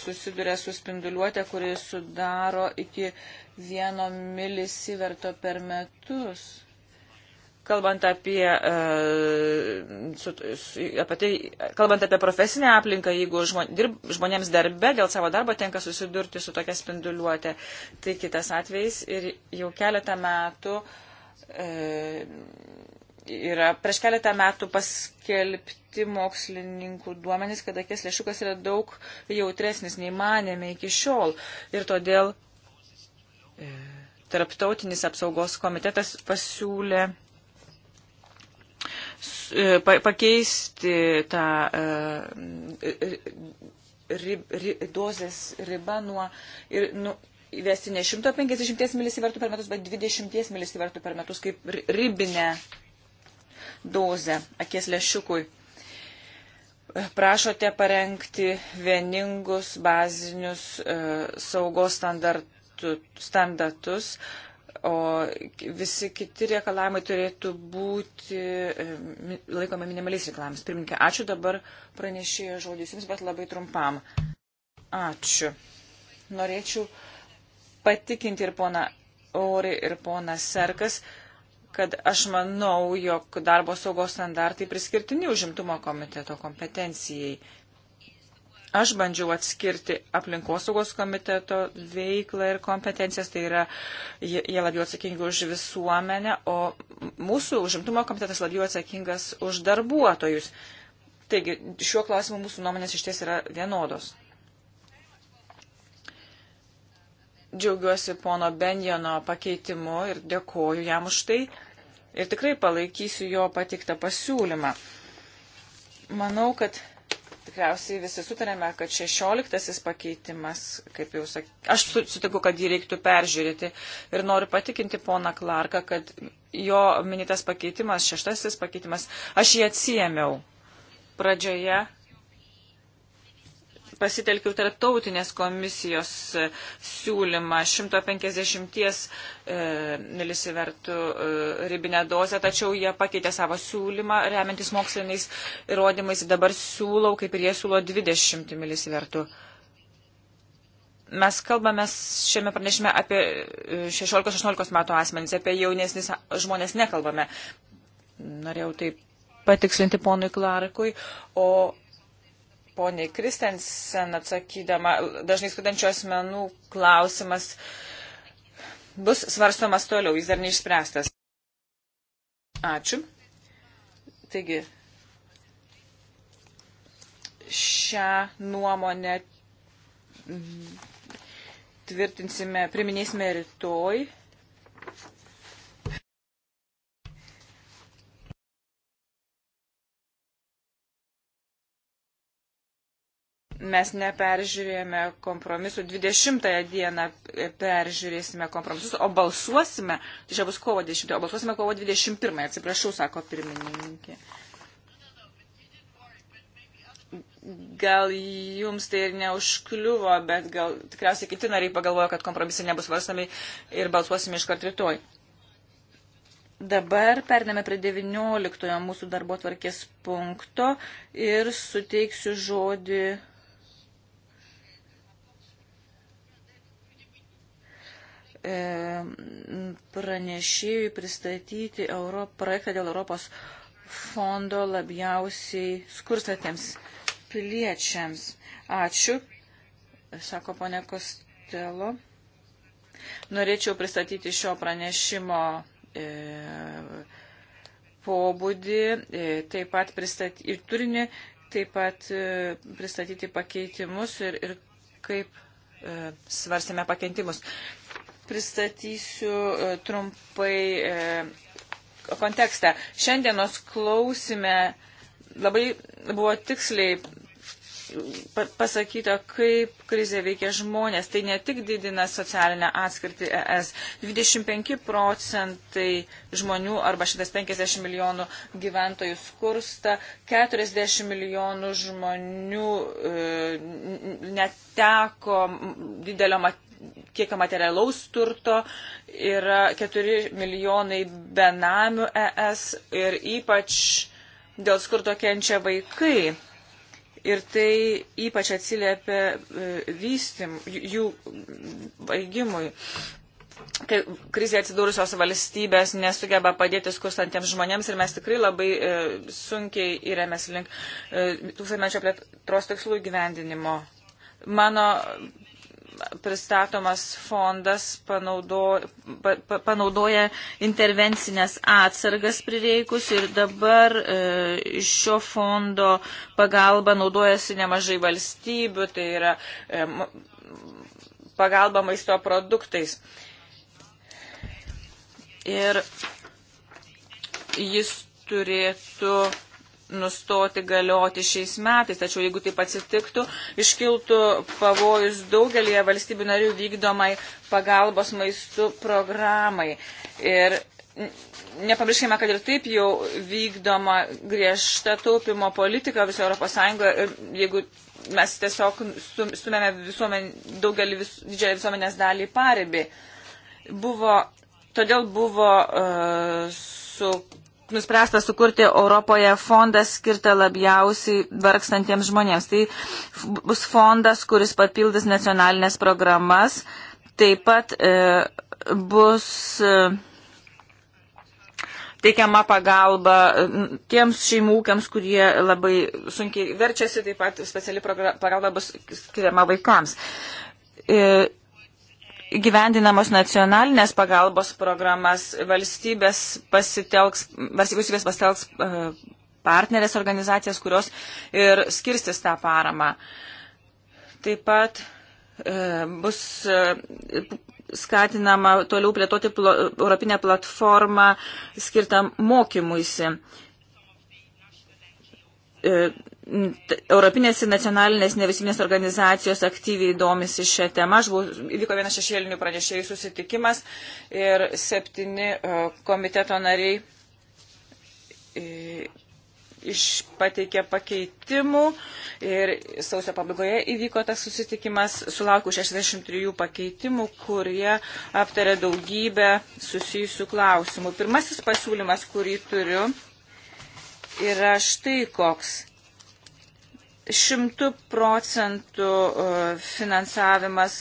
susiduria su spinduliuotė, kuri sudaro iki vieno milisiverto per metus kalbant apie, e, su, su, apie tai, kalbant apie profesinę aplinką, jeigu žmon, dirb, žmonėms darbe dėl savo darbo tenka susidurti su tokia spinduliuotė, tai kitas atvejs ir jau keletą metų e, yra, prieš keletą metų paskelbti mokslininkų duomenys, kad akės lėšukas yra daug jautresnis nei manėme iki šiol ir todėl e, Tarptautinis apsaugos komitetas pasiūlė E, pakeisti tą e, e, rib, rib, dozės ribą nuo ir nu, įvesti ne 150 milisivertų per metus, bet 20 milisivertų per metus kaip ribinę dozę akies lėšiukui. Prašote parengti vieningus bazinius e, saugos standartu, standartus, o visi kiti reikalavimai turėtų būti e, laikomi minimaliais reikalavimais. Pirminkė, ačiū dabar pranešėjo žodis jums, bet labai trumpam. Ačiū. Norėčiau patikinti ir pona Ori, ir pona Serkas, kad aš manau, jog darbo saugos standartai priskirtini užimtumo komiteto kompetencijai. Aš bandžiau atskirti aplinkosaugos komiteto veiklą ir kompetencijas, tai yra jie labiau atsakingi už visuomenę, o mūsų užimtumo komitetas labiau atsakingas už darbuotojus. Taigi, šiuo klausimu mūsų nuomonės iš ties yra vienodos. Džiaugiuosi pono Benjano pakeitimu ir dėkoju jam už tai ir tikrai palaikysiu jo patiktą pasiūlymą. Manau, kad Tikriausiai visi sutarėme, kad 16 pakeitimas, kaip jau sakiau, aš sutinku, kad jį reiktų peržiūrėti ir noriu patikinti poną Klarką, kad jo minėtas pakeitimas, šeštasis pakeitimas, aš jį atsijėmiau. Pradžioje pasitelkiau tarptautinės komisijos e, siūlymą 150 e, milisivertų e, ribinę dozę, tačiau jie pakeitė savo siūlymą, remiantis moksliniais įrodymais, dabar siūlau, kaip ir jie siūlo 20 milisivertų. Mes kalbame šiame pranešime apie 16-16 e, metų asmenys, apie jaunesnis žmonės nekalbame. Norėjau taip patikslinti ponui Klarkui, o poniai Kristensen atsakydama, dažnai skudančių asmenų klausimas bus svarstomas toliau, jis dar neišspręstas. Ačiū. Taigi, šią nuomonę tvirtinsime, priminėsime rytoj. mes neperžiūrėjome kompromisų. 20 dieną peržiūrėsime kompromisus, o balsuosime, tai čia bus kovo 10, o balsuosime kovo 21, atsiprašau, sako pirmininkė. Gal jums tai ir neužkliuvo, bet gal tikriausiai kiti nariai pagalvojo, kad kompromisai nebus varstami ir balsuosime iškart rytoj. Dabar perneme prie 19 mūsų darbo tvarkės punkto ir suteiksiu žodį E, pranešėjui pristatyti Euro, projektą dėl Europos fondo labiausiai skurstatėms piliečiams. Ačiū, sako ponė Kostelo. Norėčiau pristatyti šio pranešimo e, pobūdį, e, taip pat pristatyti ir turinį, taip pat e, pristatyti pakeitimus ir, ir kaip e, svarstėme pakeitimus pristatysiu e, trumpai e, kontekstą. Šiandienos klausime labai buvo tiksliai pasakyta, kaip krizė veikia žmonės. Tai ne tik didina socialinę atskirtį ES. 25 procentai žmonių arba 150 milijonų gyventojų skursta, 40 milijonų žmonių e, neteko didelio mat, kiekio materialaus turto, yra 4 milijonai benamių ES ir ypač dėl skurdo kenčia vaikai. Ir tai ypač atsiliepia e, vystim, jų baigimui. Kai krizė atsidūrusios valstybės nesugeba padėti skurstantiems žmonėms ir mes tikrai labai e, sunkiai įrėmės link e, tūkstantmečio plėtros tikslų įgyvendinimo. Mano pristatomas fondas panaudo, pa, pa, panaudoja intervencinės atsargas prireikus ir dabar e, šio fondo pagalba naudojasi nemažai valstybių, tai yra e, pagalba maisto produktais. Ir jis turėtų nustoti galioti šiais metais, tačiau jeigu taip atsitiktų, iškiltų pavojus daugelie valstybių narių vykdomai pagalbos maistų programai. Ir nepamirškime, kad ir taip jau vykdoma griežta taupimo politika viso Europos Sąjungoje ir jeigu mes tiesiog stumėme visuomen, daugelį vis, didžiąją visuomenės dalį į paribį. Buvo, todėl buvo uh, su nuspręsta sukurti Europoje fondą skirtą labiausiai vargstantiems žmonėms. Tai bus fondas, kuris papildys nacionalinės programas. Taip pat e, bus e, teikiama pagalba e, tiems šeimų ūkiams, kurie labai sunkiai verčiasi, taip pat speciali pagalba bus skiriama vaikams. E, gyvendinamos nacionalinės pagalbos programas, valstybės pasitelks, valstybės pasitelks e, partnerės organizacijas, kurios ir skirstis tą paramą. Taip pat e, bus e, skatinama toliau plėtoti plo, europinę platformą skirtą mokymuisi Europinės ir nacionalinės nevisinės organizacijos aktyviai domisi šią temą. Aš buvau, įvyko vienas šešėlinių pranešėjų susitikimas ir septyni e, komiteto nariai e, pateikė pakeitimų ir sausio pabaigoje įvyko tas susitikimas, sulaukiu 63 pakeitimų, kurie aptarė daugybę susijusių klausimų. Pirmasis pasiūlymas, kurį turiu, yra štai koks šimtų procentų e, finansavimas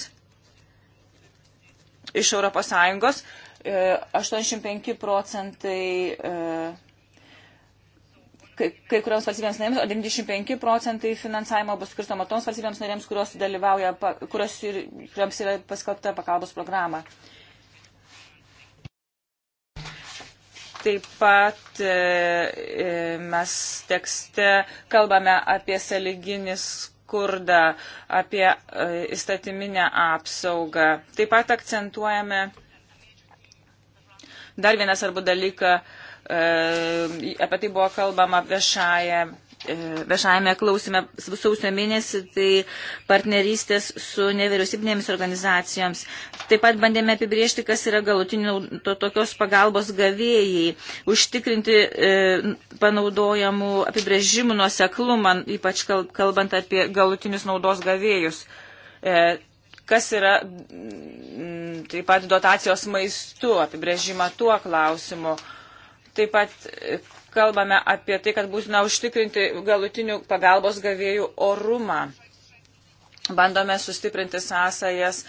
iš ES, 85 e, procentai e, kai, kai kurioms valstybėms narėms, o 95 procentai finansavimo bus skirstoma toms valstybėms narėms, kurios dalyvauja, kurios ir, kuriams yra paskelbta pakalbos programa. Uh, Taip pat e, e, mes tekste kalbame apie saliginį skurdą, apie e, įstatyminę apsaugą. Taip pat akcentuojame dar vieną svarbų dalyką, apie tai buvo kalbama viešajame E, viešajame klausime sausio mėnesį, tai partnerystės su nevyriausybinėmis organizacijoms. Taip pat bandėme apibriežti, kas yra galutinių to, tokios pagalbos gavėjai, užtikrinti e, panaudojamų apibrėžimų nuoseklumą, ypač kalbant apie galutinius naudos gavėjus. E, kas yra m, taip pat dotacijos maistu, apibrėžimą tuo klausimu. Taip pat e, kalbame apie tai, kad būtina užtikrinti galutinių pagalbos gavėjų orumą. Bandome sustiprinti sąsajas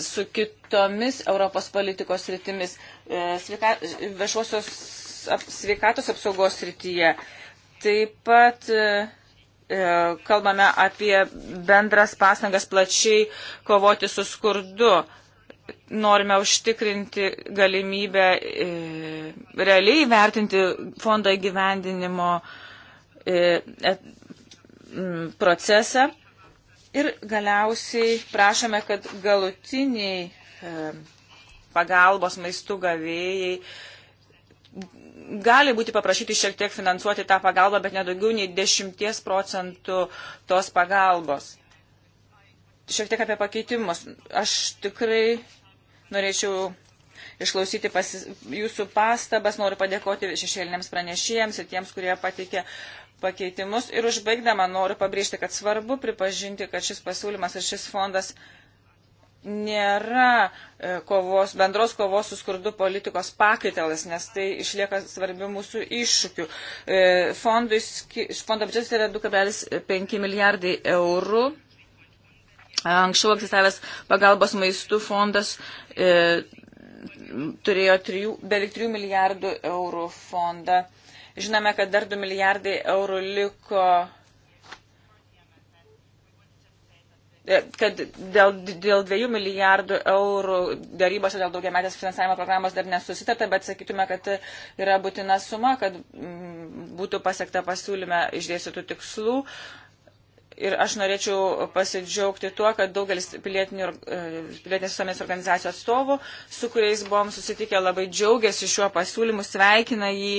su kitomis Europos politikos rytimis, e, sveika, viešosios ap, sveikatos apsaugos rytyje. Taip pat e, e, kalbame apie bendras pastangas plačiai kovoti su skurdu norime užtikrinti galimybę e, realiai vertinti fondo įgyvendinimo e, et, m, procesą. Ir galiausiai prašome, kad galutiniai e, pagalbos maistų gavėjai gali būti paprašyti šiek tiek finansuoti tą pagalbą, bet nedaugiau nei 10 procentų tos pagalbos. Šiek tiek apie pakeitimus. Aš tikrai Norėčiau išklausyti pasi, jūsų pastabas, noriu padėkoti šešėliniams pranešėjams ir tiems, kurie pateikė pakeitimus. Ir užbaigdama noriu pabrėžti, kad svarbu pripažinti, kad šis pasiūlymas ir šis fondas nėra e, kovos, bendros kovos su skurdu politikos pakaitalas, nes tai išlieka svarbi mūsų iššūkių. E, fondo biudžetas yra 2,5 milijardai eurų Anksčiau egzistavęs pagalbos maistų fondas e, turėjo 3, beveik 3 milijardų eurų fondą. Žinome, kad dar 2 milijardai eurų liko, e, kad dėl, dėl 2 milijardų eurų darybose dėl daugiametės finansavimo programos dar nesusitarta, bet sakytume, kad yra būtina suma, kad mm, būtų pasiekta pasiūlyme išdėstytų tikslų. E, Ir aš norėčiau pasidžiaugti tuo, kad daugelis e, pilietinės visuomenės organizacijų atstovų, su kuriais buvom susitikę, labai džiaugiasi šiuo pasiūlymu, sveikina jį.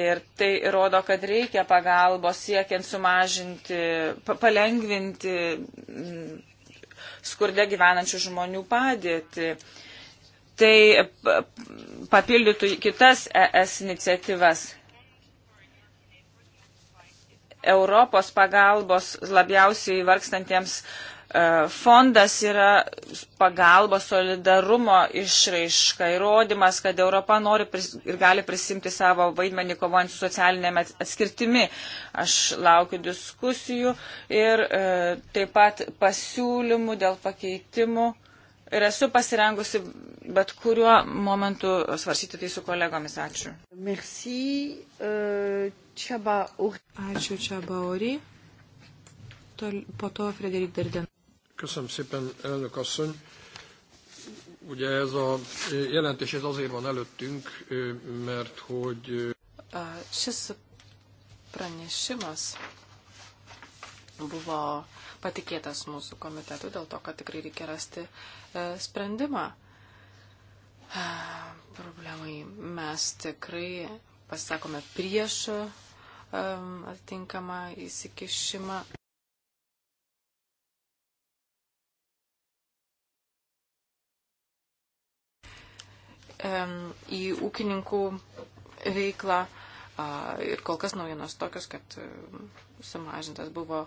Ir tai rodo, kad reikia pagalbos siekiant sumažinti, palengvinti mm, skurde gyvenančių žmonių padėti. Tai e, papildytų kitas ES iniciatyvas. Europos pagalbos labiausiai vargstantiems e, fondas yra pagalbos solidarumo išraiška, įrodymas, kad Europa nori ir gali prisimti savo vaidmenį kovojant su socialinėme atskirtimi. Aš laukiu diskusijų ir e, taip pat pasiūlymų dėl pakeitimų. Ir esu pasirengusi bet kuriuo momentu svarsyti tai su kolegomis. Ačiū. Merci, uh... Ačiū Csabaori. Po to Frederik Derden. Köszönöm szépen, elnök asszony. Ugye ez a jelentés ez azért van előttünk, mert hogy... Šis pranešimas buvo patikėtas mūsų komitetu dėl to, kad tikrai reikia rasti e, sprendimą ah, problemai. Mes tikrai pasisakome prieš Um, atitinkamą įsikišimą. Um, į ūkininkų veiklą uh, ir kol kas naujienos tokios, kad um, sumažintas buvo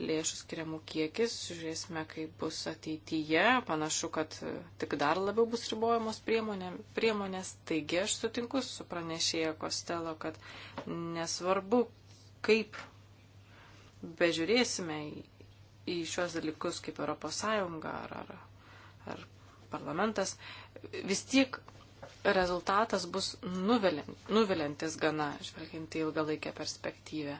lėšų skiriamų kiekis, žiūrėsime, kaip bus ateityje. Panašu, kad tik dar labiau bus ribojamos priemonė, priemonės. Taigi aš sutinku su pranešėja Kostelo, kad nesvarbu, kaip bežiūrėsime į, į šios dalykus kaip ES ar, ar, ar parlamentas, vis tiek rezultatas bus nuvilintis gana, žvelgiant į ilgalaikę perspektyvą.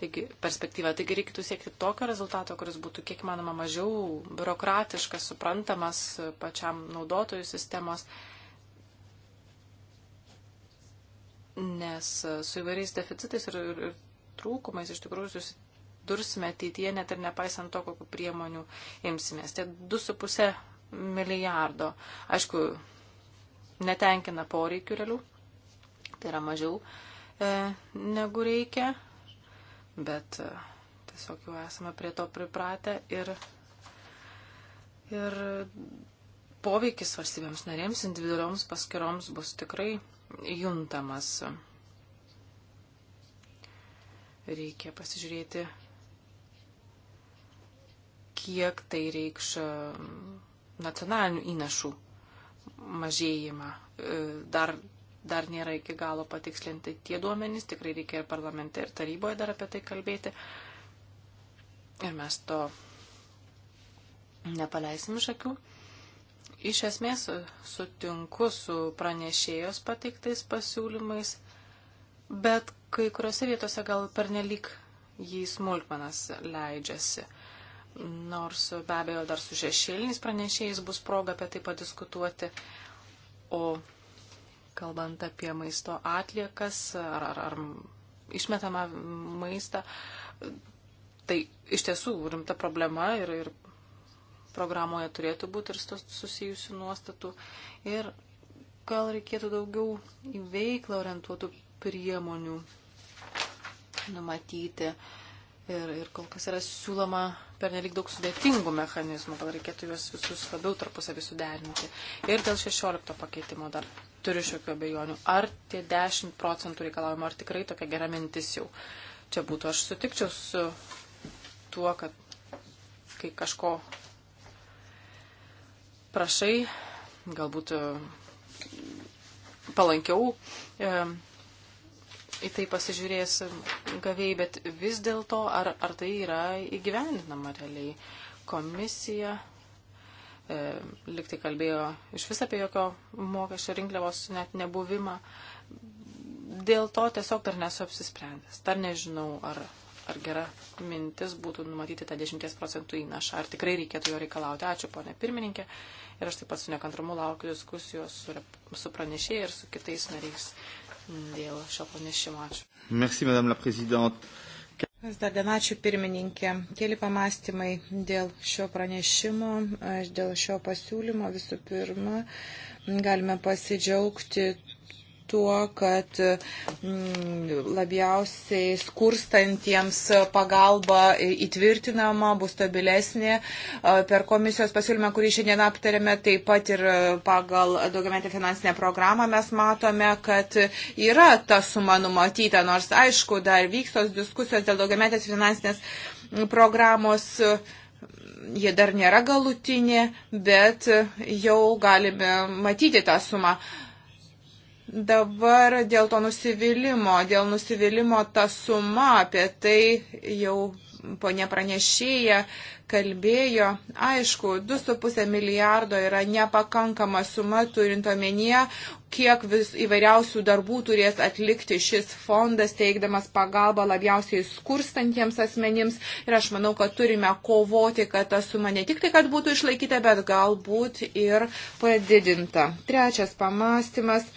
Taigi, perspektyvą. Taigi reikėtų siekti tokio rezultato, kuris būtų kiek manoma mažiau biurokratiškas, suprantamas pačiam naudotojų sistemos. Nes su įvairiais deficitais ir, ir, ir trūkumais iš tikrųjų susidursime ateityje, net ir nepaisant to, kokiu priemonių imsimės. Tie 2,5 milijardo. Aišku, netenkina poreikių realių, tai yra mažiau e, negu reikia, bet e, tiesiog jau esame prie to pripratę ir, ir poveikis valstybėms narėms, individualioms paskiroms bus tikrai juntamas. Reikia pasižiūrėti, kiek tai reikš e, nacionalinių įnašų mažėjimą. E, dar, dar nėra iki galo patikslinti tie duomenys, tikrai reikia ir parlamente, ir taryboje dar apie tai kalbėti. Ir mes to nepaleisim iš akių. Iš esmės sutinku su pranešėjos pateiktais pasiūlymais, bet kai kuriuose vietose gal pernelyg jį smulkmenas leidžiasi nors be abejo dar su šešėliniais pranešėjais bus proga apie tai padiskutuoti. O kalbant apie maisto atliekas ar, ar, ar išmetamą maistą, tai iš tiesų rimta problema ir, ir programoje turėtų būti ir susijusių nuostatų. Ir gal reikėtų daugiau į veiklą orientuotų priemonių numatyti. Ir, ir kol kas yra siūloma pernelik daug sudėtingų mechanizmų, gal reikėtų juos visus labiau tarpusavį suderinti. Ir dėl 16 pakeitimo dar turiu šiokių abejonių. Ar tie 10 procentų reikalavimo, ar tikrai tokia gera mintis jau čia būtų. Aš sutikčiau su tuo, kad kai kažko prašai, galbūt e, palankiau. E, į tai pasižiūrės gavėjai, bet vis dėlto, ar, ar tai yra įgyvendinama realiai. Komisija e, liktai kalbėjo iš vis apie jokio mokesčio rinkliavos net nebuvimą. Dėl to tiesiog dar nesu apsisprendęs. Dar nežinau, ar, ar gera mintis būtų numatyti tą 10 procentų įnašą, ar tikrai reikėtų jo reikalauti. Ačiū, ponė pirmininkė. Ir aš taip pat su nekantrumu laukiu diskusijos su, su pranešėjai ir su kitais nariais dėl šio pranešimo. Ačiū. Merci, madame la présidente. Dar diena, ačiū pirmininkė. Keli pamastymai dėl šio pranešimo, dėl šio pasiūlymo. Visų pirma, galime pasidžiaugti tuo, kad mm, labiausiai skurstantiems pagalba įtvirtinama bus stabilesnė per komisijos pasiūlymą, kurį šiandien aptarėme, taip pat ir pagal daugiametę finansinę programą mes matome, kad yra ta suma numatyta, nors aišku, dar vykstos diskusijos dėl daugiametės finansinės programos jie dar nėra galutinė, bet jau galime matyti tą sumą. Dabar dėl to nusivylimų, dėl nusivylimų ta suma, apie tai jau ponė pranešėja kalbėjo. Aišku, 2,5 milijardo yra nepakankama suma turint omenyje, kiek vis įvairiausių darbų turės atlikti šis fondas, teikdamas pagalbą labiausiai skurstantiems asmenims. Ir aš manau, kad turime kovoti, kad ta suma ne tik tai, kad būtų išlaikyta, bet galbūt ir padidinta. Trečias pamastymas.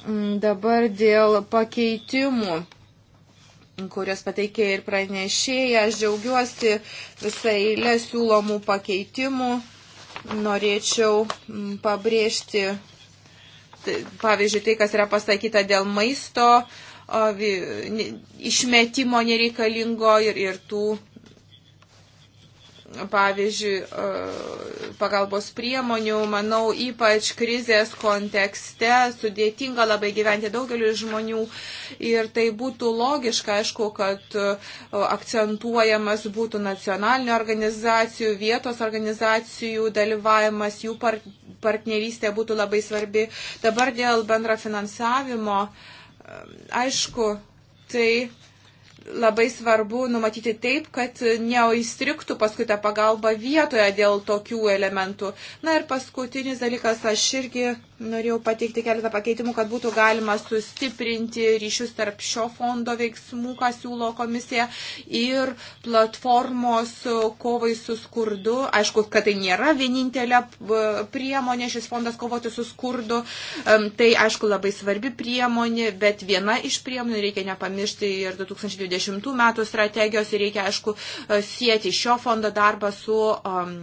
Mm, dabar dėl pakeitimų kurios pateikė ir pranešėja. Aš džiaugiuosi visą eilę siūlomų pakeitimų. Norėčiau mm, pabrėžti, pavyzdžiui, tai, kas yra pasakyta dėl maisto išmetimo nereikalingo ir, ir tų pavyzdžiui, e, pagalbos priemonių, manau, ypač krizės kontekste sudėtinga labai gyventi daugeliu žmonių ir tai būtų logiška, aišku, kad e, akcentuojamas būtų nacionalinių organizacijų, vietos organizacijų dalyvavimas, jų partnerystė būtų labai svarbi. Dabar dėl bendra finansavimo, e, aišku, tai labai svarbu numatyti taip, kad neįstriktų paskui tą pagalbą vietoje dėl tokių elementų. Na ir paskutinis dalykas, aš irgi Norėjau pateikti keletą pakeitimų, kad būtų galima sustiprinti ryšius tarp šio fondo veiksmų, ką siūlo komisija, ir platformos kovai su skurdu. Aišku, kad tai nėra vienintelė priemonė šis fondas kovoti su skurdu. Tai, aišku, labai svarbi priemonė, bet viena iš priemonių reikia nepamiršti ir 2020 metų strategijos ir reikia, aišku, e, sieti šio fondo darbą su um,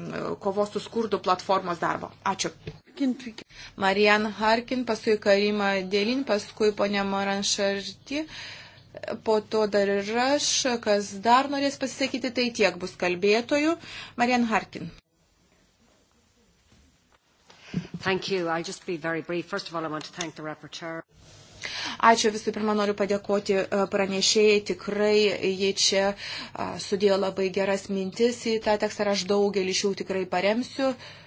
kovos su skurdu platformos darbo. Ačiū. Marian Harkin, paskui Karima Dėlin, paskui ponė Moranšarti, po to dar ir aš, kas dar norės pasisakyti, tai tiek bus kalbėtojų. Marian Harkin. Thank you. I'll just be very brief. First of all, I want to thank the rapporteur. Ačiū visų pirma, noriu padėkoti e, pranešėjai, tikrai jie čia e, sudėjo labai geras mintis į tą tekstą ir aš daugelį iš jų tikrai paremsiu. Uh,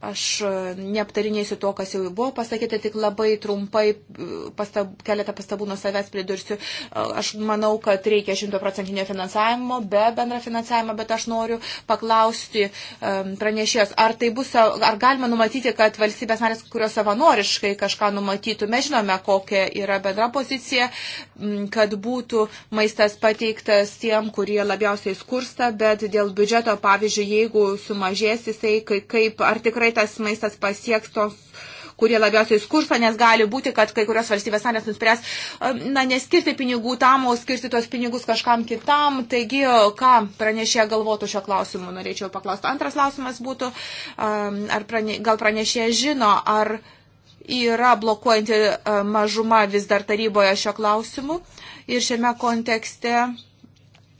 Aš e, neaptarinėsiu to, kas jau buvo pasakyta, tik labai trumpai e, pastab, keletą pastabų nuo savęs pridursiu. E, aš manau, kad reikia šimtoprocentinio finansavimo, be bendra finansavimo, bet aš noriu paklausti um, pranešėjos, ar, tai bus, ar galima numatyti, kad valstybės narės, kurios savanoriškai kažką numatytų, mes žinome, kokia yra bendra pozicija, kad būtų maistas pateiktas tiem, kurie labiausiai skursta, bet dėl biudžeto, pavyzdžiui, jeigu sumažės jisai, kaip, ar tikrai tikrai tas maistas pasieks tos kurie labiausiai skursta, nes gali būti, kad kai kurios valstybės narės nuspręs, na, neskirti pinigų tam, o skirti tuos pinigus kažkam kitam. Taigi, ką pranešė galvotų šio klausimu, norėčiau paklausti. Antras klausimas būtų, ar prane, gal pranešė žino, ar yra blokuojanti mažuma vis dar taryboje šio klausimu ir šiame kontekste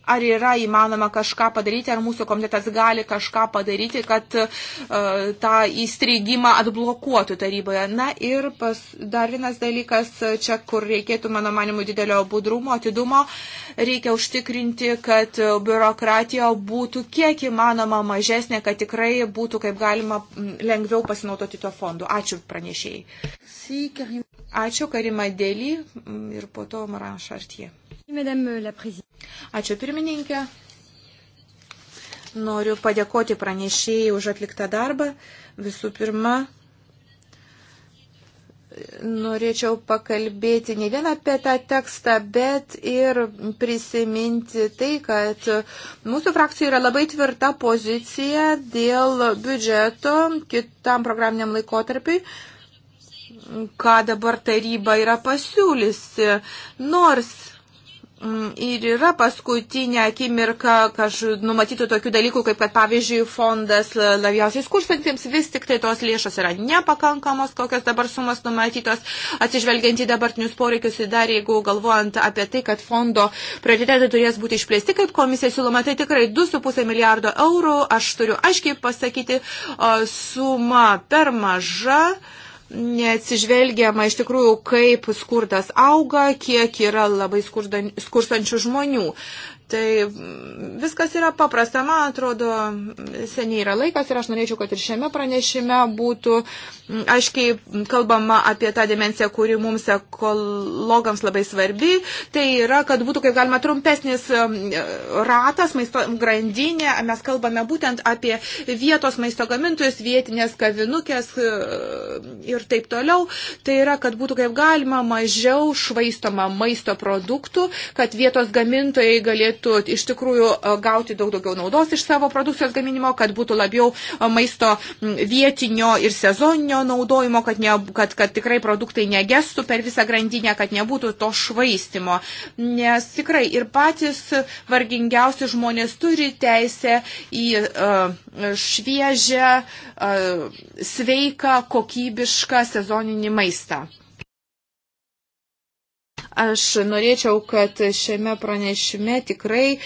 ar yra įmanoma kažką padaryti, ar mūsų komitetas gali kažką padaryti, kad uh, tą įstrigimą atblokuotų taryboje. Na ir pas, dar vienas dalykas, čia kur reikėtų, mano manimu, didelio budrumo, atidumo, reikia užtikrinti, kad biurokratija būtų kiek įmanoma mažesnė, kad tikrai būtų kaip galima lengviau pasinaudoti tuo fondu. Ačiū pranešėjai. Ačiū Karima Dėly ir po to Maran Šartie. Ačiū pirmininkė. Noriu padėkoti pranešėjai už atliktą darbą. Visų pirma, norėčiau pakalbėti ne vien apie tą tekstą, bet ir prisiminti tai, kad mūsų frakcijoje yra labai tvirta pozicija dėl biudžeto kitam programiniam laikotarpiui ką dabar taryba yra pasiūlysi, nors Mm, ir yra paskutinė akimirka, kaž numatytų tokių dalykų, kaip kad pavyzdžiui fondas labiausiai skursantiems, vis tik tai tos lėšos yra nepakankamos, kokios dabar sumas numatytos, atsižvelgiant į dabartinius poreikius ir dar jeigu galvojant apie tai, kad fondo prioritetai turės būti išplėsti, kaip komisija siūloma, tai tikrai 2,5 milijardo eurų, aš turiu aiškiai pasakyti, suma per maža neatsižvelgiama iš tikrųjų, kaip skurdas auga, kiek yra labai skurdančių žmonių. Tai viskas yra paprasta, man atrodo, seniai yra laikas ir aš norėčiau, kad ir šiame pranešime būtų mm, aiškiai kalbama apie tą dimenciją, kuri mums ekologams labai svarbi. Tai yra, kad būtų kaip galima trumpesnis mm, ratas, maisto grandinė. Mes kalbame būtent apie vietos maisto gamintojus, vietinės kavinukės mm, ir taip toliau. Tai yra, kad būtų kaip galima mažiau švaistoma maisto produktų, kad vietos gamintojai galėtų galėtų iš tikrųjų e, gauti daug daugiau naudos iš savo produkcijos gaminimo, kad būtų labiau e, maisto vietinio ir sezoninio naudojimo, kad, ne, kad, kad tikrai produktai negestų per visą grandinę, kad nebūtų to švaistimo. Nes tikrai ir patys vargingiausi žmonės turi teisę į uh, šviežią, uh, sveiką, kokybišką sezoninį maistą. Aš norėčiau, kad šiame pranešime tikrai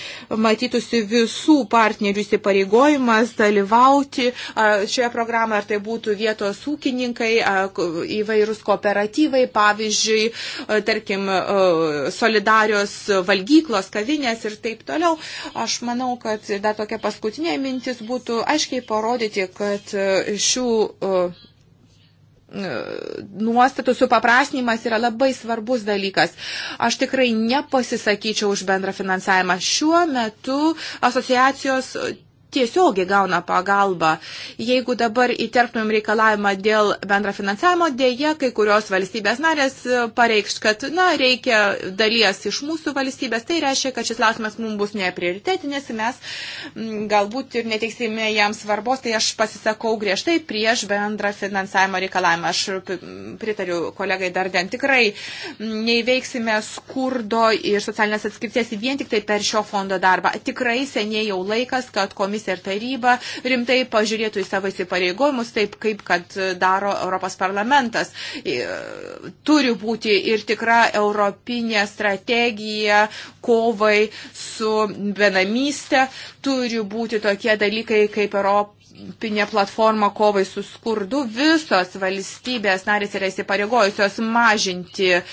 matytųsi visų partnerių įsipareigojimas dalyvauti šioje programoje, ar tai būtų vietos ūkininkai, įvairūs kooperatyvai, pavyzdžiui, tarkim, solidarios valgyklos, kavinės ir taip toliau. Aš manau, kad dar tokia paskutinė mintis būtų aiškiai parodyti, kad šių nuostatų supaprasnimas yra labai svarbus dalykas. Aš tikrai nepasisakyčiau už bendrą finansavimą. Šiuo metu asociacijos tiesiogiai gauna pagalbą. Jeigu dabar įterptumėm reikalavimą dėl bendra finansavimo, dėje kai kurios valstybės narės e, pareikš, kad na, reikia dalies iš mūsų valstybės, tai reiškia, kad šis klausimas mums bus neprioritetinis, mes galbūt ir neteiksime jam svarbos, tai aš pasisakau griežtai prieš bendrą finansavimo reikalavimą. Aš pritariu kolegai Darden, tikrai neįveiksime skurdo ir socialinės atskirties vien tik tai per šio fondo darbą. Tikrai seniai jau laikas, kad komisija komisija ir taryba rimtai pažiūrėtų į savo įsipareigojimus, taip kaip kad daro Europos parlamentas. Turi būti ir tikra europinė strategija kovai su benamyste, turi būti tokie dalykai kaip Europos pinė platforma kovai su skurdu, visos valstybės narės yra įsipareigojusios mažinti uh,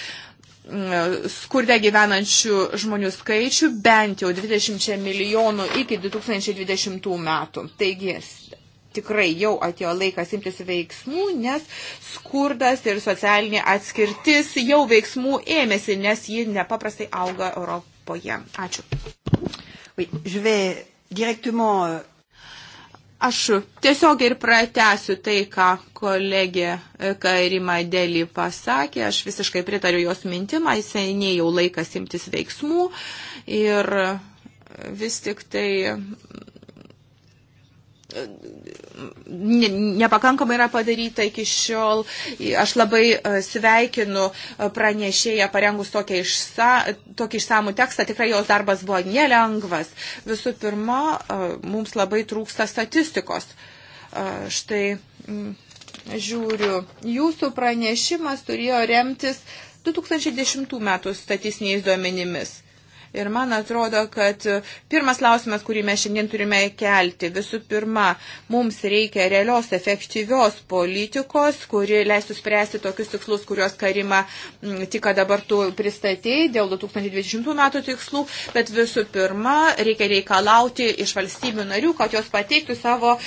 skurdę gyvenančių žmonių skaičių bent jau 20 milijonų iki 2020 metų. Taigi tikrai jau atėjo laikas imtis veiksmų, nes skurdas ir socialinė atskirtis jau veiksmų ėmėsi, nes ji nepaprastai auga Europoje. Ačiū. Oui, je vais directement euh, Aš tiesiog ir pratęsiu tai, ką kolegė e, Karima Deli pasakė. Aš visiškai pritariu jos mintimą, seniai jau laikas imtis veiksmų ir vis tik tai nepakankamai yra padaryta iki šiol. Aš labai e, sveikinu e, pranešėją parengus tokį, išsa, tokį išsamų tekstą. Tikrai jos darbas buvo nelengvas. Visų pirma, e, mums labai trūksta statistikos. Štai žiūriu, jūsų pranešimas turėjo remtis 2010 metų statistiniais duomenimis. Ir man atrodo, kad pirmas klausimas, kurį mes šiandien turime kelti, visų pirma, mums reikia realios efektyvios politikos, kuri leistų spręsti tokius tikslus, kuriuos Karima mm, tik dabar tu pristatėjai dėl 2020 metų tikslų, bet visų pirma, reikia reikalauti iš valstybių narių, kad jos pateiktų savo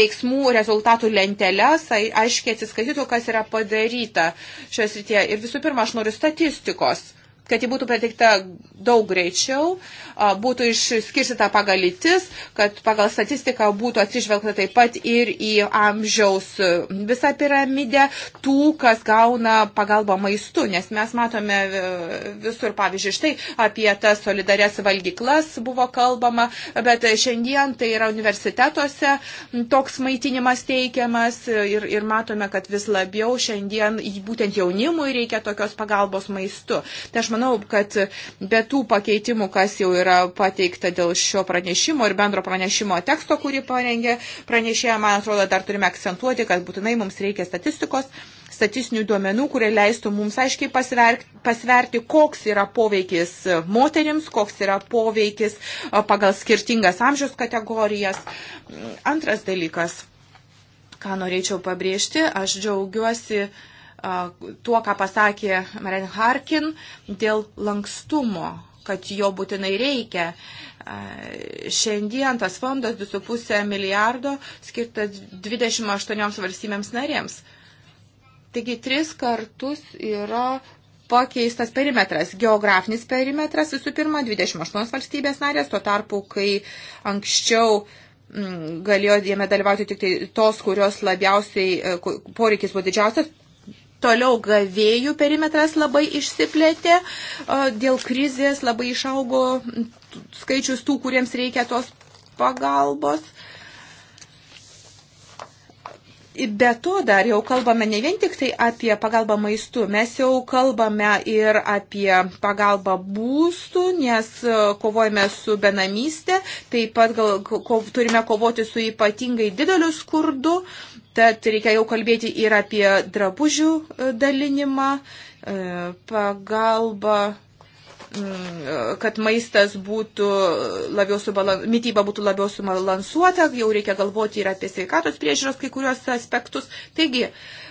veiksmų rezultatų lenteles, aiškiai atsiskaitytų, kas yra padaryta šioje srityje. Ir visų pirma, aš noriu statistikos kad ji būtų pateikta daug greičiau, būtų išskirstyta pagal lytis, kad pagal statistiką būtų atsižvelgta taip pat ir į amžiaus e, visą piramidę tų, kas gauna pagalbą maistu, nes mes matome e, visur, pavyzdžiui, štai apie tas solidarės valgyklas buvo kalbama, bet šiandien tai yra universitetuose toks maitinimas teikiamas ir, ir matome, kad vis labiau šiandien būtent jaunimui reikia tokios pagalbos maistu. Tai aš manau, manau, kad be tų pakeitimų, kas jau yra pateikta dėl šio pranešimo ir bendro pranešimo teksto, kurį parengė pranešėja, man atrodo, dar turime akcentuoti, kad būtinai mums reikia statistikos statistinių duomenų, kurie leistų mums aiškiai pasverti, pasverti, koks yra poveikis moterims, koks yra poveikis pagal skirtingas amžiaus kategorijas. Antras dalykas, ką norėčiau pabrėžti, aš džiaugiuosi uh, tuo, ką pasakė Maren Harkin dėl lankstumo, kad jo būtinai reikia. Šiandien tas fondas 2,5 milijardo skirtas 28 valstybėms narėms. Taigi tris kartus yra pakeistas perimetras. Geografinis perimetras visų pirma 28 valstybės narės, tuo tarpu, kai anksčiau mm, galėjo jame dalyvauti tik tai tos, kurios labiausiai e, poreikis buvo didžiausias, Toliau gavėjų perimetras labai išsiplėtė, dėl krizės labai išaugo skaičius tų, kuriems reikia tos pagalbos. Be to dar jau kalbame ne vien tik tai apie pagalbą maistu, mes jau kalbame ir apie pagalbą būstų, nes e, kovojame su benamystė, taip pat gal, ko, turime kovoti su ypatingai dideliu skurdu, Tad reikia jau kalbėti ir apie drabužių e, dalinimą, e, pagalbą mm, kad maistas būtų labiau subalansuota, mytyba būtų labiau subalansuota, jau reikia galvoti ir apie sveikatos priežiūros kai kurios aspektus. Taigi, uh,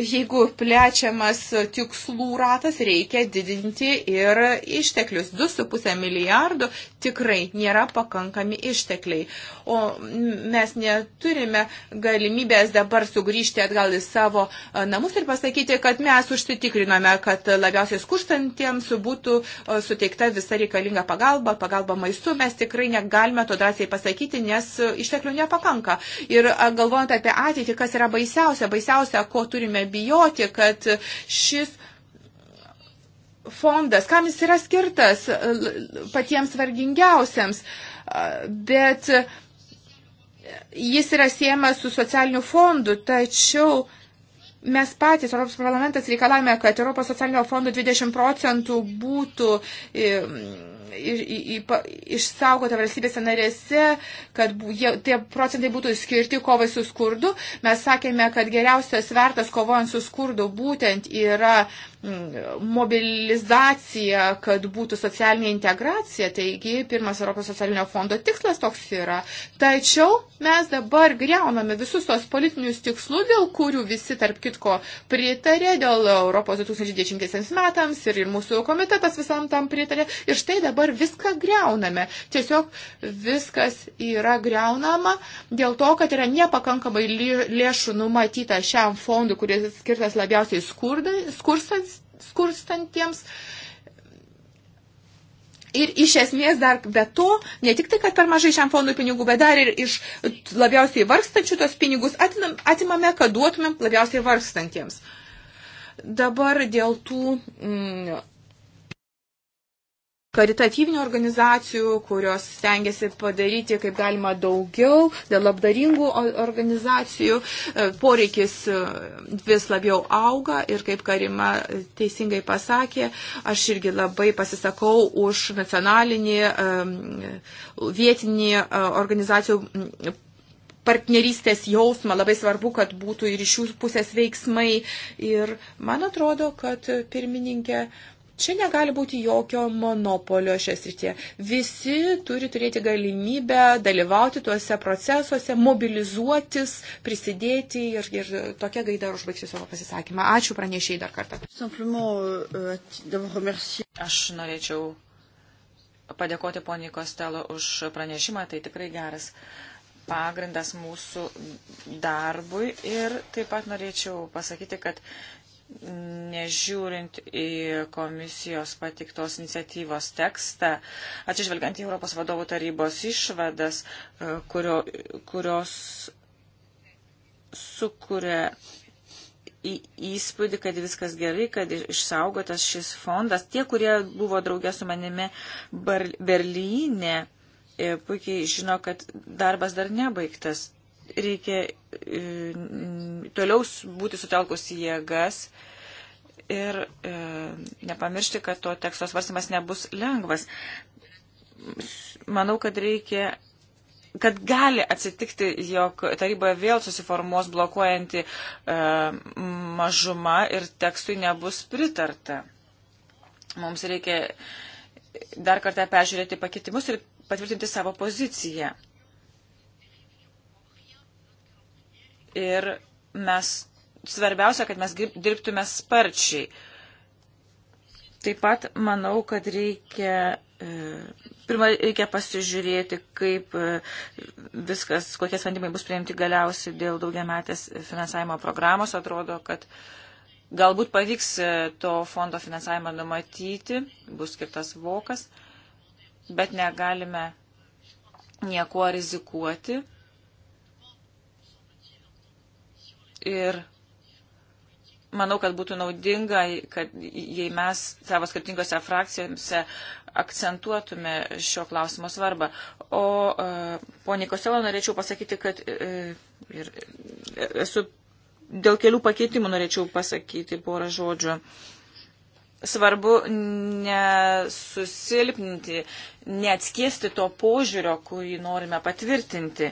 jeigu plečiamas tikslų ratas, reikia didinti ir išteklius. 2,5 milijardų tikrai nėra pakankami ištekliai. O mes neturime galimybės dabar sugrįžti atgal į savo namus ir pasakyti, kad mes užsitikrinome, kad labiausiai skurstantiems būtų suteikta visa reikalinga pagalba, pagalba maistu. Mes tikrai negalime to drąsiai pasakyti, nes išteklių nepakanka. Ir galvojant apie ateitį, kas yra baisiausia, baisiausia didžiausia, ko turime bijoti, kad šis fondas, kam jis yra skirtas patiems vargingiausiams, bet jis yra siejamas su socialiniu fondu, tačiau mes patys, Europos parlamentas, reikalavome, kad Europos socialinio fondo 20 procentų būtų išsaugota valstybėse narėse, kad jie, tie procentai būtų skirti kovai su skurdu. Mes sakėme, kad geriausias vertas kovojant su skurdu būtent yra Mm, mobilizacija, kad būtų socialinė integracija. Taigi, pirmas Europos socialinio fondo tikslas toks yra. Tačiau mes dabar greuname visus tos politinius tikslus, dėl kurių visi, tarp kitko, pritarė dėl Europos 2010 metams ir, ir mūsų komitetas visam tam pritarė. Ir štai dabar viską greuname. Tiesiog viskas yra greunama dėl to, kad yra nepakankamai lėšų numatyta šiam fondui, kuris skirtas labiausiai skurdai, skursans skurstantiems. Ir iš esmės dar be to, ne tik tai, kad per mažai šiam fondui pinigų, bet dar ir iš labiausiai varstančių tos pinigus atinam, atimame, kad duotumėm labiausiai varstantiems. Dabar dėl tų mm, karitatyvinių organizacijų, kurios stengiasi padaryti kaip galima daugiau, dėl labdaringų organizacijų. E, poreikis e, vis labiau auga ir kaip Karima teisingai pasakė, aš irgi labai pasisakau už nacionalinį vietinį e, organizacijų partnerystės jausmą, labai svarbu, kad būtų ir iš jų pusės veiksmai. Ir man atrodo, kad pirmininkė Čia negali būti jokio monopolio šią srityje. Visi turi turėti galimybę dalyvauti tuose procesuose, mobilizuotis, prisidėti ir, ir tokia gaida užbaigsiu savo pasisakymą. Ačiū pranešiai dar kartą. Aš norėčiau padėkoti poniai Kostelo už pranešimą, tai tikrai geras pagrindas mūsų darbui ir taip pat norėčiau pasakyti, kad nežiūrint į komisijos patiktos iniciatyvos tekstą, atsižvelgiant į Europos vadovų tarybos išvadas, e, kurio, kurios sukuria į įspūdį, kad viskas gerai, kad išsaugotas šis fondas. Tie, kurie buvo draugė su manimi Bar Berlyne, e, puikiai žino, kad darbas dar nebaigtas reikia e, toliau būti sutelkus jėgas ir e, nepamiršti, kad to teksto svarstymas nebus lengvas. Manau, kad reikia kad gali atsitikti, jog taryboje vėl susiformuos blokuojanti e, mažuma ir tekstui nebus pritarta. Mums reikia dar kartą peržiūrėti pakitimus ir patvirtinti savo poziciją. ir mes, svarbiausia, kad mes dirbtume sparčiai. Taip pat manau, kad reikia, e, pirmą reikia pasižiūrėti, kaip e, viskas, kokie sprendimai bus priimti galiausiai dėl daugiametės finansavimo programos. Atrodo, kad galbūt pavyks e, to fondo finansavimą numatyti, bus skirtas vokas, bet negalime niekuo rizikuoti Ir manau, kad būtų naudinga, kad jei mes savo skirtingose frakcijose akcentuotume šio klausimo svarbą. O e, poniai Koselo norėčiau pasakyti, kad e, ir, esu dėl kelių pakeitimų norėčiau pasakyti porą žodžių. Svarbu nesusilpninti, neatskiesti to požiūrio, kurį norime patvirtinti.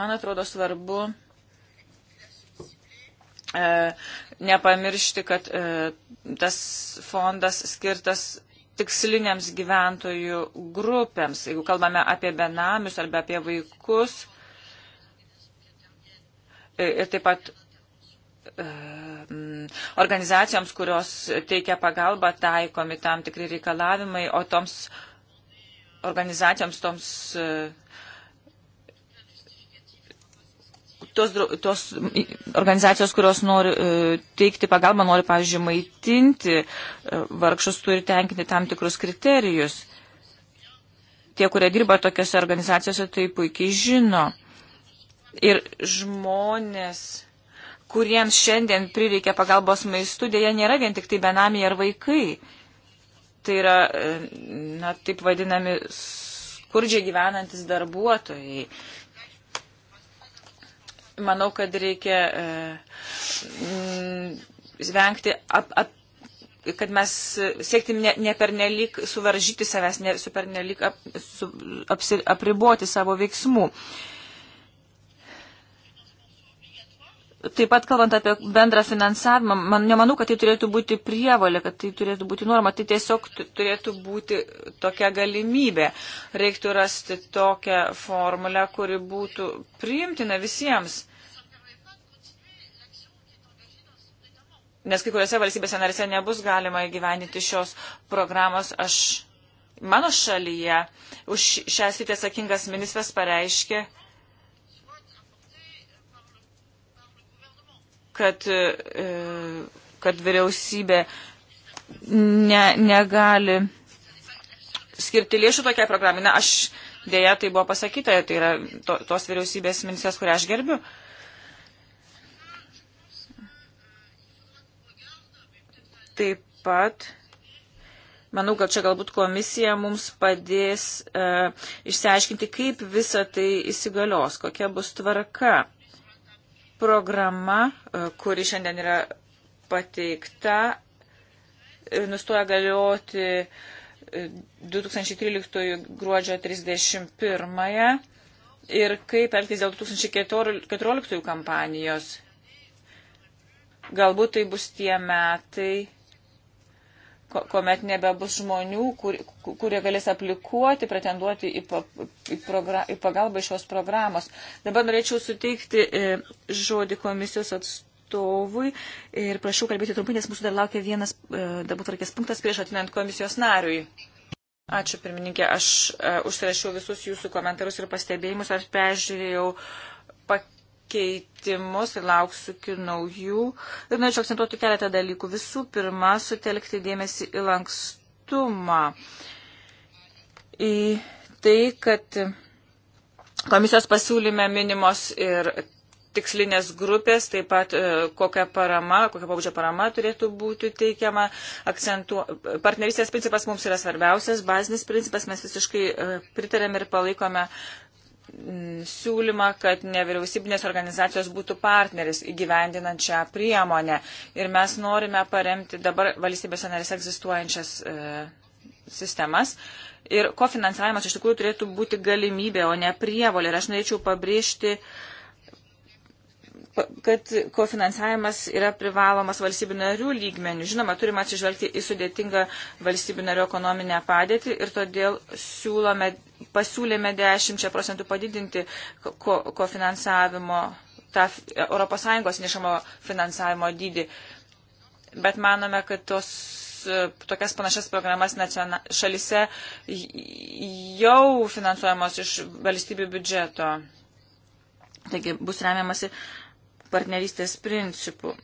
Man atrodo svarbu E, nepamiršti, kad e, tas fondas skirtas tiksliniams gyventojų grupėms. Jeigu kalbame apie benamius arba apie vaikus e, ir taip pat mm, organizacijoms, kurios teikia pagalbą, taikomi tam tikri reikalavimai, o toms organizacijoms, toms tos, tos organizacijos, kurios nori e, teikti pagalbą, nori, pavyzdžiui, maitinti e, vargšus, turi tenkinti tam tikrus kriterijus. Tie, kurie dirba tokiose organizacijose, tai puikiai žino. Ir žmonės, kuriems šiandien prireikia pagalbos maistu, dėja nėra vien tik tai benamiai ar vaikai. Tai yra, e, na, taip vadinami skurdžiai gyvenantis darbuotojai manau, kad reikia m, e, vengti ap, ap, kad mes siekti ne, ne pernelyg suvaržyti savęs, ne su pernelyg ap, su, apsi, apriboti savo veiksmų. Uh, Taip pat kalbant apie bendrą finansavimą, man nemanau, kad tai turėtų būti prievalė, kad tai turėtų būti norma, tai tiesiog turėtų būti tokia galimybė. Reiktų rasti tokią formulę, kuri būtų priimtina visiems. Nes kai kuriuose valstybėse narise nebus galima įgyveninti šios programos. Aš mano šalyje už šią sritį atsakingas ministras pareiškė, kad, e, kad vyriausybė ne, negali skirti lėšų tokiai programai. Na, aš dėja tai buvo pasakyta, tai yra to, tos vyriausybės ministras, kurią aš gerbiu. Taip pat manau, kad čia galbūt komisija mums padės e, išsiaiškinti, kaip visa tai įsigalios, kokia bus tvarka. Programa, e, kuri šiandien yra pateikta, e, nustoja galioti 2013 e, gruodžio 31 ir kaip elgtis dėl 2014 kampanijos. Galbūt tai bus tie metai, kuomet nebebus žmonių, kur, kurie galės aplikuoti, pretenduoti į, pa, į, progra, į pagalbą iš šios programos. Dabar norėčiau suteikti e, žodį komisijos atstovui ir prašau kalbėti trumpai, nes mūsų dar laukia vienas e, dabar tvarkės punktas prieš atinant komisijos nariui. Ačiū, pirmininkė. Aš e, užsirašiau visus jūsų komentarus ir pastebėjimus, aš peržiūrėjau e, keitimus ir lauksiu naujų. Ir norėčiau akcentuoti keletą dalykų. Visų pirma, sutelkti dėmesį į lankstumą. Į tai, kad komisijos pasiūlyme minimos ir tikslinės grupės, taip pat e, kokia parama, kokia pabudžio parama turėtų būti teikiama. Akcentu... Partnerystės principas mums yra svarbiausias, bazinis principas, mes visiškai e, pritarėm ir palaikome Mm, siūlymą, kad nevyriausybinės organizacijos būtų partneris įgyvendinant šią priemonę. Ir mes norime paremti dabar valstybėse narėse egzistuojančias e, sistemas. Ir kofinansavimas iš tikrųjų turėtų būti galimybė, o ne prievolė. Ir aš norėčiau pabrėžti e, kad kofinansavimas yra privalomas valstybių narių lygmenių. Žinoma, turime atsižvelgti į sudėtingą valstybių narių ekonominę padėtį ir todėl siūlome, pasiūlėme 10 procentų padidinti ko, kofinansavimo, tą ES nešamo finansavimo dydį. Bet manome, kad tos tokias panašias programas šalise jau finansuojamos iš valstybių biudžeto. Taigi bus remiamasi partnerystės principų.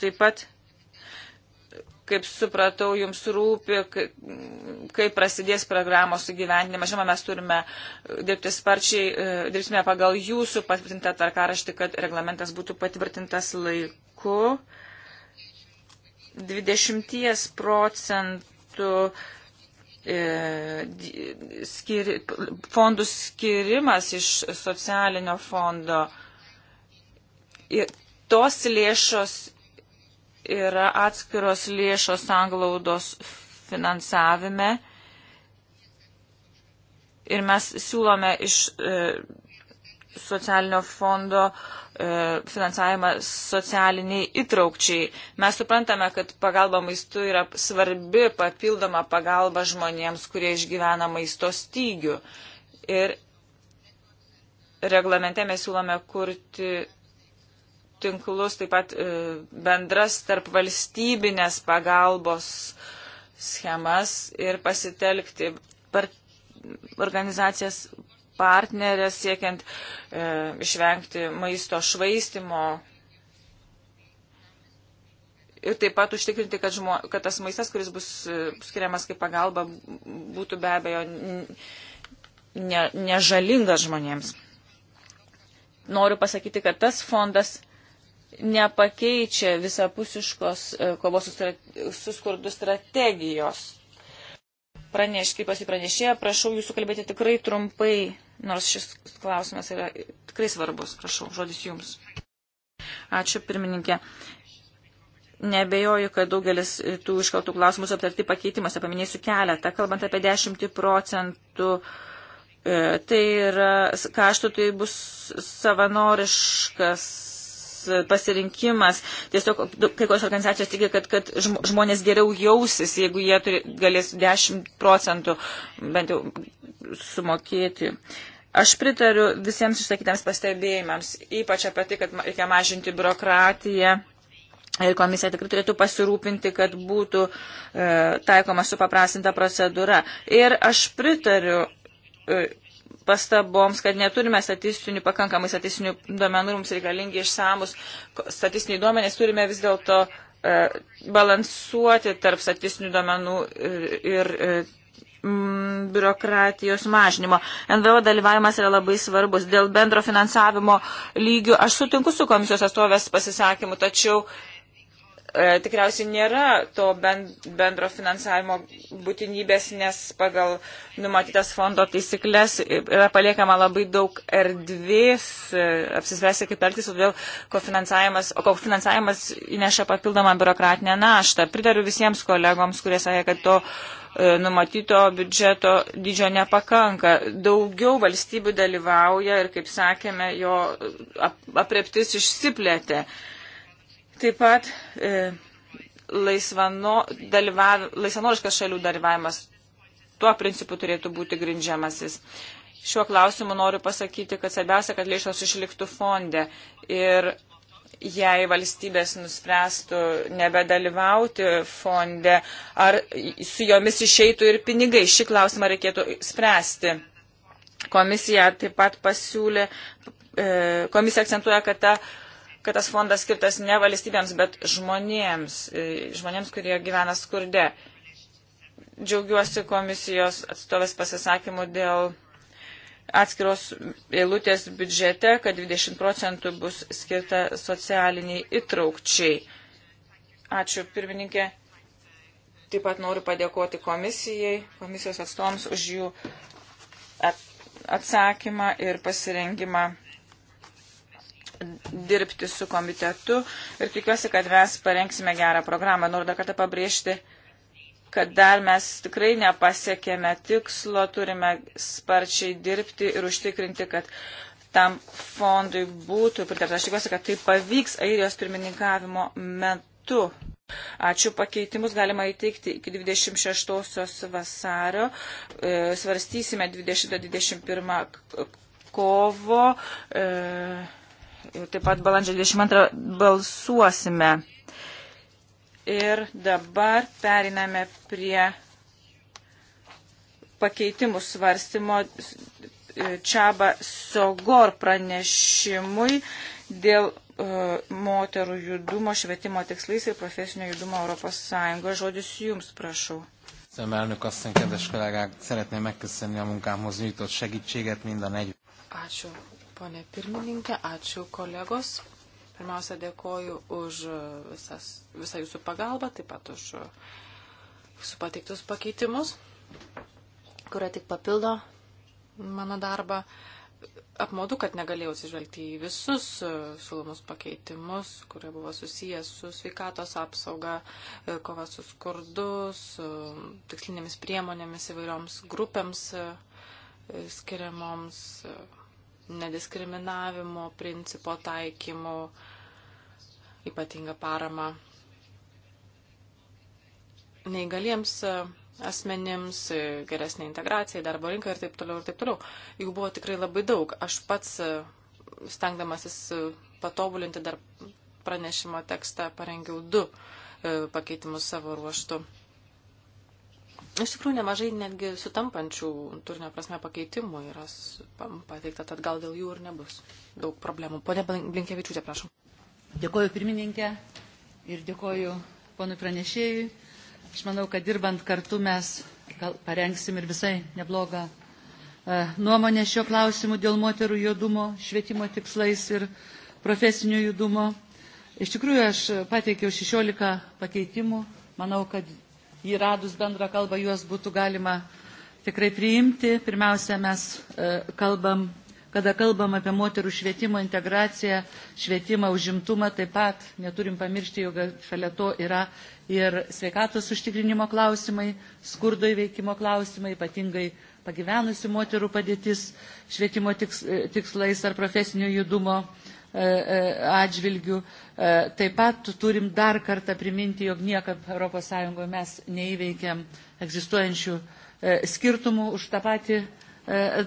Taip pat, kaip supratau, jums rūpi, kaip prasidės programos įgyvendinimas. Žinoma, mes turime dirbti sparčiai, e, dirbsime pagal jūsų patvirtintą tarkaraštį, kad reglamentas būtų patvirtintas laiku. 20 procentų e, skiri, fondų skirimas iš socialinio fondo tos lėšos yra atskiros lėšos anglaudos finansavime. Ir mes siūlome iš e, socialinio fondo e, finansavimą socialiniai įtraukčiai. Mes suprantame, kad pagalba maistu yra svarbi papildoma pagalba žmonėms, kurie išgyvena maisto stygių. Ir reglamente mes siūlome kurti tinklus, taip pat e, bendras tarp valstybinės pagalbos schemas ir pasitelkti par organizacijas partnerės siekiant e, išvengti maisto švaistimo ir taip pat užtikrinti, kad, žmo, kad tas maistas, kuris bus e, skiriamas kaip pagalba, būtų be abejo nežalingas ne, ne žmonėms. Noriu pasakyti, kad tas fondas nepakeičia visapusiškos e, kovos su, su skurdu strategijos. Praneš, kaip pasipranešė, prašau jūsų kalbėti tikrai trumpai, nors šis klausimas yra tikrai svarbus. Prašau, žodis jums. Ačiū, pirmininkė. Nebejoju, kad daugelis tų iškaltų klausimus aptarti pakeitimuose, paminėsiu keletą, kalbant apie 10 procentų. E, tai yra, kaštų tai bus savanoriškas pasirinkimas. Tiesiog kai kurios organizacijos teigia, kad, kad žmonės geriau jausis, jeigu jie turi, galės 10 procentų bent jau sumokėti. Aš pritariu visiems išsakytams pastebėjimams, ypač apie tai, kad reikia mažinti biurokratiją. Ir komisija tikrai turėtų pasirūpinti, kad būtų e, taikoma supaprastinta procedūra. Ir aš pritariu e, pastaboms, kad neturime statistinių, pakankamai statistinių duomenų, mums reikalingi išsamus statistiniai duomenys, turime vis dėlto e, balansuoti tarp statistinių duomenų ir, ir mm, biurokratijos mažinimo. NVO dalyvavimas yra labai svarbus. Dėl bendro finansavimo lygių aš sutinku su komisijos atstovės pasisakymu, tačiau e, tikriausiai nėra to bendro finansavimo būtinybės, nes pagal numatytas fondo taisyklės yra paliekama labai daug erdvės e, apsispręsti, kaip elgtis, todėl kofinansavimas, o kofinansavimas įneša papildomą biurokratinę naštą. Pritariu visiems kolegoms, kurie sakė, kad to e, numatyto biudžeto dydžio nepakanka. Daugiau valstybių dalyvauja ir, kaip sakėme, jo apreptis išsiplėtė. Taip pat e, laisvano, dalyvav, laisvanoriškas šalių dalyvavimas tuo principu turėtų būti grindžiamasis. Šiuo klausimu noriu pasakyti, kad svarbiausia, kad lėšos išliktų fonde ir jei valstybės nuspręstų nebedalyvauti fonde, ar su jomis išeitų ir pinigai. Šį klausimą reikėtų spręsti. Komisija taip pat pasiūlė, e, komisija akcentuoja, kad ta kad tas fondas skirtas ne valstybėms, bet žmonėms, e, žmonėms, kurie gyvena skurde. Džiaugiuosi komisijos atstovės pasisakymu dėl atskiros eilutės biudžete, kad 20 procentų bus skirta socialiniai įtraukčiai. Ačiū, pirmininkė. Taip pat noriu padėkoti komisijai, komisijos atstovams už jų atsakymą ir pasirengimą dirbti su komitetu ir tikiuosi, kad mes parengsime gerą programą. Noriu dar kartą pabrėžti, kad dar mes tikrai nepasiekėme tikslo, turime sparčiai dirbti ir užtikrinti, kad tam fondui būtų pritarta. Aš tikiuosi, kad tai pavyks Airijos pirmininkavimo metu. Ačiū pakeitimus galima įteikti iki 26 vasario. E, svarstysime 20-21 kovo. E taip pat balandžio 22 balsuosime. Ir dabar periname prie pakeitimų svarstymo Čiaba Sogor pranešimui dėl e, moterų judumo švietimo tikslais ir profesinio judumo Europos Sąjungoje. Žodis jums, prašau. Köszönöm, elnök asszony, kedves kollégák! Szeretném megköszönni a munkámhoz nyújtott segítséget mind a negy. Ácsó, ponė pirmininkė, ačiū kolegos. Pirmiausia, dėkoju už visas, visą jūsų pagalbą, taip pat už jūsų pateiktus pakeitimus, kurie tik papildo mano darbą. Apmaudu, kad negalėjau atsižvelgti į visus siūlomus pakeitimus, kurie buvo susijęs su sveikatos apsauga, kova su skurdu, su tikslinėmis priemonėmis įvairioms grupėms skiriamoms nediskriminavimo principo taikymu, ypatinga parama neįgaliems e, asmenims, e, geresnė integracija į darbo rinką ir taip toliau ir taip toliau. Jų buvo tikrai labai daug. Aš pats e, stengdamasis patobulinti dar pranešimo tekstą parengiau du pakeitimus savo ruoštų. Iš tikrųjų, nemažai netgi sutampančių turinio prasme pakeitimų yra pateikta, tad gal dėl jų ir nebus daug problemų. Pone Blinkevičiūtė, prašom. Dėkoju pirmininkė ir dėkoju ponui pranešėjui. Aš manau, kad dirbant kartu mes parengsim ir visai neblogą e, nuomonę šio klausimu dėl moterų judumo, švietimo tikslais ir profesinio judumo. Iš tikrųjų, aš pateikiau 16 pakeitimų. Manau, kad įradus bendrą kalbą juos būtų galima tikrai priimti. Pirmiausia, mes e, kalbam, kada kalbam apie moterų švietimo integraciją, švietimą, užimtumą, taip pat neturim pamiršti, jog šalia to yra ir sveikatos užtikrinimo klausimai, skurdo įveikimo klausimai, ypatingai pagyvenusių moterų padėtis švietimo tiks, e, tikslais ar profesinio judumo uh, E, e, atžvilgių. E, taip pat turim dar kartą priminti, jog niekam ES mes neįveikiam egzistuojančių skirtumų už tą patį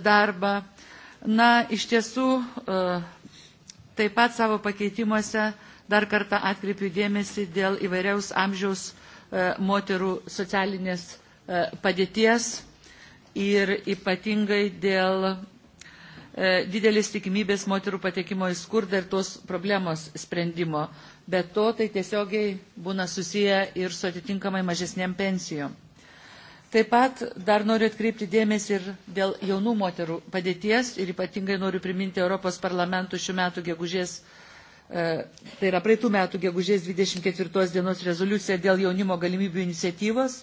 darbą. Na, iš tiesų, taip pat savo pakeitimuose dar kartą atkreipiu dėmesį dėl įvairiaus amžiaus moterų socialinės padėties ir ypatingai dėl E, didelis tikimybės moterų patekimo į skurdą ir tos problemos sprendimo. Bet to tai tiesiogiai būna susiję ir su atitinkamai mažesnėm pensijom. Taip pat dar noriu atkreipti dėmesį ir dėl jaunų moterų padėties ir ypatingai noriu priminti Europos parlamentų šių metų gegužės, e, tai yra praeitų metų gegužės 24 dienos rezoliucija dėl jaunimo galimybių iniciatyvos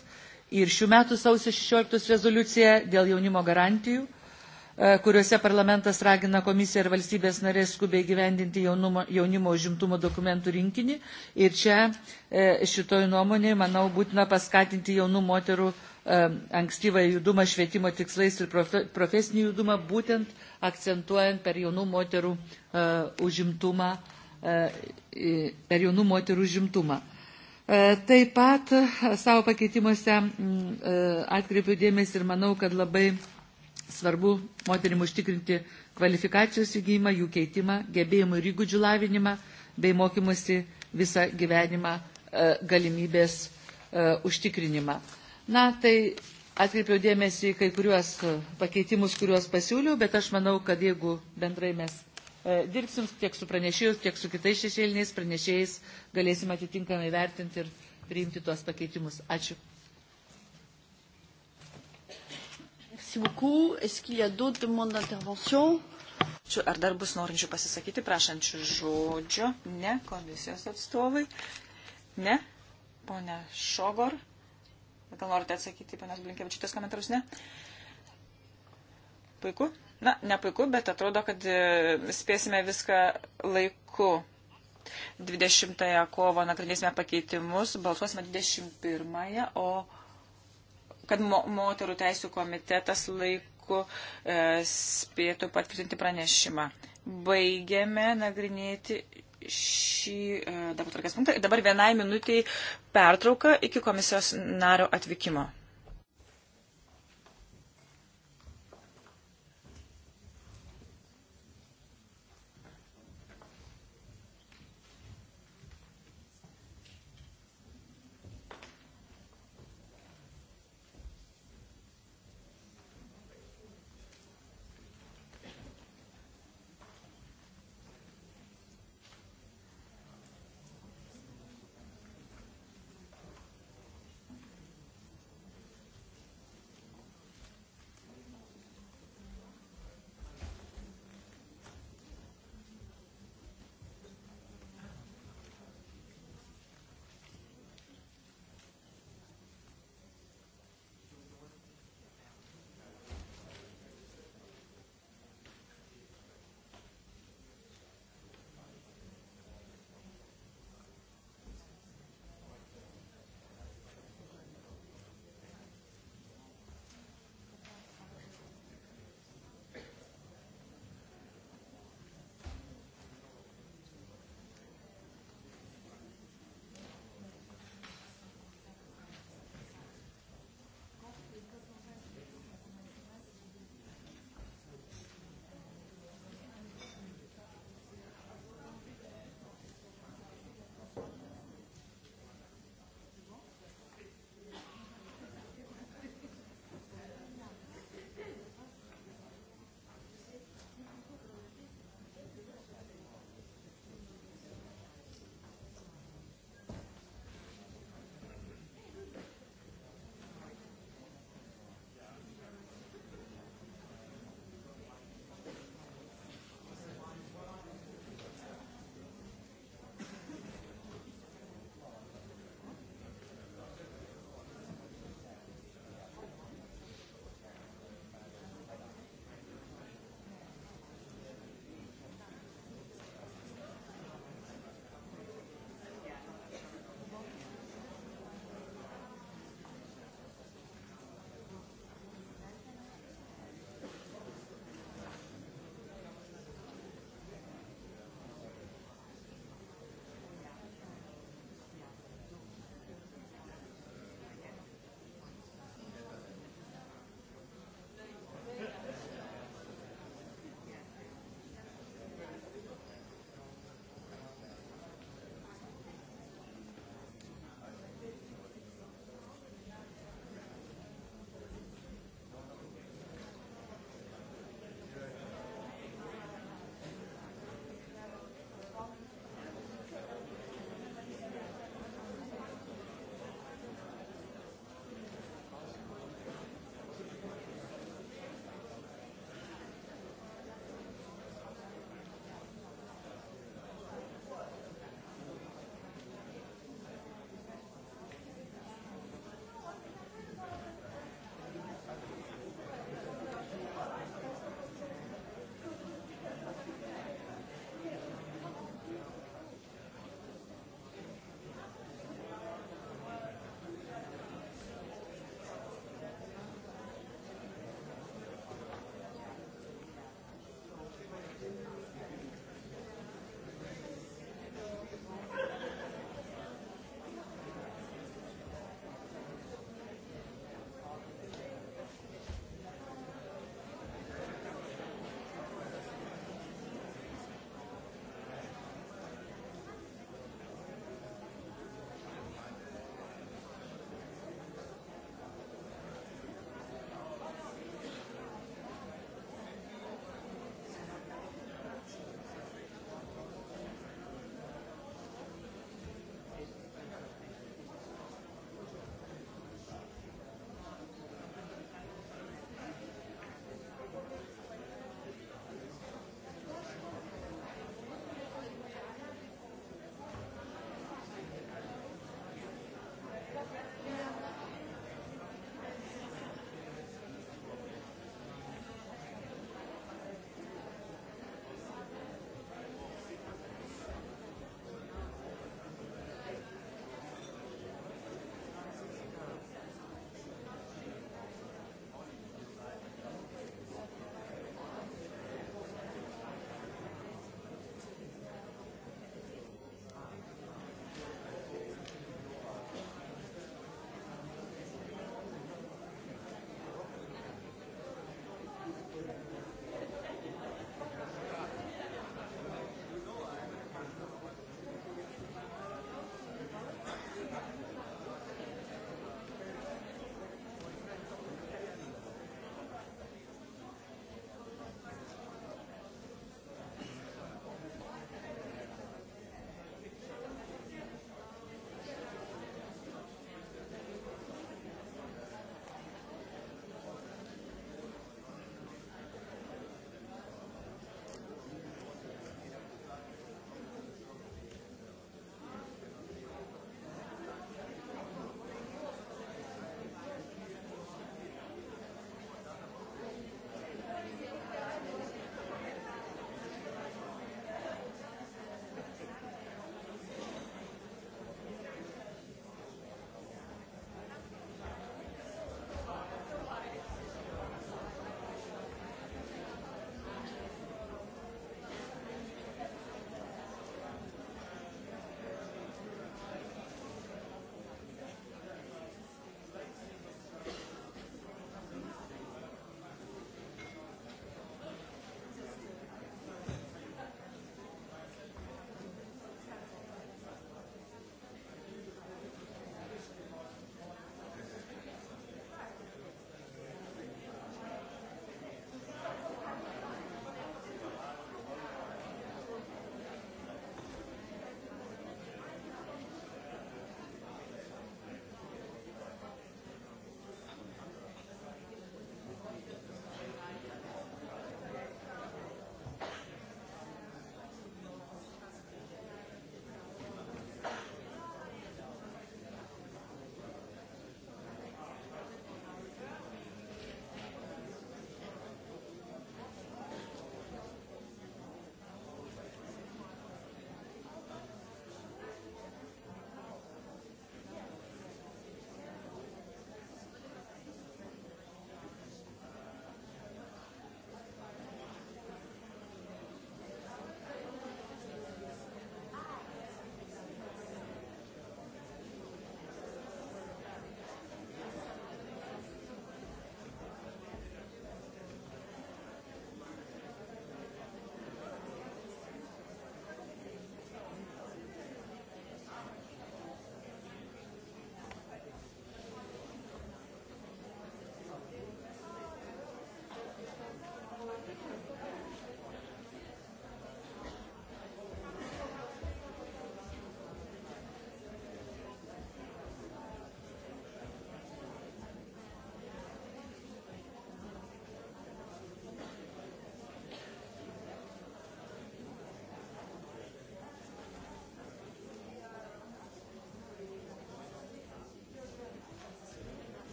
ir šių metų sausio 16 rezoliucija dėl jaunimo garantijų E, kuriuose parlamentas ragina komisiją ir valstybės narės skubiai gyvendinti jaunumo, jaunimo užimtumo dokumentų rinkinį. Ir čia e, šitoj nuomonėje, manau, būtina paskatinti jaunų moterų e, ankstyvą judumą švietimo tikslais ir profesinį judumą, būtent akcentuojant per jaunų moterų užimtumą. Per jaunų moterų užimtumą. Taip pat savo pakeitimuose atkreipiu dėmesį ir manau, kad labai Svarbu moterim užtikrinti kvalifikacijos įgyjimą, jų keitimą, gebėjimų ir įgūdžių lavinimą bei mokymusi visą gyvenimą e, galimybės e, užtikrinimą. Na, tai atkreipiau dėmesį į kai kuriuos pakeitimus, kuriuos pasiūliau, bet aš manau, kad jeigu bendrai mes e, dirbsim tiek su pranešėjus, tiek su kitais šešėliniais pranešėjais, galėsim atitinkamai vertinti ir priimti tuos pakeitimus. Ačiū. Merci beaucoup. Est-ce qu'il y a d'autres demandes d'intervention? Ar dar bus norinčių pasisakyti, prašančių žodžio? Ne, komisijos atstovai. Ne, ponia Šogor. Gal norite atsakyti, ponios Blinkevičiūtės komentarus? Ne. Puiku. Na, ne puiku, bet atrodo, kad e, spėsime viską laiku. 20 kovo nagrinėsime pakeitimus, balsuosime 21, o kad mo, moterų teisų komitetas laiku e, spėtų patvirtinti pranešimą. Baigėme nagrinėti šį e, dabar tvarkės punktą. Dabar vienai minutiai pertrauka iki komisijos nario atvykimo.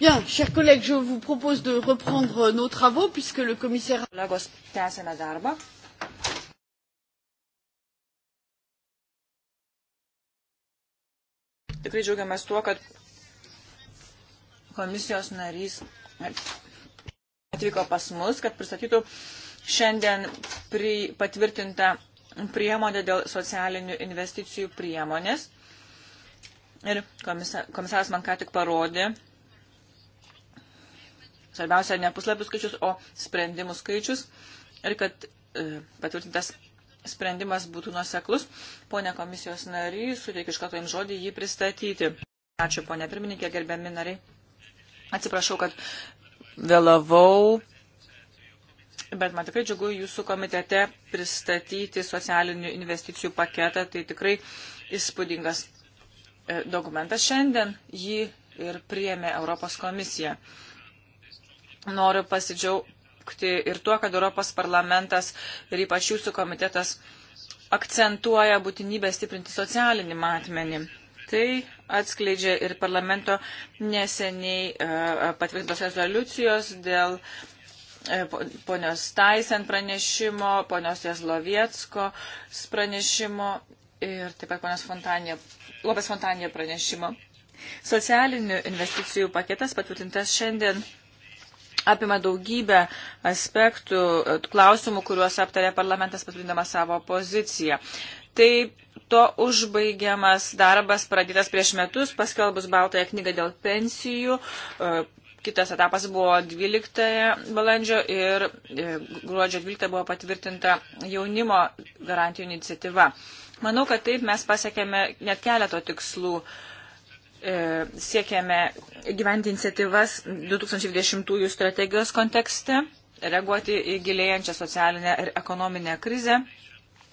Bien, chers collègues, je vous propose de reprendre nos travaux puisque le commissaire. Kolegos, tęsėme darbą. Tikrai džiaugiamės tuo, kad komisijos narys atvyko pas mus, kad pristatytų šiandien pri, patvirtintą priemonę dėl socialinių investicijų priemonės. Ir komisaras man ką tik parodė svarbiausia ne puslapių skaičius, o sprendimų skaičius ir kad e, patvirtintas sprendimas būtų nuoseklus. Pone komisijos nariai, suteikiu iš karto jums žodį jį pristatyti. Ačiū, ponė pirmininkė, gerbiami nariai. Atsiprašau, kad vėlavau, bet man tikrai džiugu jūsų komitete pristatyti socialinių investicijų paketą. Tai tikrai įspūdingas e, dokumentas šiandien jį ir priėmė Europos komisija. Noriu pasidžiaugti ir tuo, kad Europos parlamentas ir ypač jūsų komitetas akcentuoja būtinybę stiprinti socialinį matmenį. Tai atskleidžia ir parlamento neseniai e, patvirtintos rezoliucijos dėl e, ponios Taisen pranešimo, ponios Jezlovietsko pranešimo ir taip pat ponios Fontanė, Lopės Fontanė pranešimo. Socialinių investicijų paketas patvirtintas šiandien apima daugybę aspektų, klausimų, kuriuos aptarė parlamentas patvirtindamas savo poziciją. Tai to užbaigiamas darbas pradėtas prieš metus, paskelbus Baltąją knygą dėl pensijų. E, kitas etapas buvo 12 balandžio ir e, gruodžio 12 buvo patvirtinta jaunimo garantijų iniciatyva. Manau, kad taip mes pasiekėme net keletą tikslų. Uh, E, siekiame gyventi iniciatyvas 2020 strategijos kontekste, reaguoti į gilėjančią socialinę ir ekonominę krizę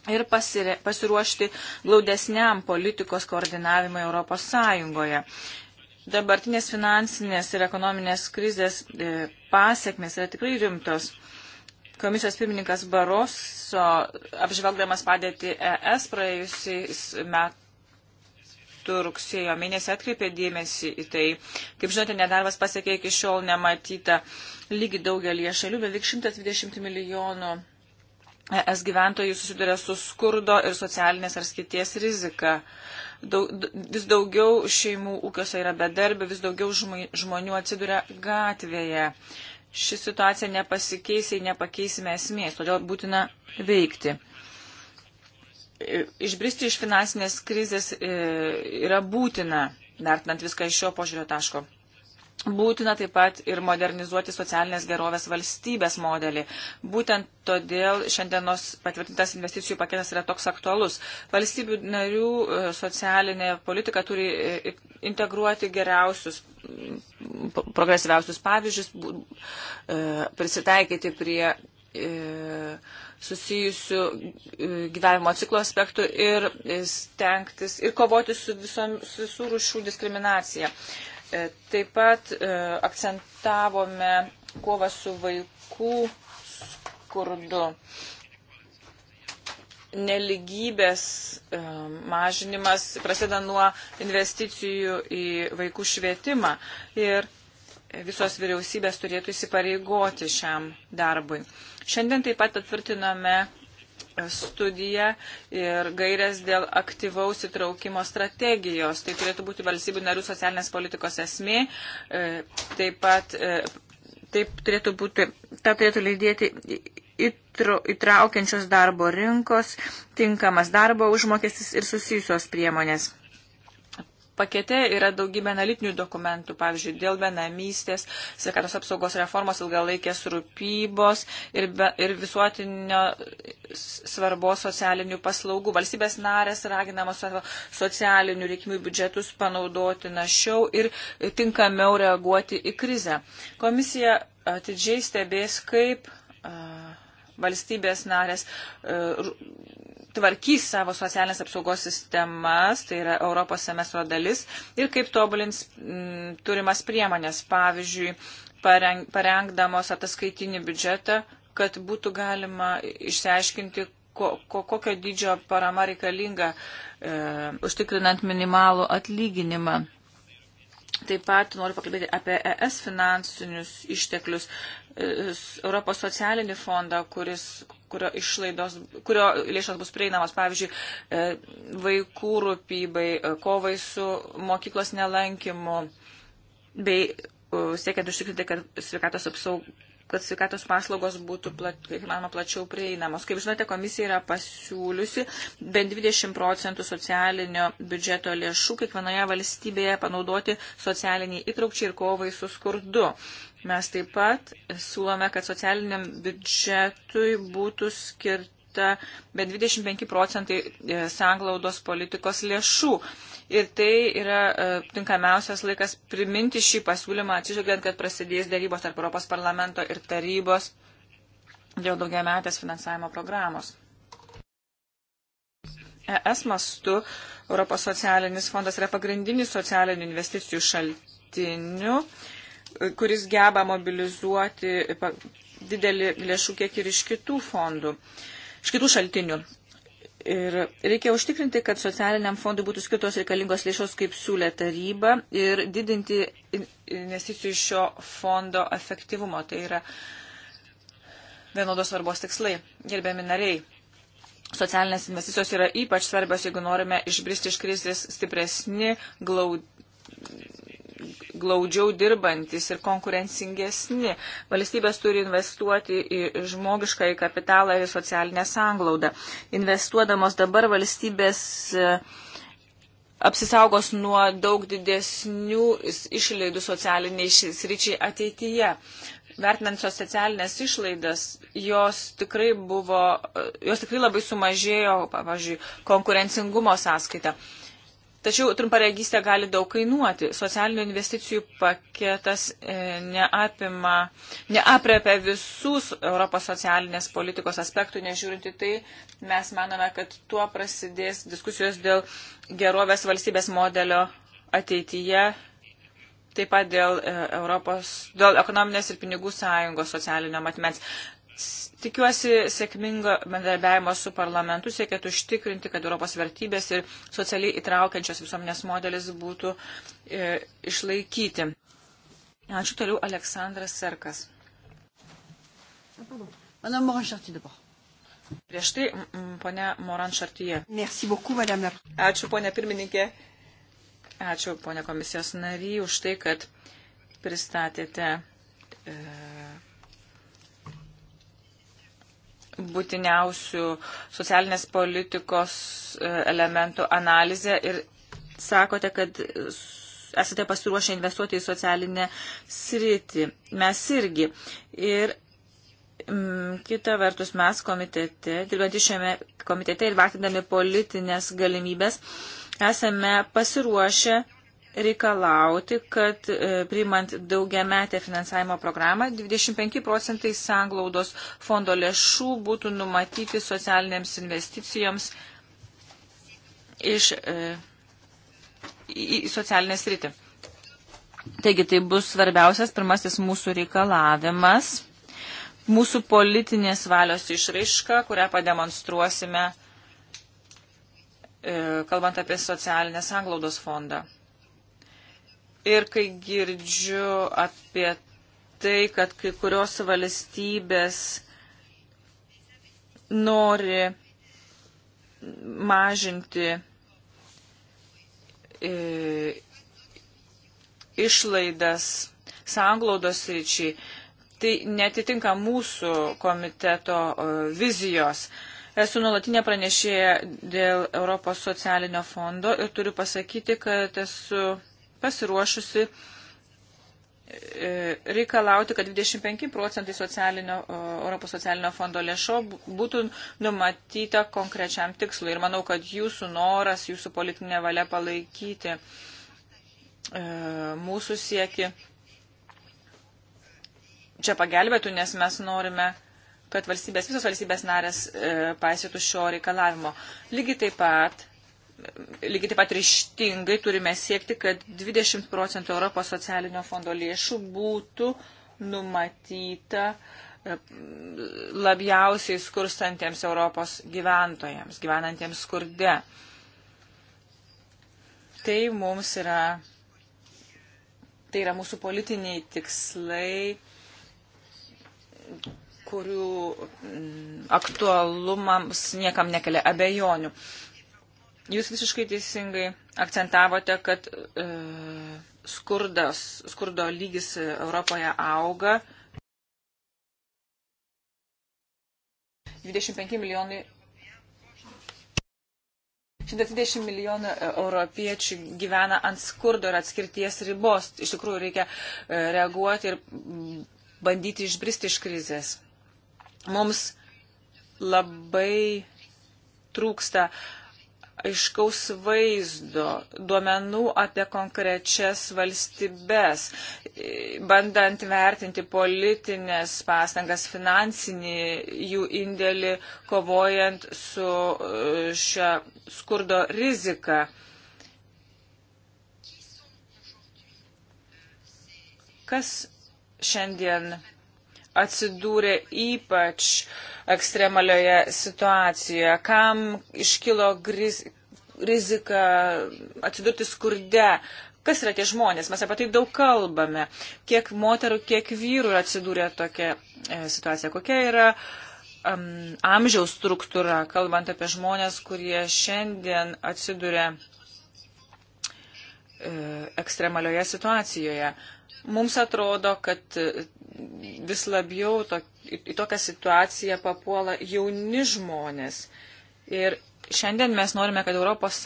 ir pasire, pasiruošti glaudesniam politikos koordinavimui Europos Sąjungoje. Dabartinės finansinės ir ekonominės krizės e, pasiekmes yra tikrai rimtos. Komisijos pirmininkas Baroso, apžvelgdamas padėti ES praėjusiais met, metų rugsėjo mėnesį atkreipė dėmesį į tai. Kaip žinote, nedarbas pasiekė iki šiol nematytą lygį daugelį šalių, beveik 120 milijonų. Es gyventojai susiduria su skurdo ir socialinės ar skirties rizika. Daug, vis daugiau šeimų ūkiuose yra bedarbių, vis daugiau žmonių atsiduria gatvėje ši situacija nepasikeis, jei nepakeisime esmės, todėl būtina veikti išbristi iš finansinės krizės e, yra būtina, vertinant viską iš šio požiūrio taško. Būtina taip pat ir modernizuoti socialinės gerovės valstybės modelį. Būtent todėl šiandienos patvirtintas investicijų paketas yra toks aktualus. Valstybių narių e, socialinė politika turi e, integruoti geriausius, progresyviausius pavyzdžius, prisitaikyti prie susijusių e, gyvenimo ciklo aspektų ir stengtis ir kovoti su, visom, su visų rušių diskriminacija. E, taip pat e, akcentavome kovą su vaikų skurdu neligybės mažinimas prasideda nuo investicijų į vaikų švietimą. Ir visos vyriausybės turėtų įsipareigoti šiam darbui. Šiandien taip pat atvirtinome e, studiją ir gairias dėl aktyvaus įtraukimo strategijos. Tai turėtų būti valstybių narių socialinės politikos esmė. E, taip pat e, taip turėtų būti, ta turėtų lydėti įtraukiančios darbo rinkos, tinkamas darbo užmokestis ir susijusios priemonės pakete yra daugybė analitinių dokumentų, pavyzdžiui, dėl benamystės, sveikatos apsaugos reformos, ilgalaikės rūpybos ir, be, ir visuotinio svarbos socialinių paslaugų. Valstybės narės raginamos savo socialinių reikmių biudžetus panaudoti našiau ir tinkamiau reaguoti į krizę. Komisija atidžiai stebės, kaip. Uh, valstybės narės tvarkys savo socialinės apsaugos sistemas, tai yra Europos semestro dalis, ir kaip tobulins m, mm, turimas priemonės, pavyzdžiui, pareng, parengdamos ataskaitinį biudžetą, kad būtų galima išsiaiškinti, ko, ko, kokio dydžio parama reikalinga, e, užtikrinant minimalų atlyginimą. Taip pat noriu pakalbėti apie ES finansinius išteklius. Europos socialinį fondą, kuris, kurio, išlaidos, kurio lėšos bus prieinamos, pavyzdžiui, e, vaikų rūpybai, e, kovai su mokyklos nelankimu, bei e, siekiant užtikrinti, kad sveikatos apsaug kad sveikatos paslaugos būtų, plat, kaip manoma, plačiau prieinamos. Kaip žinote, komisija yra pasiūliusi bent 20 procentų socialinio biudžeto lėšų kiekvienoje valstybėje panaudoti socialiniai įtraukčiai ir kovai su skurdu. Mes taip pat siūlome, kad socialiniam biudžetui būtų skirta be 25 procentai e, sanglaudos politikos lėšų. Ir tai yra e, tinkamiausias laikas priminti šį pasiūlymą, atsižvelgiant, kad prasidės darybos tarp Europos parlamento ir tarybos dėl daugiametės finansavimo programos. ES mastu Europos socialinis fondas yra pagrindinis socialinių investicijų šaltinių kuris geba mobilizuoti didelį lėšų kiekį ir iš kitų fondų, iš kitų šaltinių. Ir reikia užtikrinti, kad socialiniam fondui būtų skirtos reikalingos lėšos, kaip siūlė taryba, ir didinti investicijų iš šio fondo efektyvumo. Tai yra vienodos svarbos tikslai. Gerbiami nariai, socialinės investicijos yra ypač svarbios, jeigu norime išbristi iš krizės stipresni, glaud, glaudžiau dirbantis ir konkurencingesni. Valstybės turi investuoti į žmogišką į kapitalą ir socialinę sanglaudą. Investuodamos dabar valstybės e, apsisaugos nuo daug didesnių išlaidų socialiniai sričiai ateityje. Vertinant socialinės išlaidas, jos tikrai, buvo, e, jos tikrai labai sumažėjo, pavyzdžiui, konkurencingumo sąskaita. Uh, Tačiau trumparegystė gali daug kainuoti. Socialinių investicijų paketas e, neapima, neaprepia visus Europos socialinės politikos aspektų, nežiūrinti tai, mes manome, kad tuo prasidės diskusijos dėl gerovės valstybės modelio ateityje, taip pat dėl, e, Europos, dėl ekonominės ir pinigų sąjungos socialinio matmens. Tikiuosi sėkmingo bendarbiavimo su parlamentu, siekiant užtikrinti, kad Europos vertybės ir socialiai įtraukiančios visuomenės modelis būtų e, išlaikyti. Ačiū toliau Aleksandras Serkas. Prieš tai ponia Moran Šartyje. Ačiū ponia pirmininkė. Ačiū ponia komisijos nary už tai, kad pristatėte. E, būtiniausių socialinės politikos e, elementų analizę ir sakote, kad esate pasiruošę investuoti į socialinę sritį. Mes irgi. Ir mm, kita vertus mes komitete, dirbantys šiame komitete ir vertindami politinės galimybės, esame pasiruošę reikalauti, kad e, priimant daugiametę finansavimo programą 25 procentai sanglaudos fondo lėšų būtų numatyti socialinėms investicijoms iš, e, į, į socialinę sritį. Taigi tai bus svarbiausias pirmasis mūsų reikalavimas, mūsų politinės valios išraiška, kurią pademonstruosime e, kalbant apie socialinę sanglaudos fondą. Ir kai girdžiu apie tai, kad kai kurios valstybės nori mažinti e, išlaidas sanglaudos ryčiai, tai netitinka mūsų komiteto e, vizijos. Esu nuolatinė pranešėja dėl Europos socialinio fondo ir turiu pasakyti, kad esu pasiruošusi e, reikalauti, kad 25 procentai socialinio, Europos socialinio fondo lėšo būtų numatyta konkrečiam tikslui. Ir manau, kad jūsų noras, jūsų politinė valia palaikyti e, mūsų sieki čia pagelbėtų, nes mes norime kad valstybės, visos valstybės narės e, paisytų šio reikalavimo. Lygiai taip pat lygiai taip pat ryštingai turime siekti, kad 20 procentų Europos socialinio fondo lėšų būtų numatyta e, labiausiai skurstantiems Europos gyventojams, gyvenantiems skurde. Tai mums yra, tai yra mūsų politiniai tikslai, kurių aktualumams niekam nekelia abejonių. Jūs visiškai teisingai akcentavote, kad e, skurdas, skurdo lygis Europoje auga. 25 milijonai 120 milijonų europiečių gyvena ant skurdo ir atskirties ribos. Iš tikrųjų reikia e, reaguoti ir bandyti išbristi iš krizės. Mums labai trūksta uh, aiškaus vaizdo, duomenų apie konkrečias valstybės, bandant vertinti politinės pastangas, finansinį jų indėlį, kovojant su e, šia skurdo rizika. Kas šiandien atsidūrė ypač ekstremalioje situacijoje, kam iškilo griz, rizika atsidurti skurde, kas yra tie žmonės, mes apie tai daug kalbame, kiek moterų, kiek vyrų yra atsidūrę tokia e, situacija, kokia yra um, amžiaus struktūra, kalbant apie žmonės, kurie šiandien atsidūrė e, ekstremalioje situacijoje. E, Mums atrodo, kad e, vis labiau to, į tokią situaciją papuola jauni žmonės. Ir šiandien mes norime, kad ES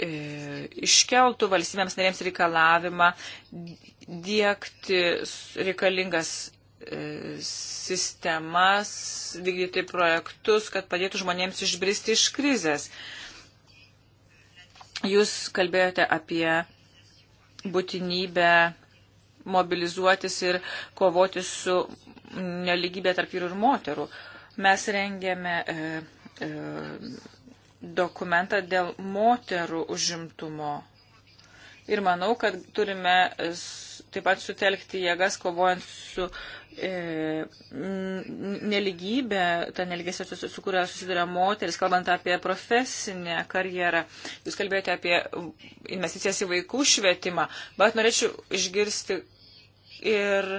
e, iškeltų valstybėms narėms reikalavimą dėkti reikalingas e, sistemas, vykdyti projektus, kad padėtų žmonėms išbristi iš krizės. Jūs kalbėjote apie būtinybę mobilizuotis ir kovoti su neligybė tarp vyrų ir moterų. Mes rengėme e, e, dokumentą dėl moterų užimtumo. Ir manau, kad turime taip pat sutelkti jėgas, kovojant su e, neligybė, ta neligybė, su, su kuria susiduria moteris, kalbant apie profesinę karjerą. Jūs kalbėjote apie investicijas į vaikų švietimą, bet norėčiau išgirsti ir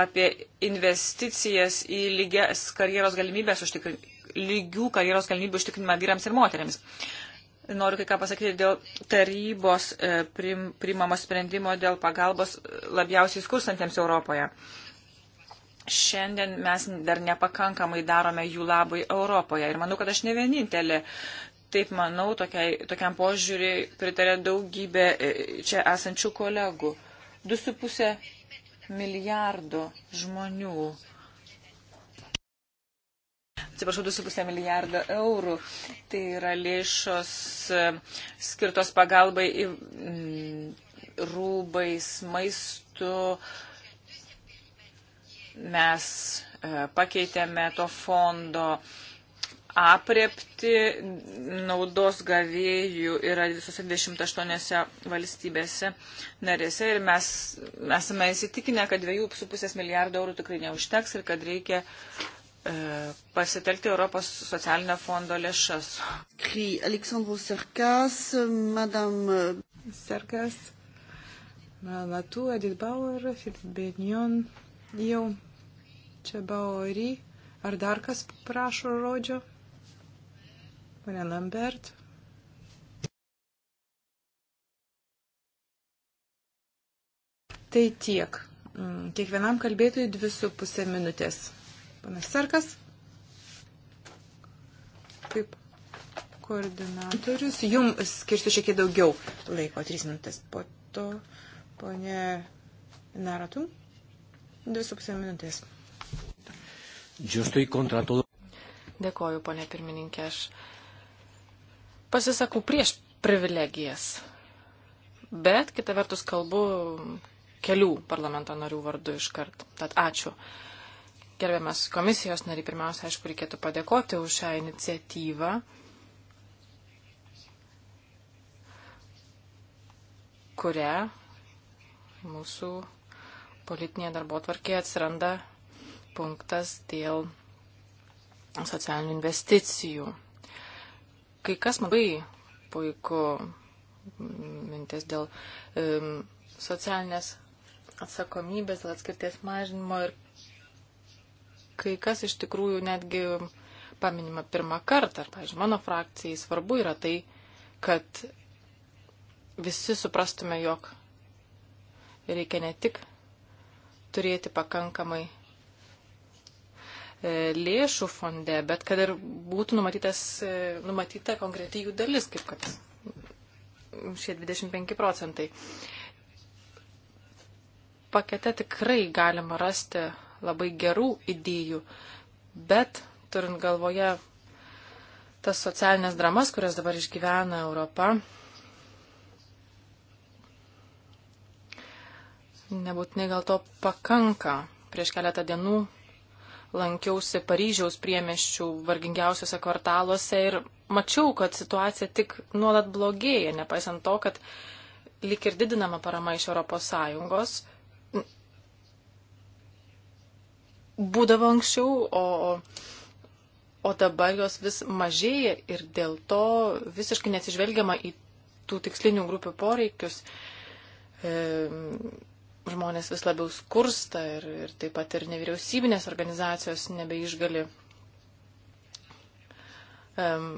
apie investicijas į lygias karjeros galimybės užtikrinti lygių karjeros galimybių užtikrinimą vyrams ir moteriams. Uh, Noriu kai ką pasakyti dėl tarybos e, prim, primamo sprendimo dėl pagalbos e, labiausiai skursantiems Europoje. Šiandien mes dar nepakankamai darome jų labai Europoje. Ir manau, kad aš ne vienintelė. Taip manau, tokiai, tokiam požiūriui pritarė daugybė e, čia esančių kolegų. 2,5 milijardo žmonių atsiprašau, 2,5 milijardo eurų. Tai yra lėšos e, skirtos pagalbai mm, rūbais, maistu. Mes e, pakeitėme to fondo apriepti naudos gavėjų yra visose 28 valstybėse narėse ir mes esame įsitikinę, kad 2,5 milijardo eurų tikrai neužteks ir kad reikia uh, E, pasitelkti Europos socialinio fondo lėšas. Kry Aleksandro Serkas, Madame e, Serkas, Latu, Edith Bauer, Filip Benjon, jau čia Bauerį. Ar dar kas prašo žodžio? Pane Lambert. Tai tiek. Mm, kiekvienam kalbėtojui dvi su pusė minutės. Panas Sarkas, kaip koordinatorius, jums skirsiu šiek tiek daugiau laiko, trys minutės. Po to, ponė Naratum, dvi su pusė minutės. Dėkoju, ponė pirmininkė, aš pasisakau prieš privilegijas. Bet, kita vertus, kalbu kelių parlamento narių vardu iškart. Tad ačiū. Uh, Gerbiamas komisijos nariai, pirmiausia, aišku, reikėtų padėkoti už šią iniciatyvą. kuria mūsų politinėje darbo tvarkėje atsiranda punktas dėl socialinių investicijų. Kai kas labai puiku mm, mintis dėl um, socialinės atsakomybės, dėl atskirties mažinimo ir kai kas iš tikrųjų netgi paminima pirmą kartą, ar, pavyzdžiui, mano frakcijai svarbu yra tai, kad visi suprastume, jog reikia ne tik turėti pakankamai e, lėšų fonde, bet kad ir būtų e, numatyta konkretiai jų dalis, kaip kad šie 25 procentai. Pakete tikrai galima rasti labai gerų idėjų, bet turint galvoje tas socialinės dramas, kurias dabar išgyvena Europa, nebūtinai gal to pakanka. Prieš keletą dienų lankiausi Paryžiaus priemeščių vargingiausiuose kvartaluose ir mačiau, kad situacija tik nuolat blogėja, nepaisant to, kad lik ir didinama parama iš ES, būdavo anksčiau, o, o dabar jos vis mažėja ir dėl to visiškai nesižvelgiama į tų tikslinių grupių poreikius. E, žmonės vis labiau skursta ir, ir taip pat ir nevyriausybinės organizacijos nebeišgali um,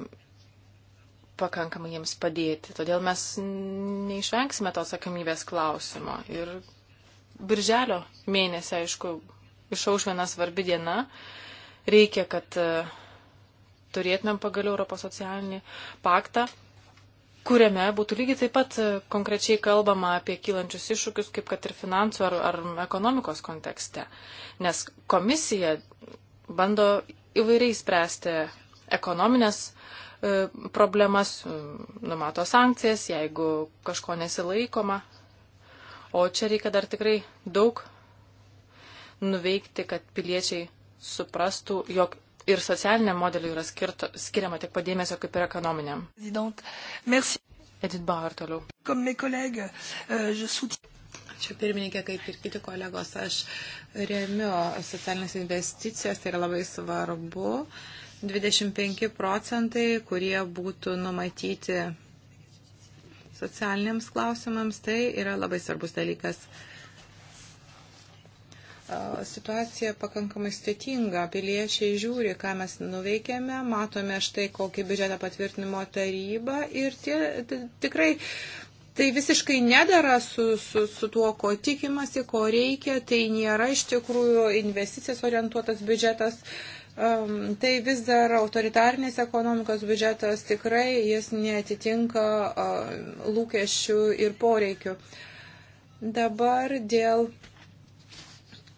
pakankamai jiems padėti. Todėl mes neišvengsime tos atsakomybės klausimo. Ir birželio mėnesį, aišku, išauš viena svarbi diena. Reikia, kad e, turėtumėm pagaliau Europos socialinį paktą, kuriame būtų lygiai taip pat e, konkrečiai kalbama apie kylančius iššūkius, kaip kad ir finansų ar, ar ekonomikos kontekste. Nes komisija bando įvairiai spręsti ekonominės e, problemas, numato sankcijas, jeigu kažko nesilaikoma. O čia reikia dar tikrai daug nuveikti, kad piliečiai suprastų, jog ir socialiniam modeliu yra skirto, skiriama tiek padėmesio, kaip ir ekonominiam. Edith Bauer toliau. Euh, Ačiū pirmininkė, kaip ir kiti kolegos, aš remiu socialinės investicijas, tai yra labai svarbu. 25 procentai, kurie būtų numatyti socialiniams klausimams, tai yra labai svarbus dalykas. Uh, situacija pakankamai sudėtinga. Piliečiai žiūri, ką mes nuveikėme, matome štai kokį biudžetą patvirtinimo tarybą ir tie, tikrai tai visiškai nedara su, su, su tuo, ko tikimasi, ko reikia, tai nėra iš tikrųjų investicijas orientuotas biudžetas. Um, tai vis dar autoritarnės ekonomikos biudžetas tikrai jis netitinka uh, lūkesčių ir poreikių. Dabar dėl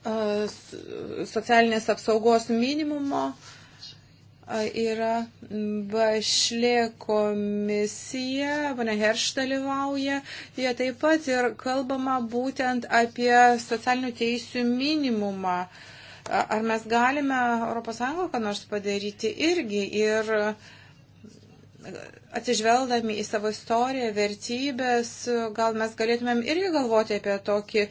socialinės apsaugos minimumo yra Bašlė komisija, pane Herš dalyvauja, jie taip pat ir kalbama būtent apie socialinių teisių minimumą. Ar mes galime ES ką nors padaryti irgi ir uh, atsižvelgdami į savo istoriją, vertybės, gal mes galėtumėm irgi galvoti apie tokį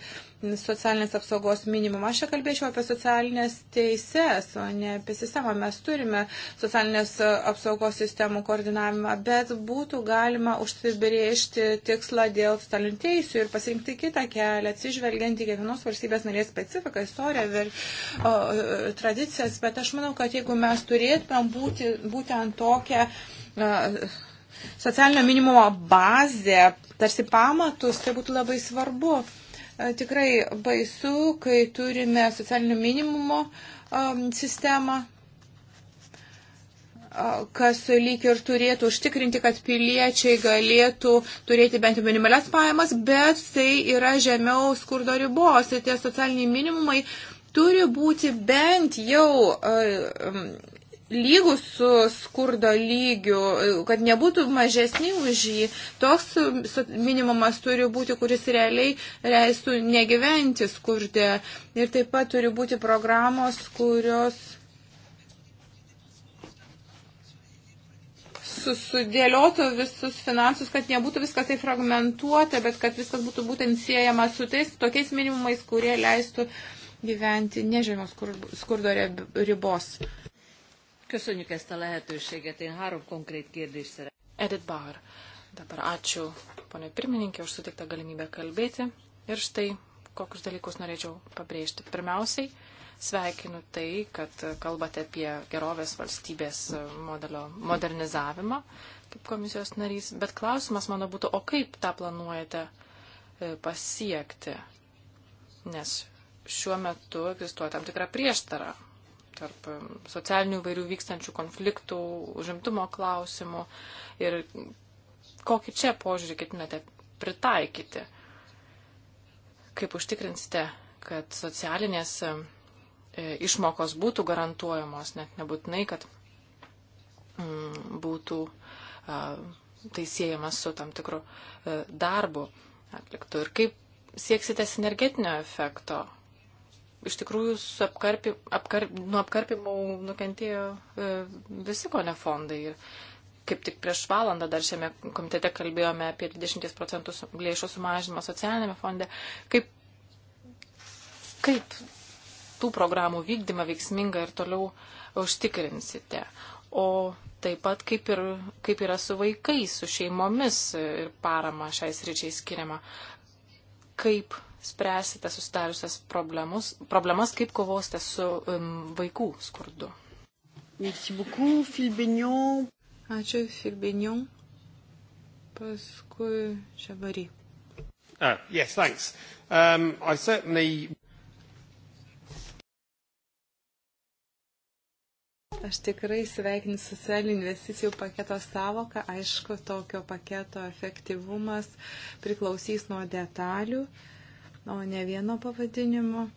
socialinės apsaugos minimumą. Aš čia kalbėčiau apie socialinės teises, o ne apie sistemą. Mes turime socialinės apsaugos sistemų koordinavimą, bet būtų galima užsibriežti tikslą dėl socialinių teisų ir pasirinkti kitą kelią, atsižvelgiant į kiekvienos valstybės narės specifiką, istoriją, ver, o, e, tradicijas. Bet aš manau, kad jeigu mes turėtumėm būti būtent tokią socialinio minimumo bazę, tarsi pamatus, tai būtų labai svarbu. E, tikrai baisu, kai turime socialinio minimumo um, sistemą, e, kas lyg ir turėtų užtikrinti, kad piliečiai galėtų turėti bent jau minimalias pajamas, bet tai yra žemiau skurdo ribos ir tie socialiniai minimumai turi būti bent jau e, lygus su skurdo lygiu, kad nebūtų mažesni už jį. Toks minimumas turi būti, kuris realiai leistų negyventi skurde. Ir taip pat turi būti programos, kurios sudėliotų visus finansus, kad nebūtų viskas taip fragmentuota, bet kad viskas būtų būtent siejama su tais tokiais minimumais, kurie leistų gyventi nežemos skurdo ribos. Köszönjük ezt a lehetőséget. Én három konkrét kérdést szeretném. Edith Bauer. Dabar ačiū, ponė pirmininkė, už sutiktą galimybę kalbėti. Ir štai kokius dalykus norėčiau pabrėžti. Pirmiausiai, sveikinu tai, kad kalbate apie gerovės valstybės modelio modernizavimą kaip komisijos narys. Bet klausimas mano būtų, o kaip tą planuojate e, pasiekti? Nes šiuo metu egzistuoja tam tikra prieštara tarp socialinių vairių vykstančių konfliktų, užimtumo klausimų ir kokį čia požiūrį ketinate pritaikyti, kaip užtikrinsite, kad socialinės e, išmokos būtų garantuojamos, net nebūtinai, kad mm, būtų tai siejamas su tam tikru e, darbu atliktu. Ir kaip sieksite sinergetinio efekto, iš tikrųjų apkarpi, apkarp, nuo apkarpimų nukentėjo e, visi kone fondai. Ir kaip tik prieš valandą dar šiame komitete kalbėjome apie 20 procentų lėšų sumažinimą socialinėme fonde. Kaip, kaip tų programų vykdymą veiksmingą ir toliau užtikrinsite? O taip pat kaip, ir, kaip yra su vaikais, su šeimomis ir parama šiais ryčiais skiriama. Kaip spręsite susidariusias problemas, kaip kovosite su um, vaikų skurdu. Merci beaucoup, Filbignon. Ačiū, Filbignon. Paskui Šabari. Oh, ah, yes, thanks. Um, I certainly... Aš tikrai sveikinu socialinių investicijų paketo savoką. Aišku, tokio paketo efektyvumas priklausys nuo detalių. Uh, o ne vieno pavadinimo.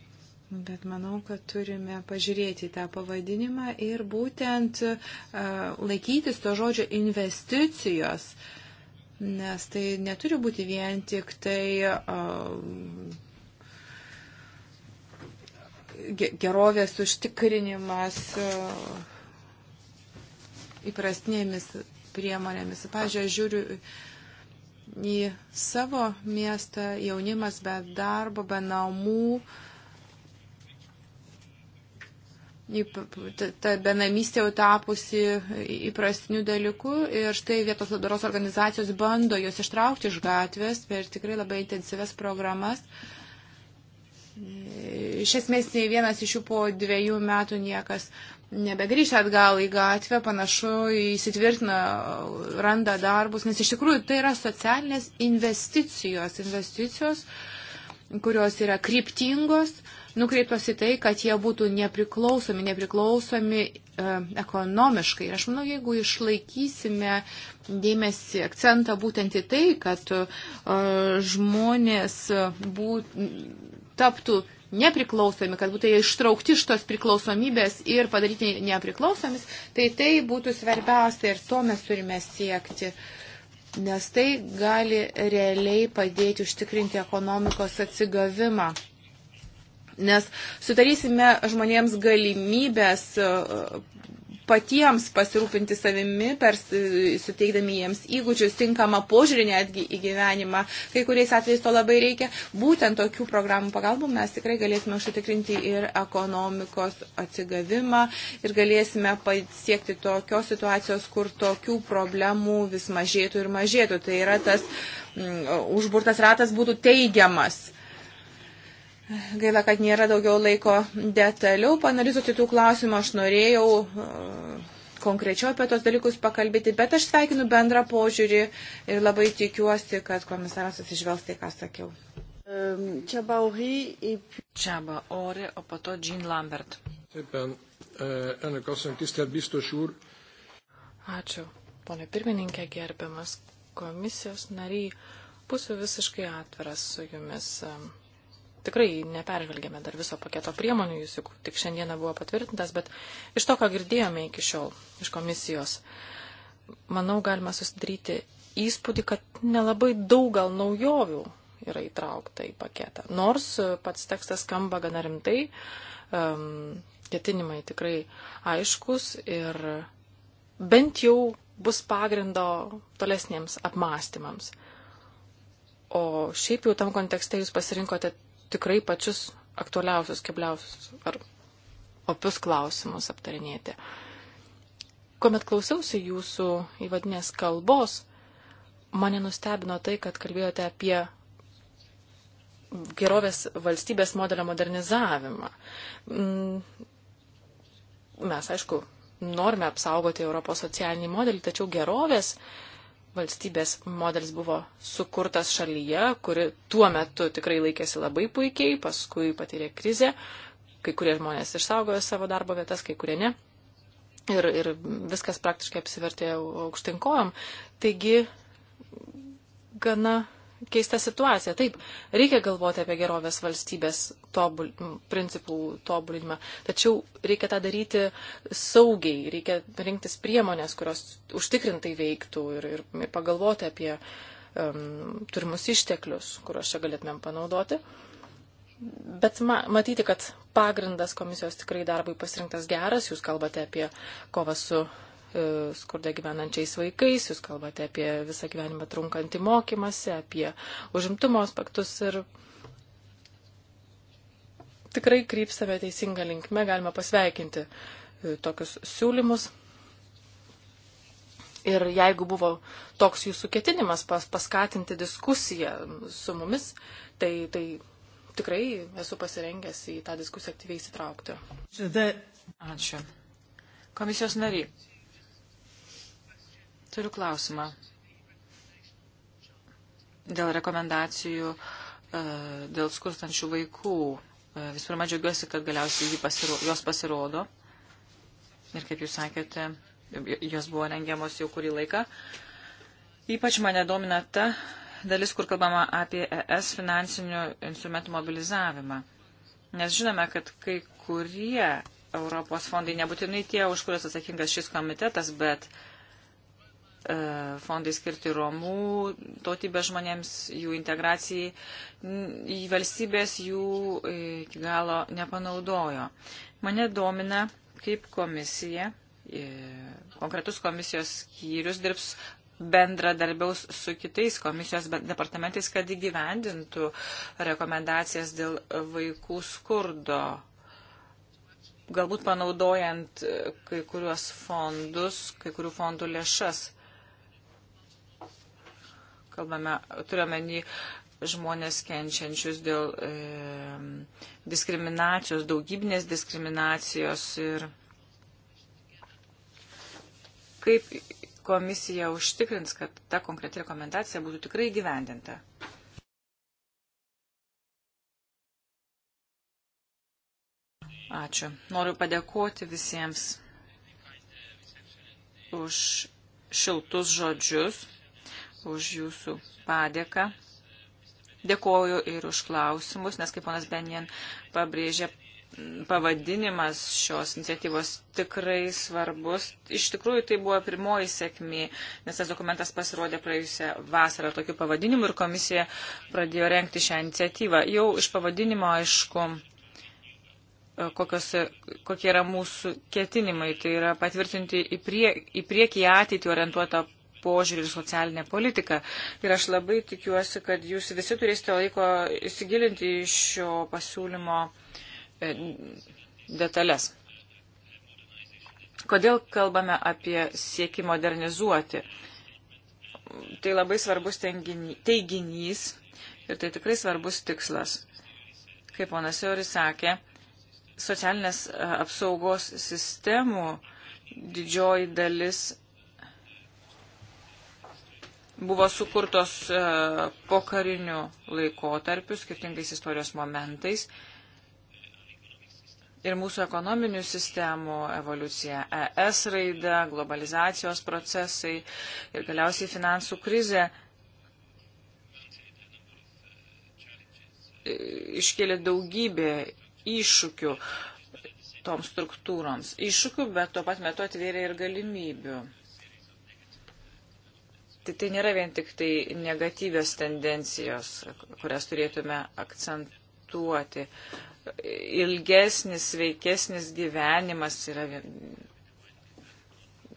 Bet manau, kad turime pažiūrėti tą pavadinimą ir būtent uh, laikytis to žodžio investicijos, nes tai neturi būti vien tik tai. Uh, gerovės užtikrinimas e, įprastinėmis priemonėmis. Pavyzdžiui, aš žiūriu į savo miestą jaunimas be darbo, be namų. Ta benamystė jau tapusi įprastiniu dalyku ir štai vietos labdaros organizacijos bando juos ištraukti iš gatvės per tikrai labai intensyves programas. Iš esmės, nei vienas iš jų po dviejų metų niekas uh, nebegrįžta atgal į gatvę, panašu įsitvirtina, randa darbus, nes iš tikrųjų tai yra socialinės investicijos, investicijos, kurios yra kryptingos, nukreiptos į tai, kad jie būtų nepriklausomi, nepriklausomi e, ekonomiškai. Ir aš manau, jeigu išlaikysime dėmesį, akcentą būtent į tai, kad e, žmonės e, būt, taptų nepriklausomi, kad būtų ištraukti iš tos priklausomybės ir padaryti nepriklausomis, tai tai būtų svarbiausia ir to mes turime siekti. Nes tai gali realiai padėti užtikrinti ekonomikos atsigavimą. Nes sudarysime žmonėms galimybės patiems pasirūpinti savimi, per, suteikdami jiems įgūdžius, tinkamą požiūrį netgi į gyvenimą. Kai kuriais atvejais to labai reikia. Būtent tokių programų pagalbų mes tikrai galėsime užtikrinti ir ekonomikos atsigavimą ir galėsime pasiekti tokios situacijos, kur tokių problemų vis mažėtų ir mažėtų. Tai yra tas m, mm, užburtas ratas būtų teigiamas. Gaila, kad nėra daugiau laiko detaliau panalizuoti tų klausimų. Aš norėjau e, konkrečiau apie tos dalykus pakalbėti, bet aš sveikinu bendrą požiūrį ir labai tikiuosi, kad komisaras atsižvelgs tai, ką sakiau. Čia Bauri, čia Bauri, o po to Jean Lambert. E, Ačiū, ponė pirmininkė, gerbiamas komisijos nariai. Būsiu visiškai atviras su jumis. Um, tikrai neperžvelgėme dar viso paketo priemonių, jis juk tik šiandieną buvo patvirtintas, bet iš to, ką girdėjome iki šiol iš komisijos, manau, galima susidaryti įspūdį, kad nelabai daug gal naujovių yra įtraukta į paketą. Nors pats tekstas skamba gana rimtai, um, ketinimai tikrai aiškus ir bent jau bus pagrindo tolesniems apmąstymams. O šiaip jau tam kontekste jūs pasirinkote tikrai pačius aktualiausius, kebliausius ar opius klausimus aptarinėti. Komet klausiausi jūsų įvadinės kalbos, mane nustebino tai, kad kalbėjote apie gerovės valstybės modelio modernizavimą. Mm, mes, aišku, norime apsaugoti Europos socialinį modelį, tačiau gerovės valstybės modelis buvo sukurtas šalyje, kuri tuo metu tikrai laikėsi labai puikiai, paskui patyrė krizę, kai kurie žmonės išsaugojo savo darbo vietas, kai kurie ne. Ir, ir viskas praktiškai apsivertė aukštinkojom. Taigi, gana keista situacija. Taip, reikia galvoti apie gerovės valstybės tobul, principų tobulinimą, tačiau reikia tą daryti saugiai, reikia rinktis priemonės, kurios užtikrintai veiktų ir, ir, ir pagalvoti apie um, turimus išteklius, kuriuos čia galėtumėm panaudoti. Bet ma, matyti, kad pagrindas komisijos tikrai darbui pasirinktas geras, jūs kalbate apie kovą su E, skurde gyvenančiais vaikais, jūs kalbate apie visą gyvenimą trunkantį mokymąsi, apie užimtumo aspektus ir tikrai krypstame teisinga linkme, galima pasveikinti e, tokius siūlymus. Ir jeigu buvo toks jūsų ketinimas pas, paskatinti diskusiją su mumis, tai, tai tikrai esu pasirengęs į tą diskusiją aktyviai įsitraukti. Ačiū. Komisijos nariai, Turiu klausimą dėl rekomendacijų, e, dėl skurstančių vaikų. E, visų pirma, džiaugiuosi, kad galiausiai pasiro, jos pasirodo. Ir kaip jūs sakėte, jos buvo rengiamos jau kurį laiką. Ypač mane domina ta dalis, kur kalbama apie ES finansinių instrumentų mobilizavimą. Nes žinome, kad kai kurie Europos fondai, nebūtinai tie, už kuriuos atsakingas šis komitetas, bet uh, E, fondai skirti Romų, tautybės žmonėms, jų integracijai, į valstybės jų e, iki galo nepanaudojo. Mane domina, kaip komisija, e, konkretus komisijos skyrius dirbs bendradarbiaus su kitais komisijos departamentais, kad įgyvendintų rekomendacijas dėl vaikų skurdo galbūt panaudojant kai kuriuos fondus, kai kurių fondų lėšas kalbame, turime į žmonės kenčiančius dėl e, diskriminacijos, daugybinės diskriminacijos ir kaip komisija užtikrins, kad ta konkreti rekomendacija būtų tikrai gyvendinta. Ačiū. Noriu padėkoti visiems už šiltus žodžius už jūsų padėką. Dėkoju ir už klausimus, nes kaip ponas Benjen pabrėžė, pavadinimas šios iniciatyvos tikrai svarbus. Iš tikrųjų, tai buvo pirmoji sėkmė, nes tas dokumentas pasirodė praėjusią vasarą tokiu pavadinimu ir komisija pradėjo renkti šią iniciatyvą. Jau iš pavadinimo aišku, kokios, kokie yra mūsų ketinimai. Tai yra patvirtinti į, prie, į priekį ateitį orientuotą požiūrį ir socialinę politiką. Ir aš labai tikiuosi, kad jūs visi turėsite laiko įsigilinti į šio pasiūlymo e, detalės. Kodėl kalbame apie siekį modernizuoti? Tai labai svarbus teiginys ir tai tikrai svarbus tikslas. Kaip ponas Jauris sakė, socialinės e, apsaugos sistemų didžioji dalis buvo sukurtos e, po karinių laikotarpių, skirtingais istorijos momentais. Ir mūsų ekonominių sistemų evoliucija, ES raida, globalizacijos procesai ir galiausiai finansų krizė iškėlė daugybę iššūkių toms struktūroms. Iššūkių, bet tuo pat metu atvėrė ir galimybių. Tai, tai nėra vien tik tai negatyvios tendencijos, kurias turėtume akcentuoti. Ilgesnis, sveikesnis gyvenimas yra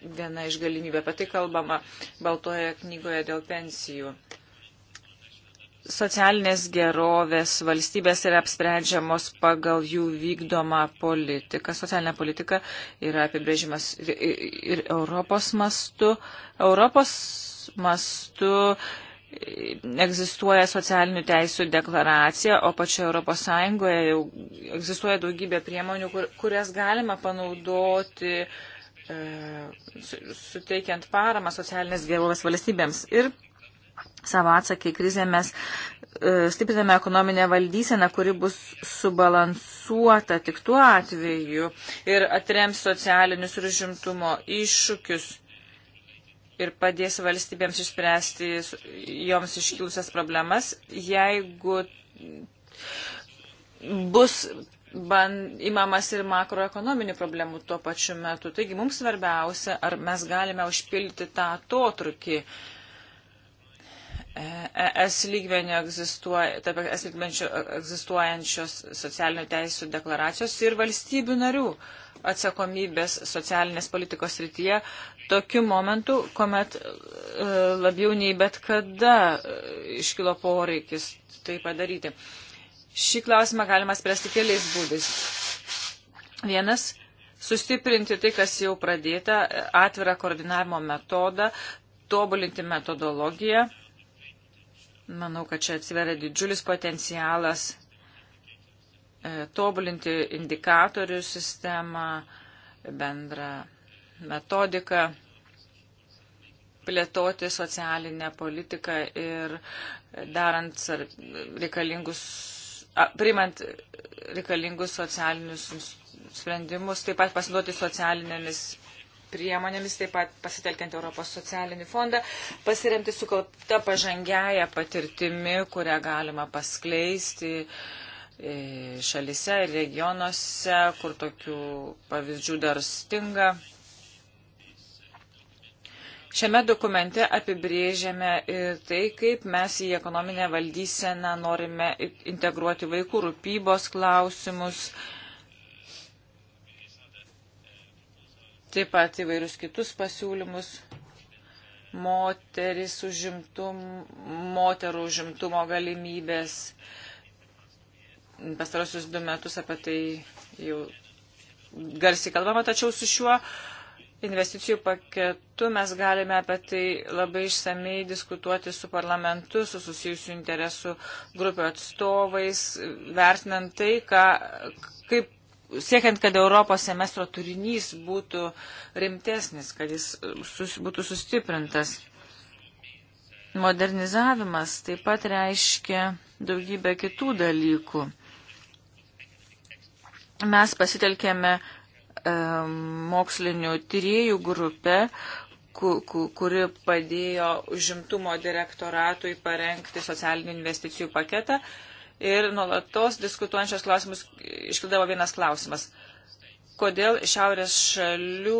viena iš galimybė. Apie tai kalbama Baltojoje knygoje dėl pensijų. Socialinės gerovės valstybės yra apsprendžiamos pagal jų vykdomą politiką. Socialinė politika yra apibrėžimas ir, ir, ir Europos mastu. Europos mastu egzistuoja socialinių teisų deklaracija, o pačioje ES jau egzistuoja daugybė priemonių, kur, kurias galima panaudoti e, suteikiant paramą socialinės gerovės valstybėms. Ir savo atsakį krizę mes e, stipriname ekonominę valdyseną, kuri bus subalansuota tik tuo atveju ir atrems socialinius ir žimtumo iššūkius ir padės valstybėms išspręsti joms iškilusias problemas, jeigu bus ban, imamas ir makroekonominių problemų tuo pačiu metu. Taigi mums svarbiausia, ar mes galime užpildyti tą atotrukį. Uh, ES e-, e lygmenių egzistuoja, tarp ES lygmenių e-, egzistuojančios socialinių teisų deklaracijos ir valstybių narių atsakomybės socialinės politikos rytyje tokiu momentu, kuomet labiau nei bet kada iškilo poreikis tai padaryti. Šį klausimą galima spręsti keliais būdais. Vienas - sustiprinti tai, kas jau pradėta, atvirą koordinavimo metodą, tobulinti metodologiją Manau, kad čia atsiveria didžiulis potencialas e, tobulinti indikatorių sistemą, bendrą metodiką, plėtoti socialinę politiką ir darant reikalingus, primant reikalingus socialinius sprendimus, taip pat pasiduoti socialinėmis priemonėmis, taip pat pasitelkiant Europos socialinį fondą, pasiremti sukaupta pažangiaja patirtimi, kurią galima paskleisti e, šalise ir regionuose, kur tokių pavyzdžių dar stinga. Šiame dokumente apibrėžiame ir tai, kaip mes į ekonominę valdyseną norime integruoti vaikų rūpybos klausimus, taip pat įvairius kitus pasiūlymus. Moteris užimtum, moterų užimtumo galimybės. Pastarosius du metus apie tai jau garsiai kalbama, tačiau su šiuo investicijų paketu mes galime apie tai labai išsamei diskutuoti su parlamentu, su susijusių interesų grupių atstovais, vertinant tai, ką, kaip siekiant, kad Europos semestro turinys būtų rimtesnis, kad jis uh, sus, būtų sustiprintas. Modernizavimas taip pat reiškia daugybę kitų dalykų. Mes pasitelkėme e, mokslinių tyriejų grupę, kuri padėjo žimtumo direktoratui parengti socialinių investicijų paketą ir nuolatos diskutuojančios klausimus iškildavo vienas klausimas. Kodėl šiaurės šalių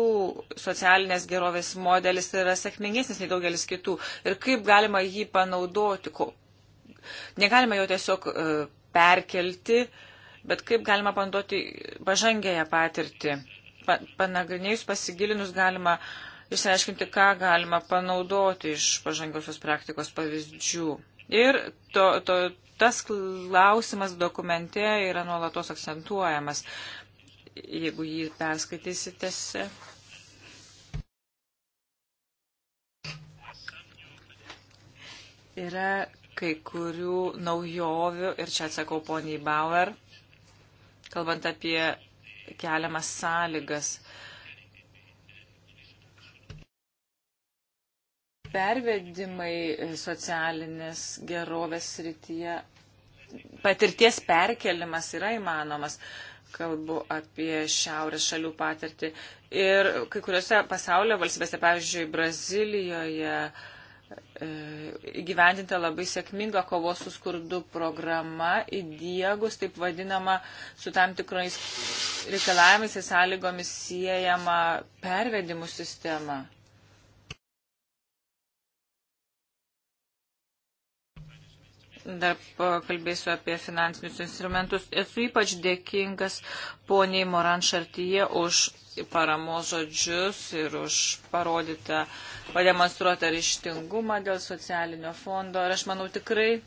socialinės gerovės modelis yra sėkmingesnis nei daugelis kitų ir kaip galima jį panaudoti, ko... negalima jo tiesiog e, perkelti, bet kaip galima panaudoti pažangėją patirtį. Pa, panagrinėjus, pasigilinus galima išsiaiškinti, ką galima panaudoti iš pažangiosios praktikos pavyzdžių. Ir to, to, tas klausimas dokumente yra nuolatos akcentuojamas. Jeigu jį perskaitysite. Yra kai kurių naujovių, ir čia atsakau poniai Bauer, kalbant apie keliamas sąlygas. Pervedimai socialinės gerovės srityje patirties perkelimas yra įmanomas. Kalbu apie šiaurės šalių patirtį. Ir kai kuriuose pasaulio valstybėse, pavyzdžiui, Brazilijoje, e, įgyvendinta labai sėkminga kovos su skurdu programa, įdiegus taip vadinama su tam tikrais reikalavimais ir sąlygomis siejama pervedimų sistema. Dar kalbėsiu apie finansinius instrumentus. Esu ypač dėkingas poniai Moran Šartyje už paramos žodžius ir už parodytą, pademonstruotą ryštingumą dėl socialinio fondo. Ir aš manau tikrai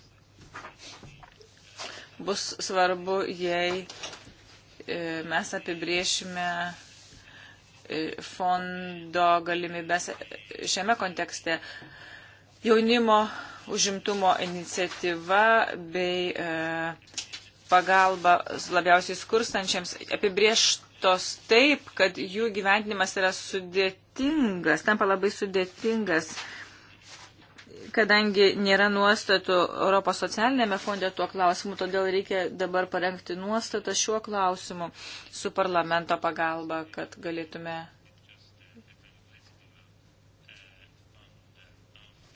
bus svarbu, jei e, mes apibriešime e, fondo galimybės šiame kontekste jaunimo užimtumo iniciatyva bei e, pagalba labiausiai skurstančiams apibrieštos taip, kad jų gyventinimas yra sudėtingas, tampa labai sudėtingas, kadangi nėra nuostatų Europos socialinėme fonde tuo klausimu, todėl reikia dabar parengti nuostatą šiuo klausimu su parlamento pagalba, kad galėtume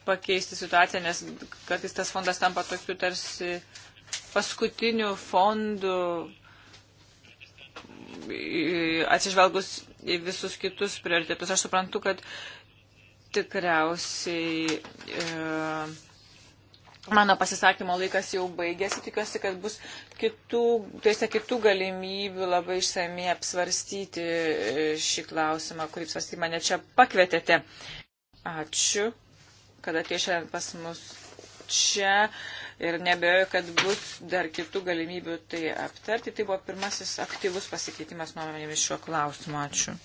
pakeisti situaciją, nes kartais tas fondas tampa tokiu tarsi paskutiniu fondu atsižvelgus į visus kitus prioritetus. Aš suprantu, kad tikriausiai e, mano pasisakymo laikas jau baigėsi. Tikiuosi, kad bus kitų, tiesa, kitų galimybių labai išsamei apsvarstyti e, šį klausimą, kurį svarstymą ne čia pakvietėte. Ačiū kad atėjo šiandien pas mus čia ir nebejoju, kad bus dar kitų galimybių tai aptarti. Tai buvo pirmasis aktyvus pasikeitimas nuomonėmis šiuo klausimu. Ačiū.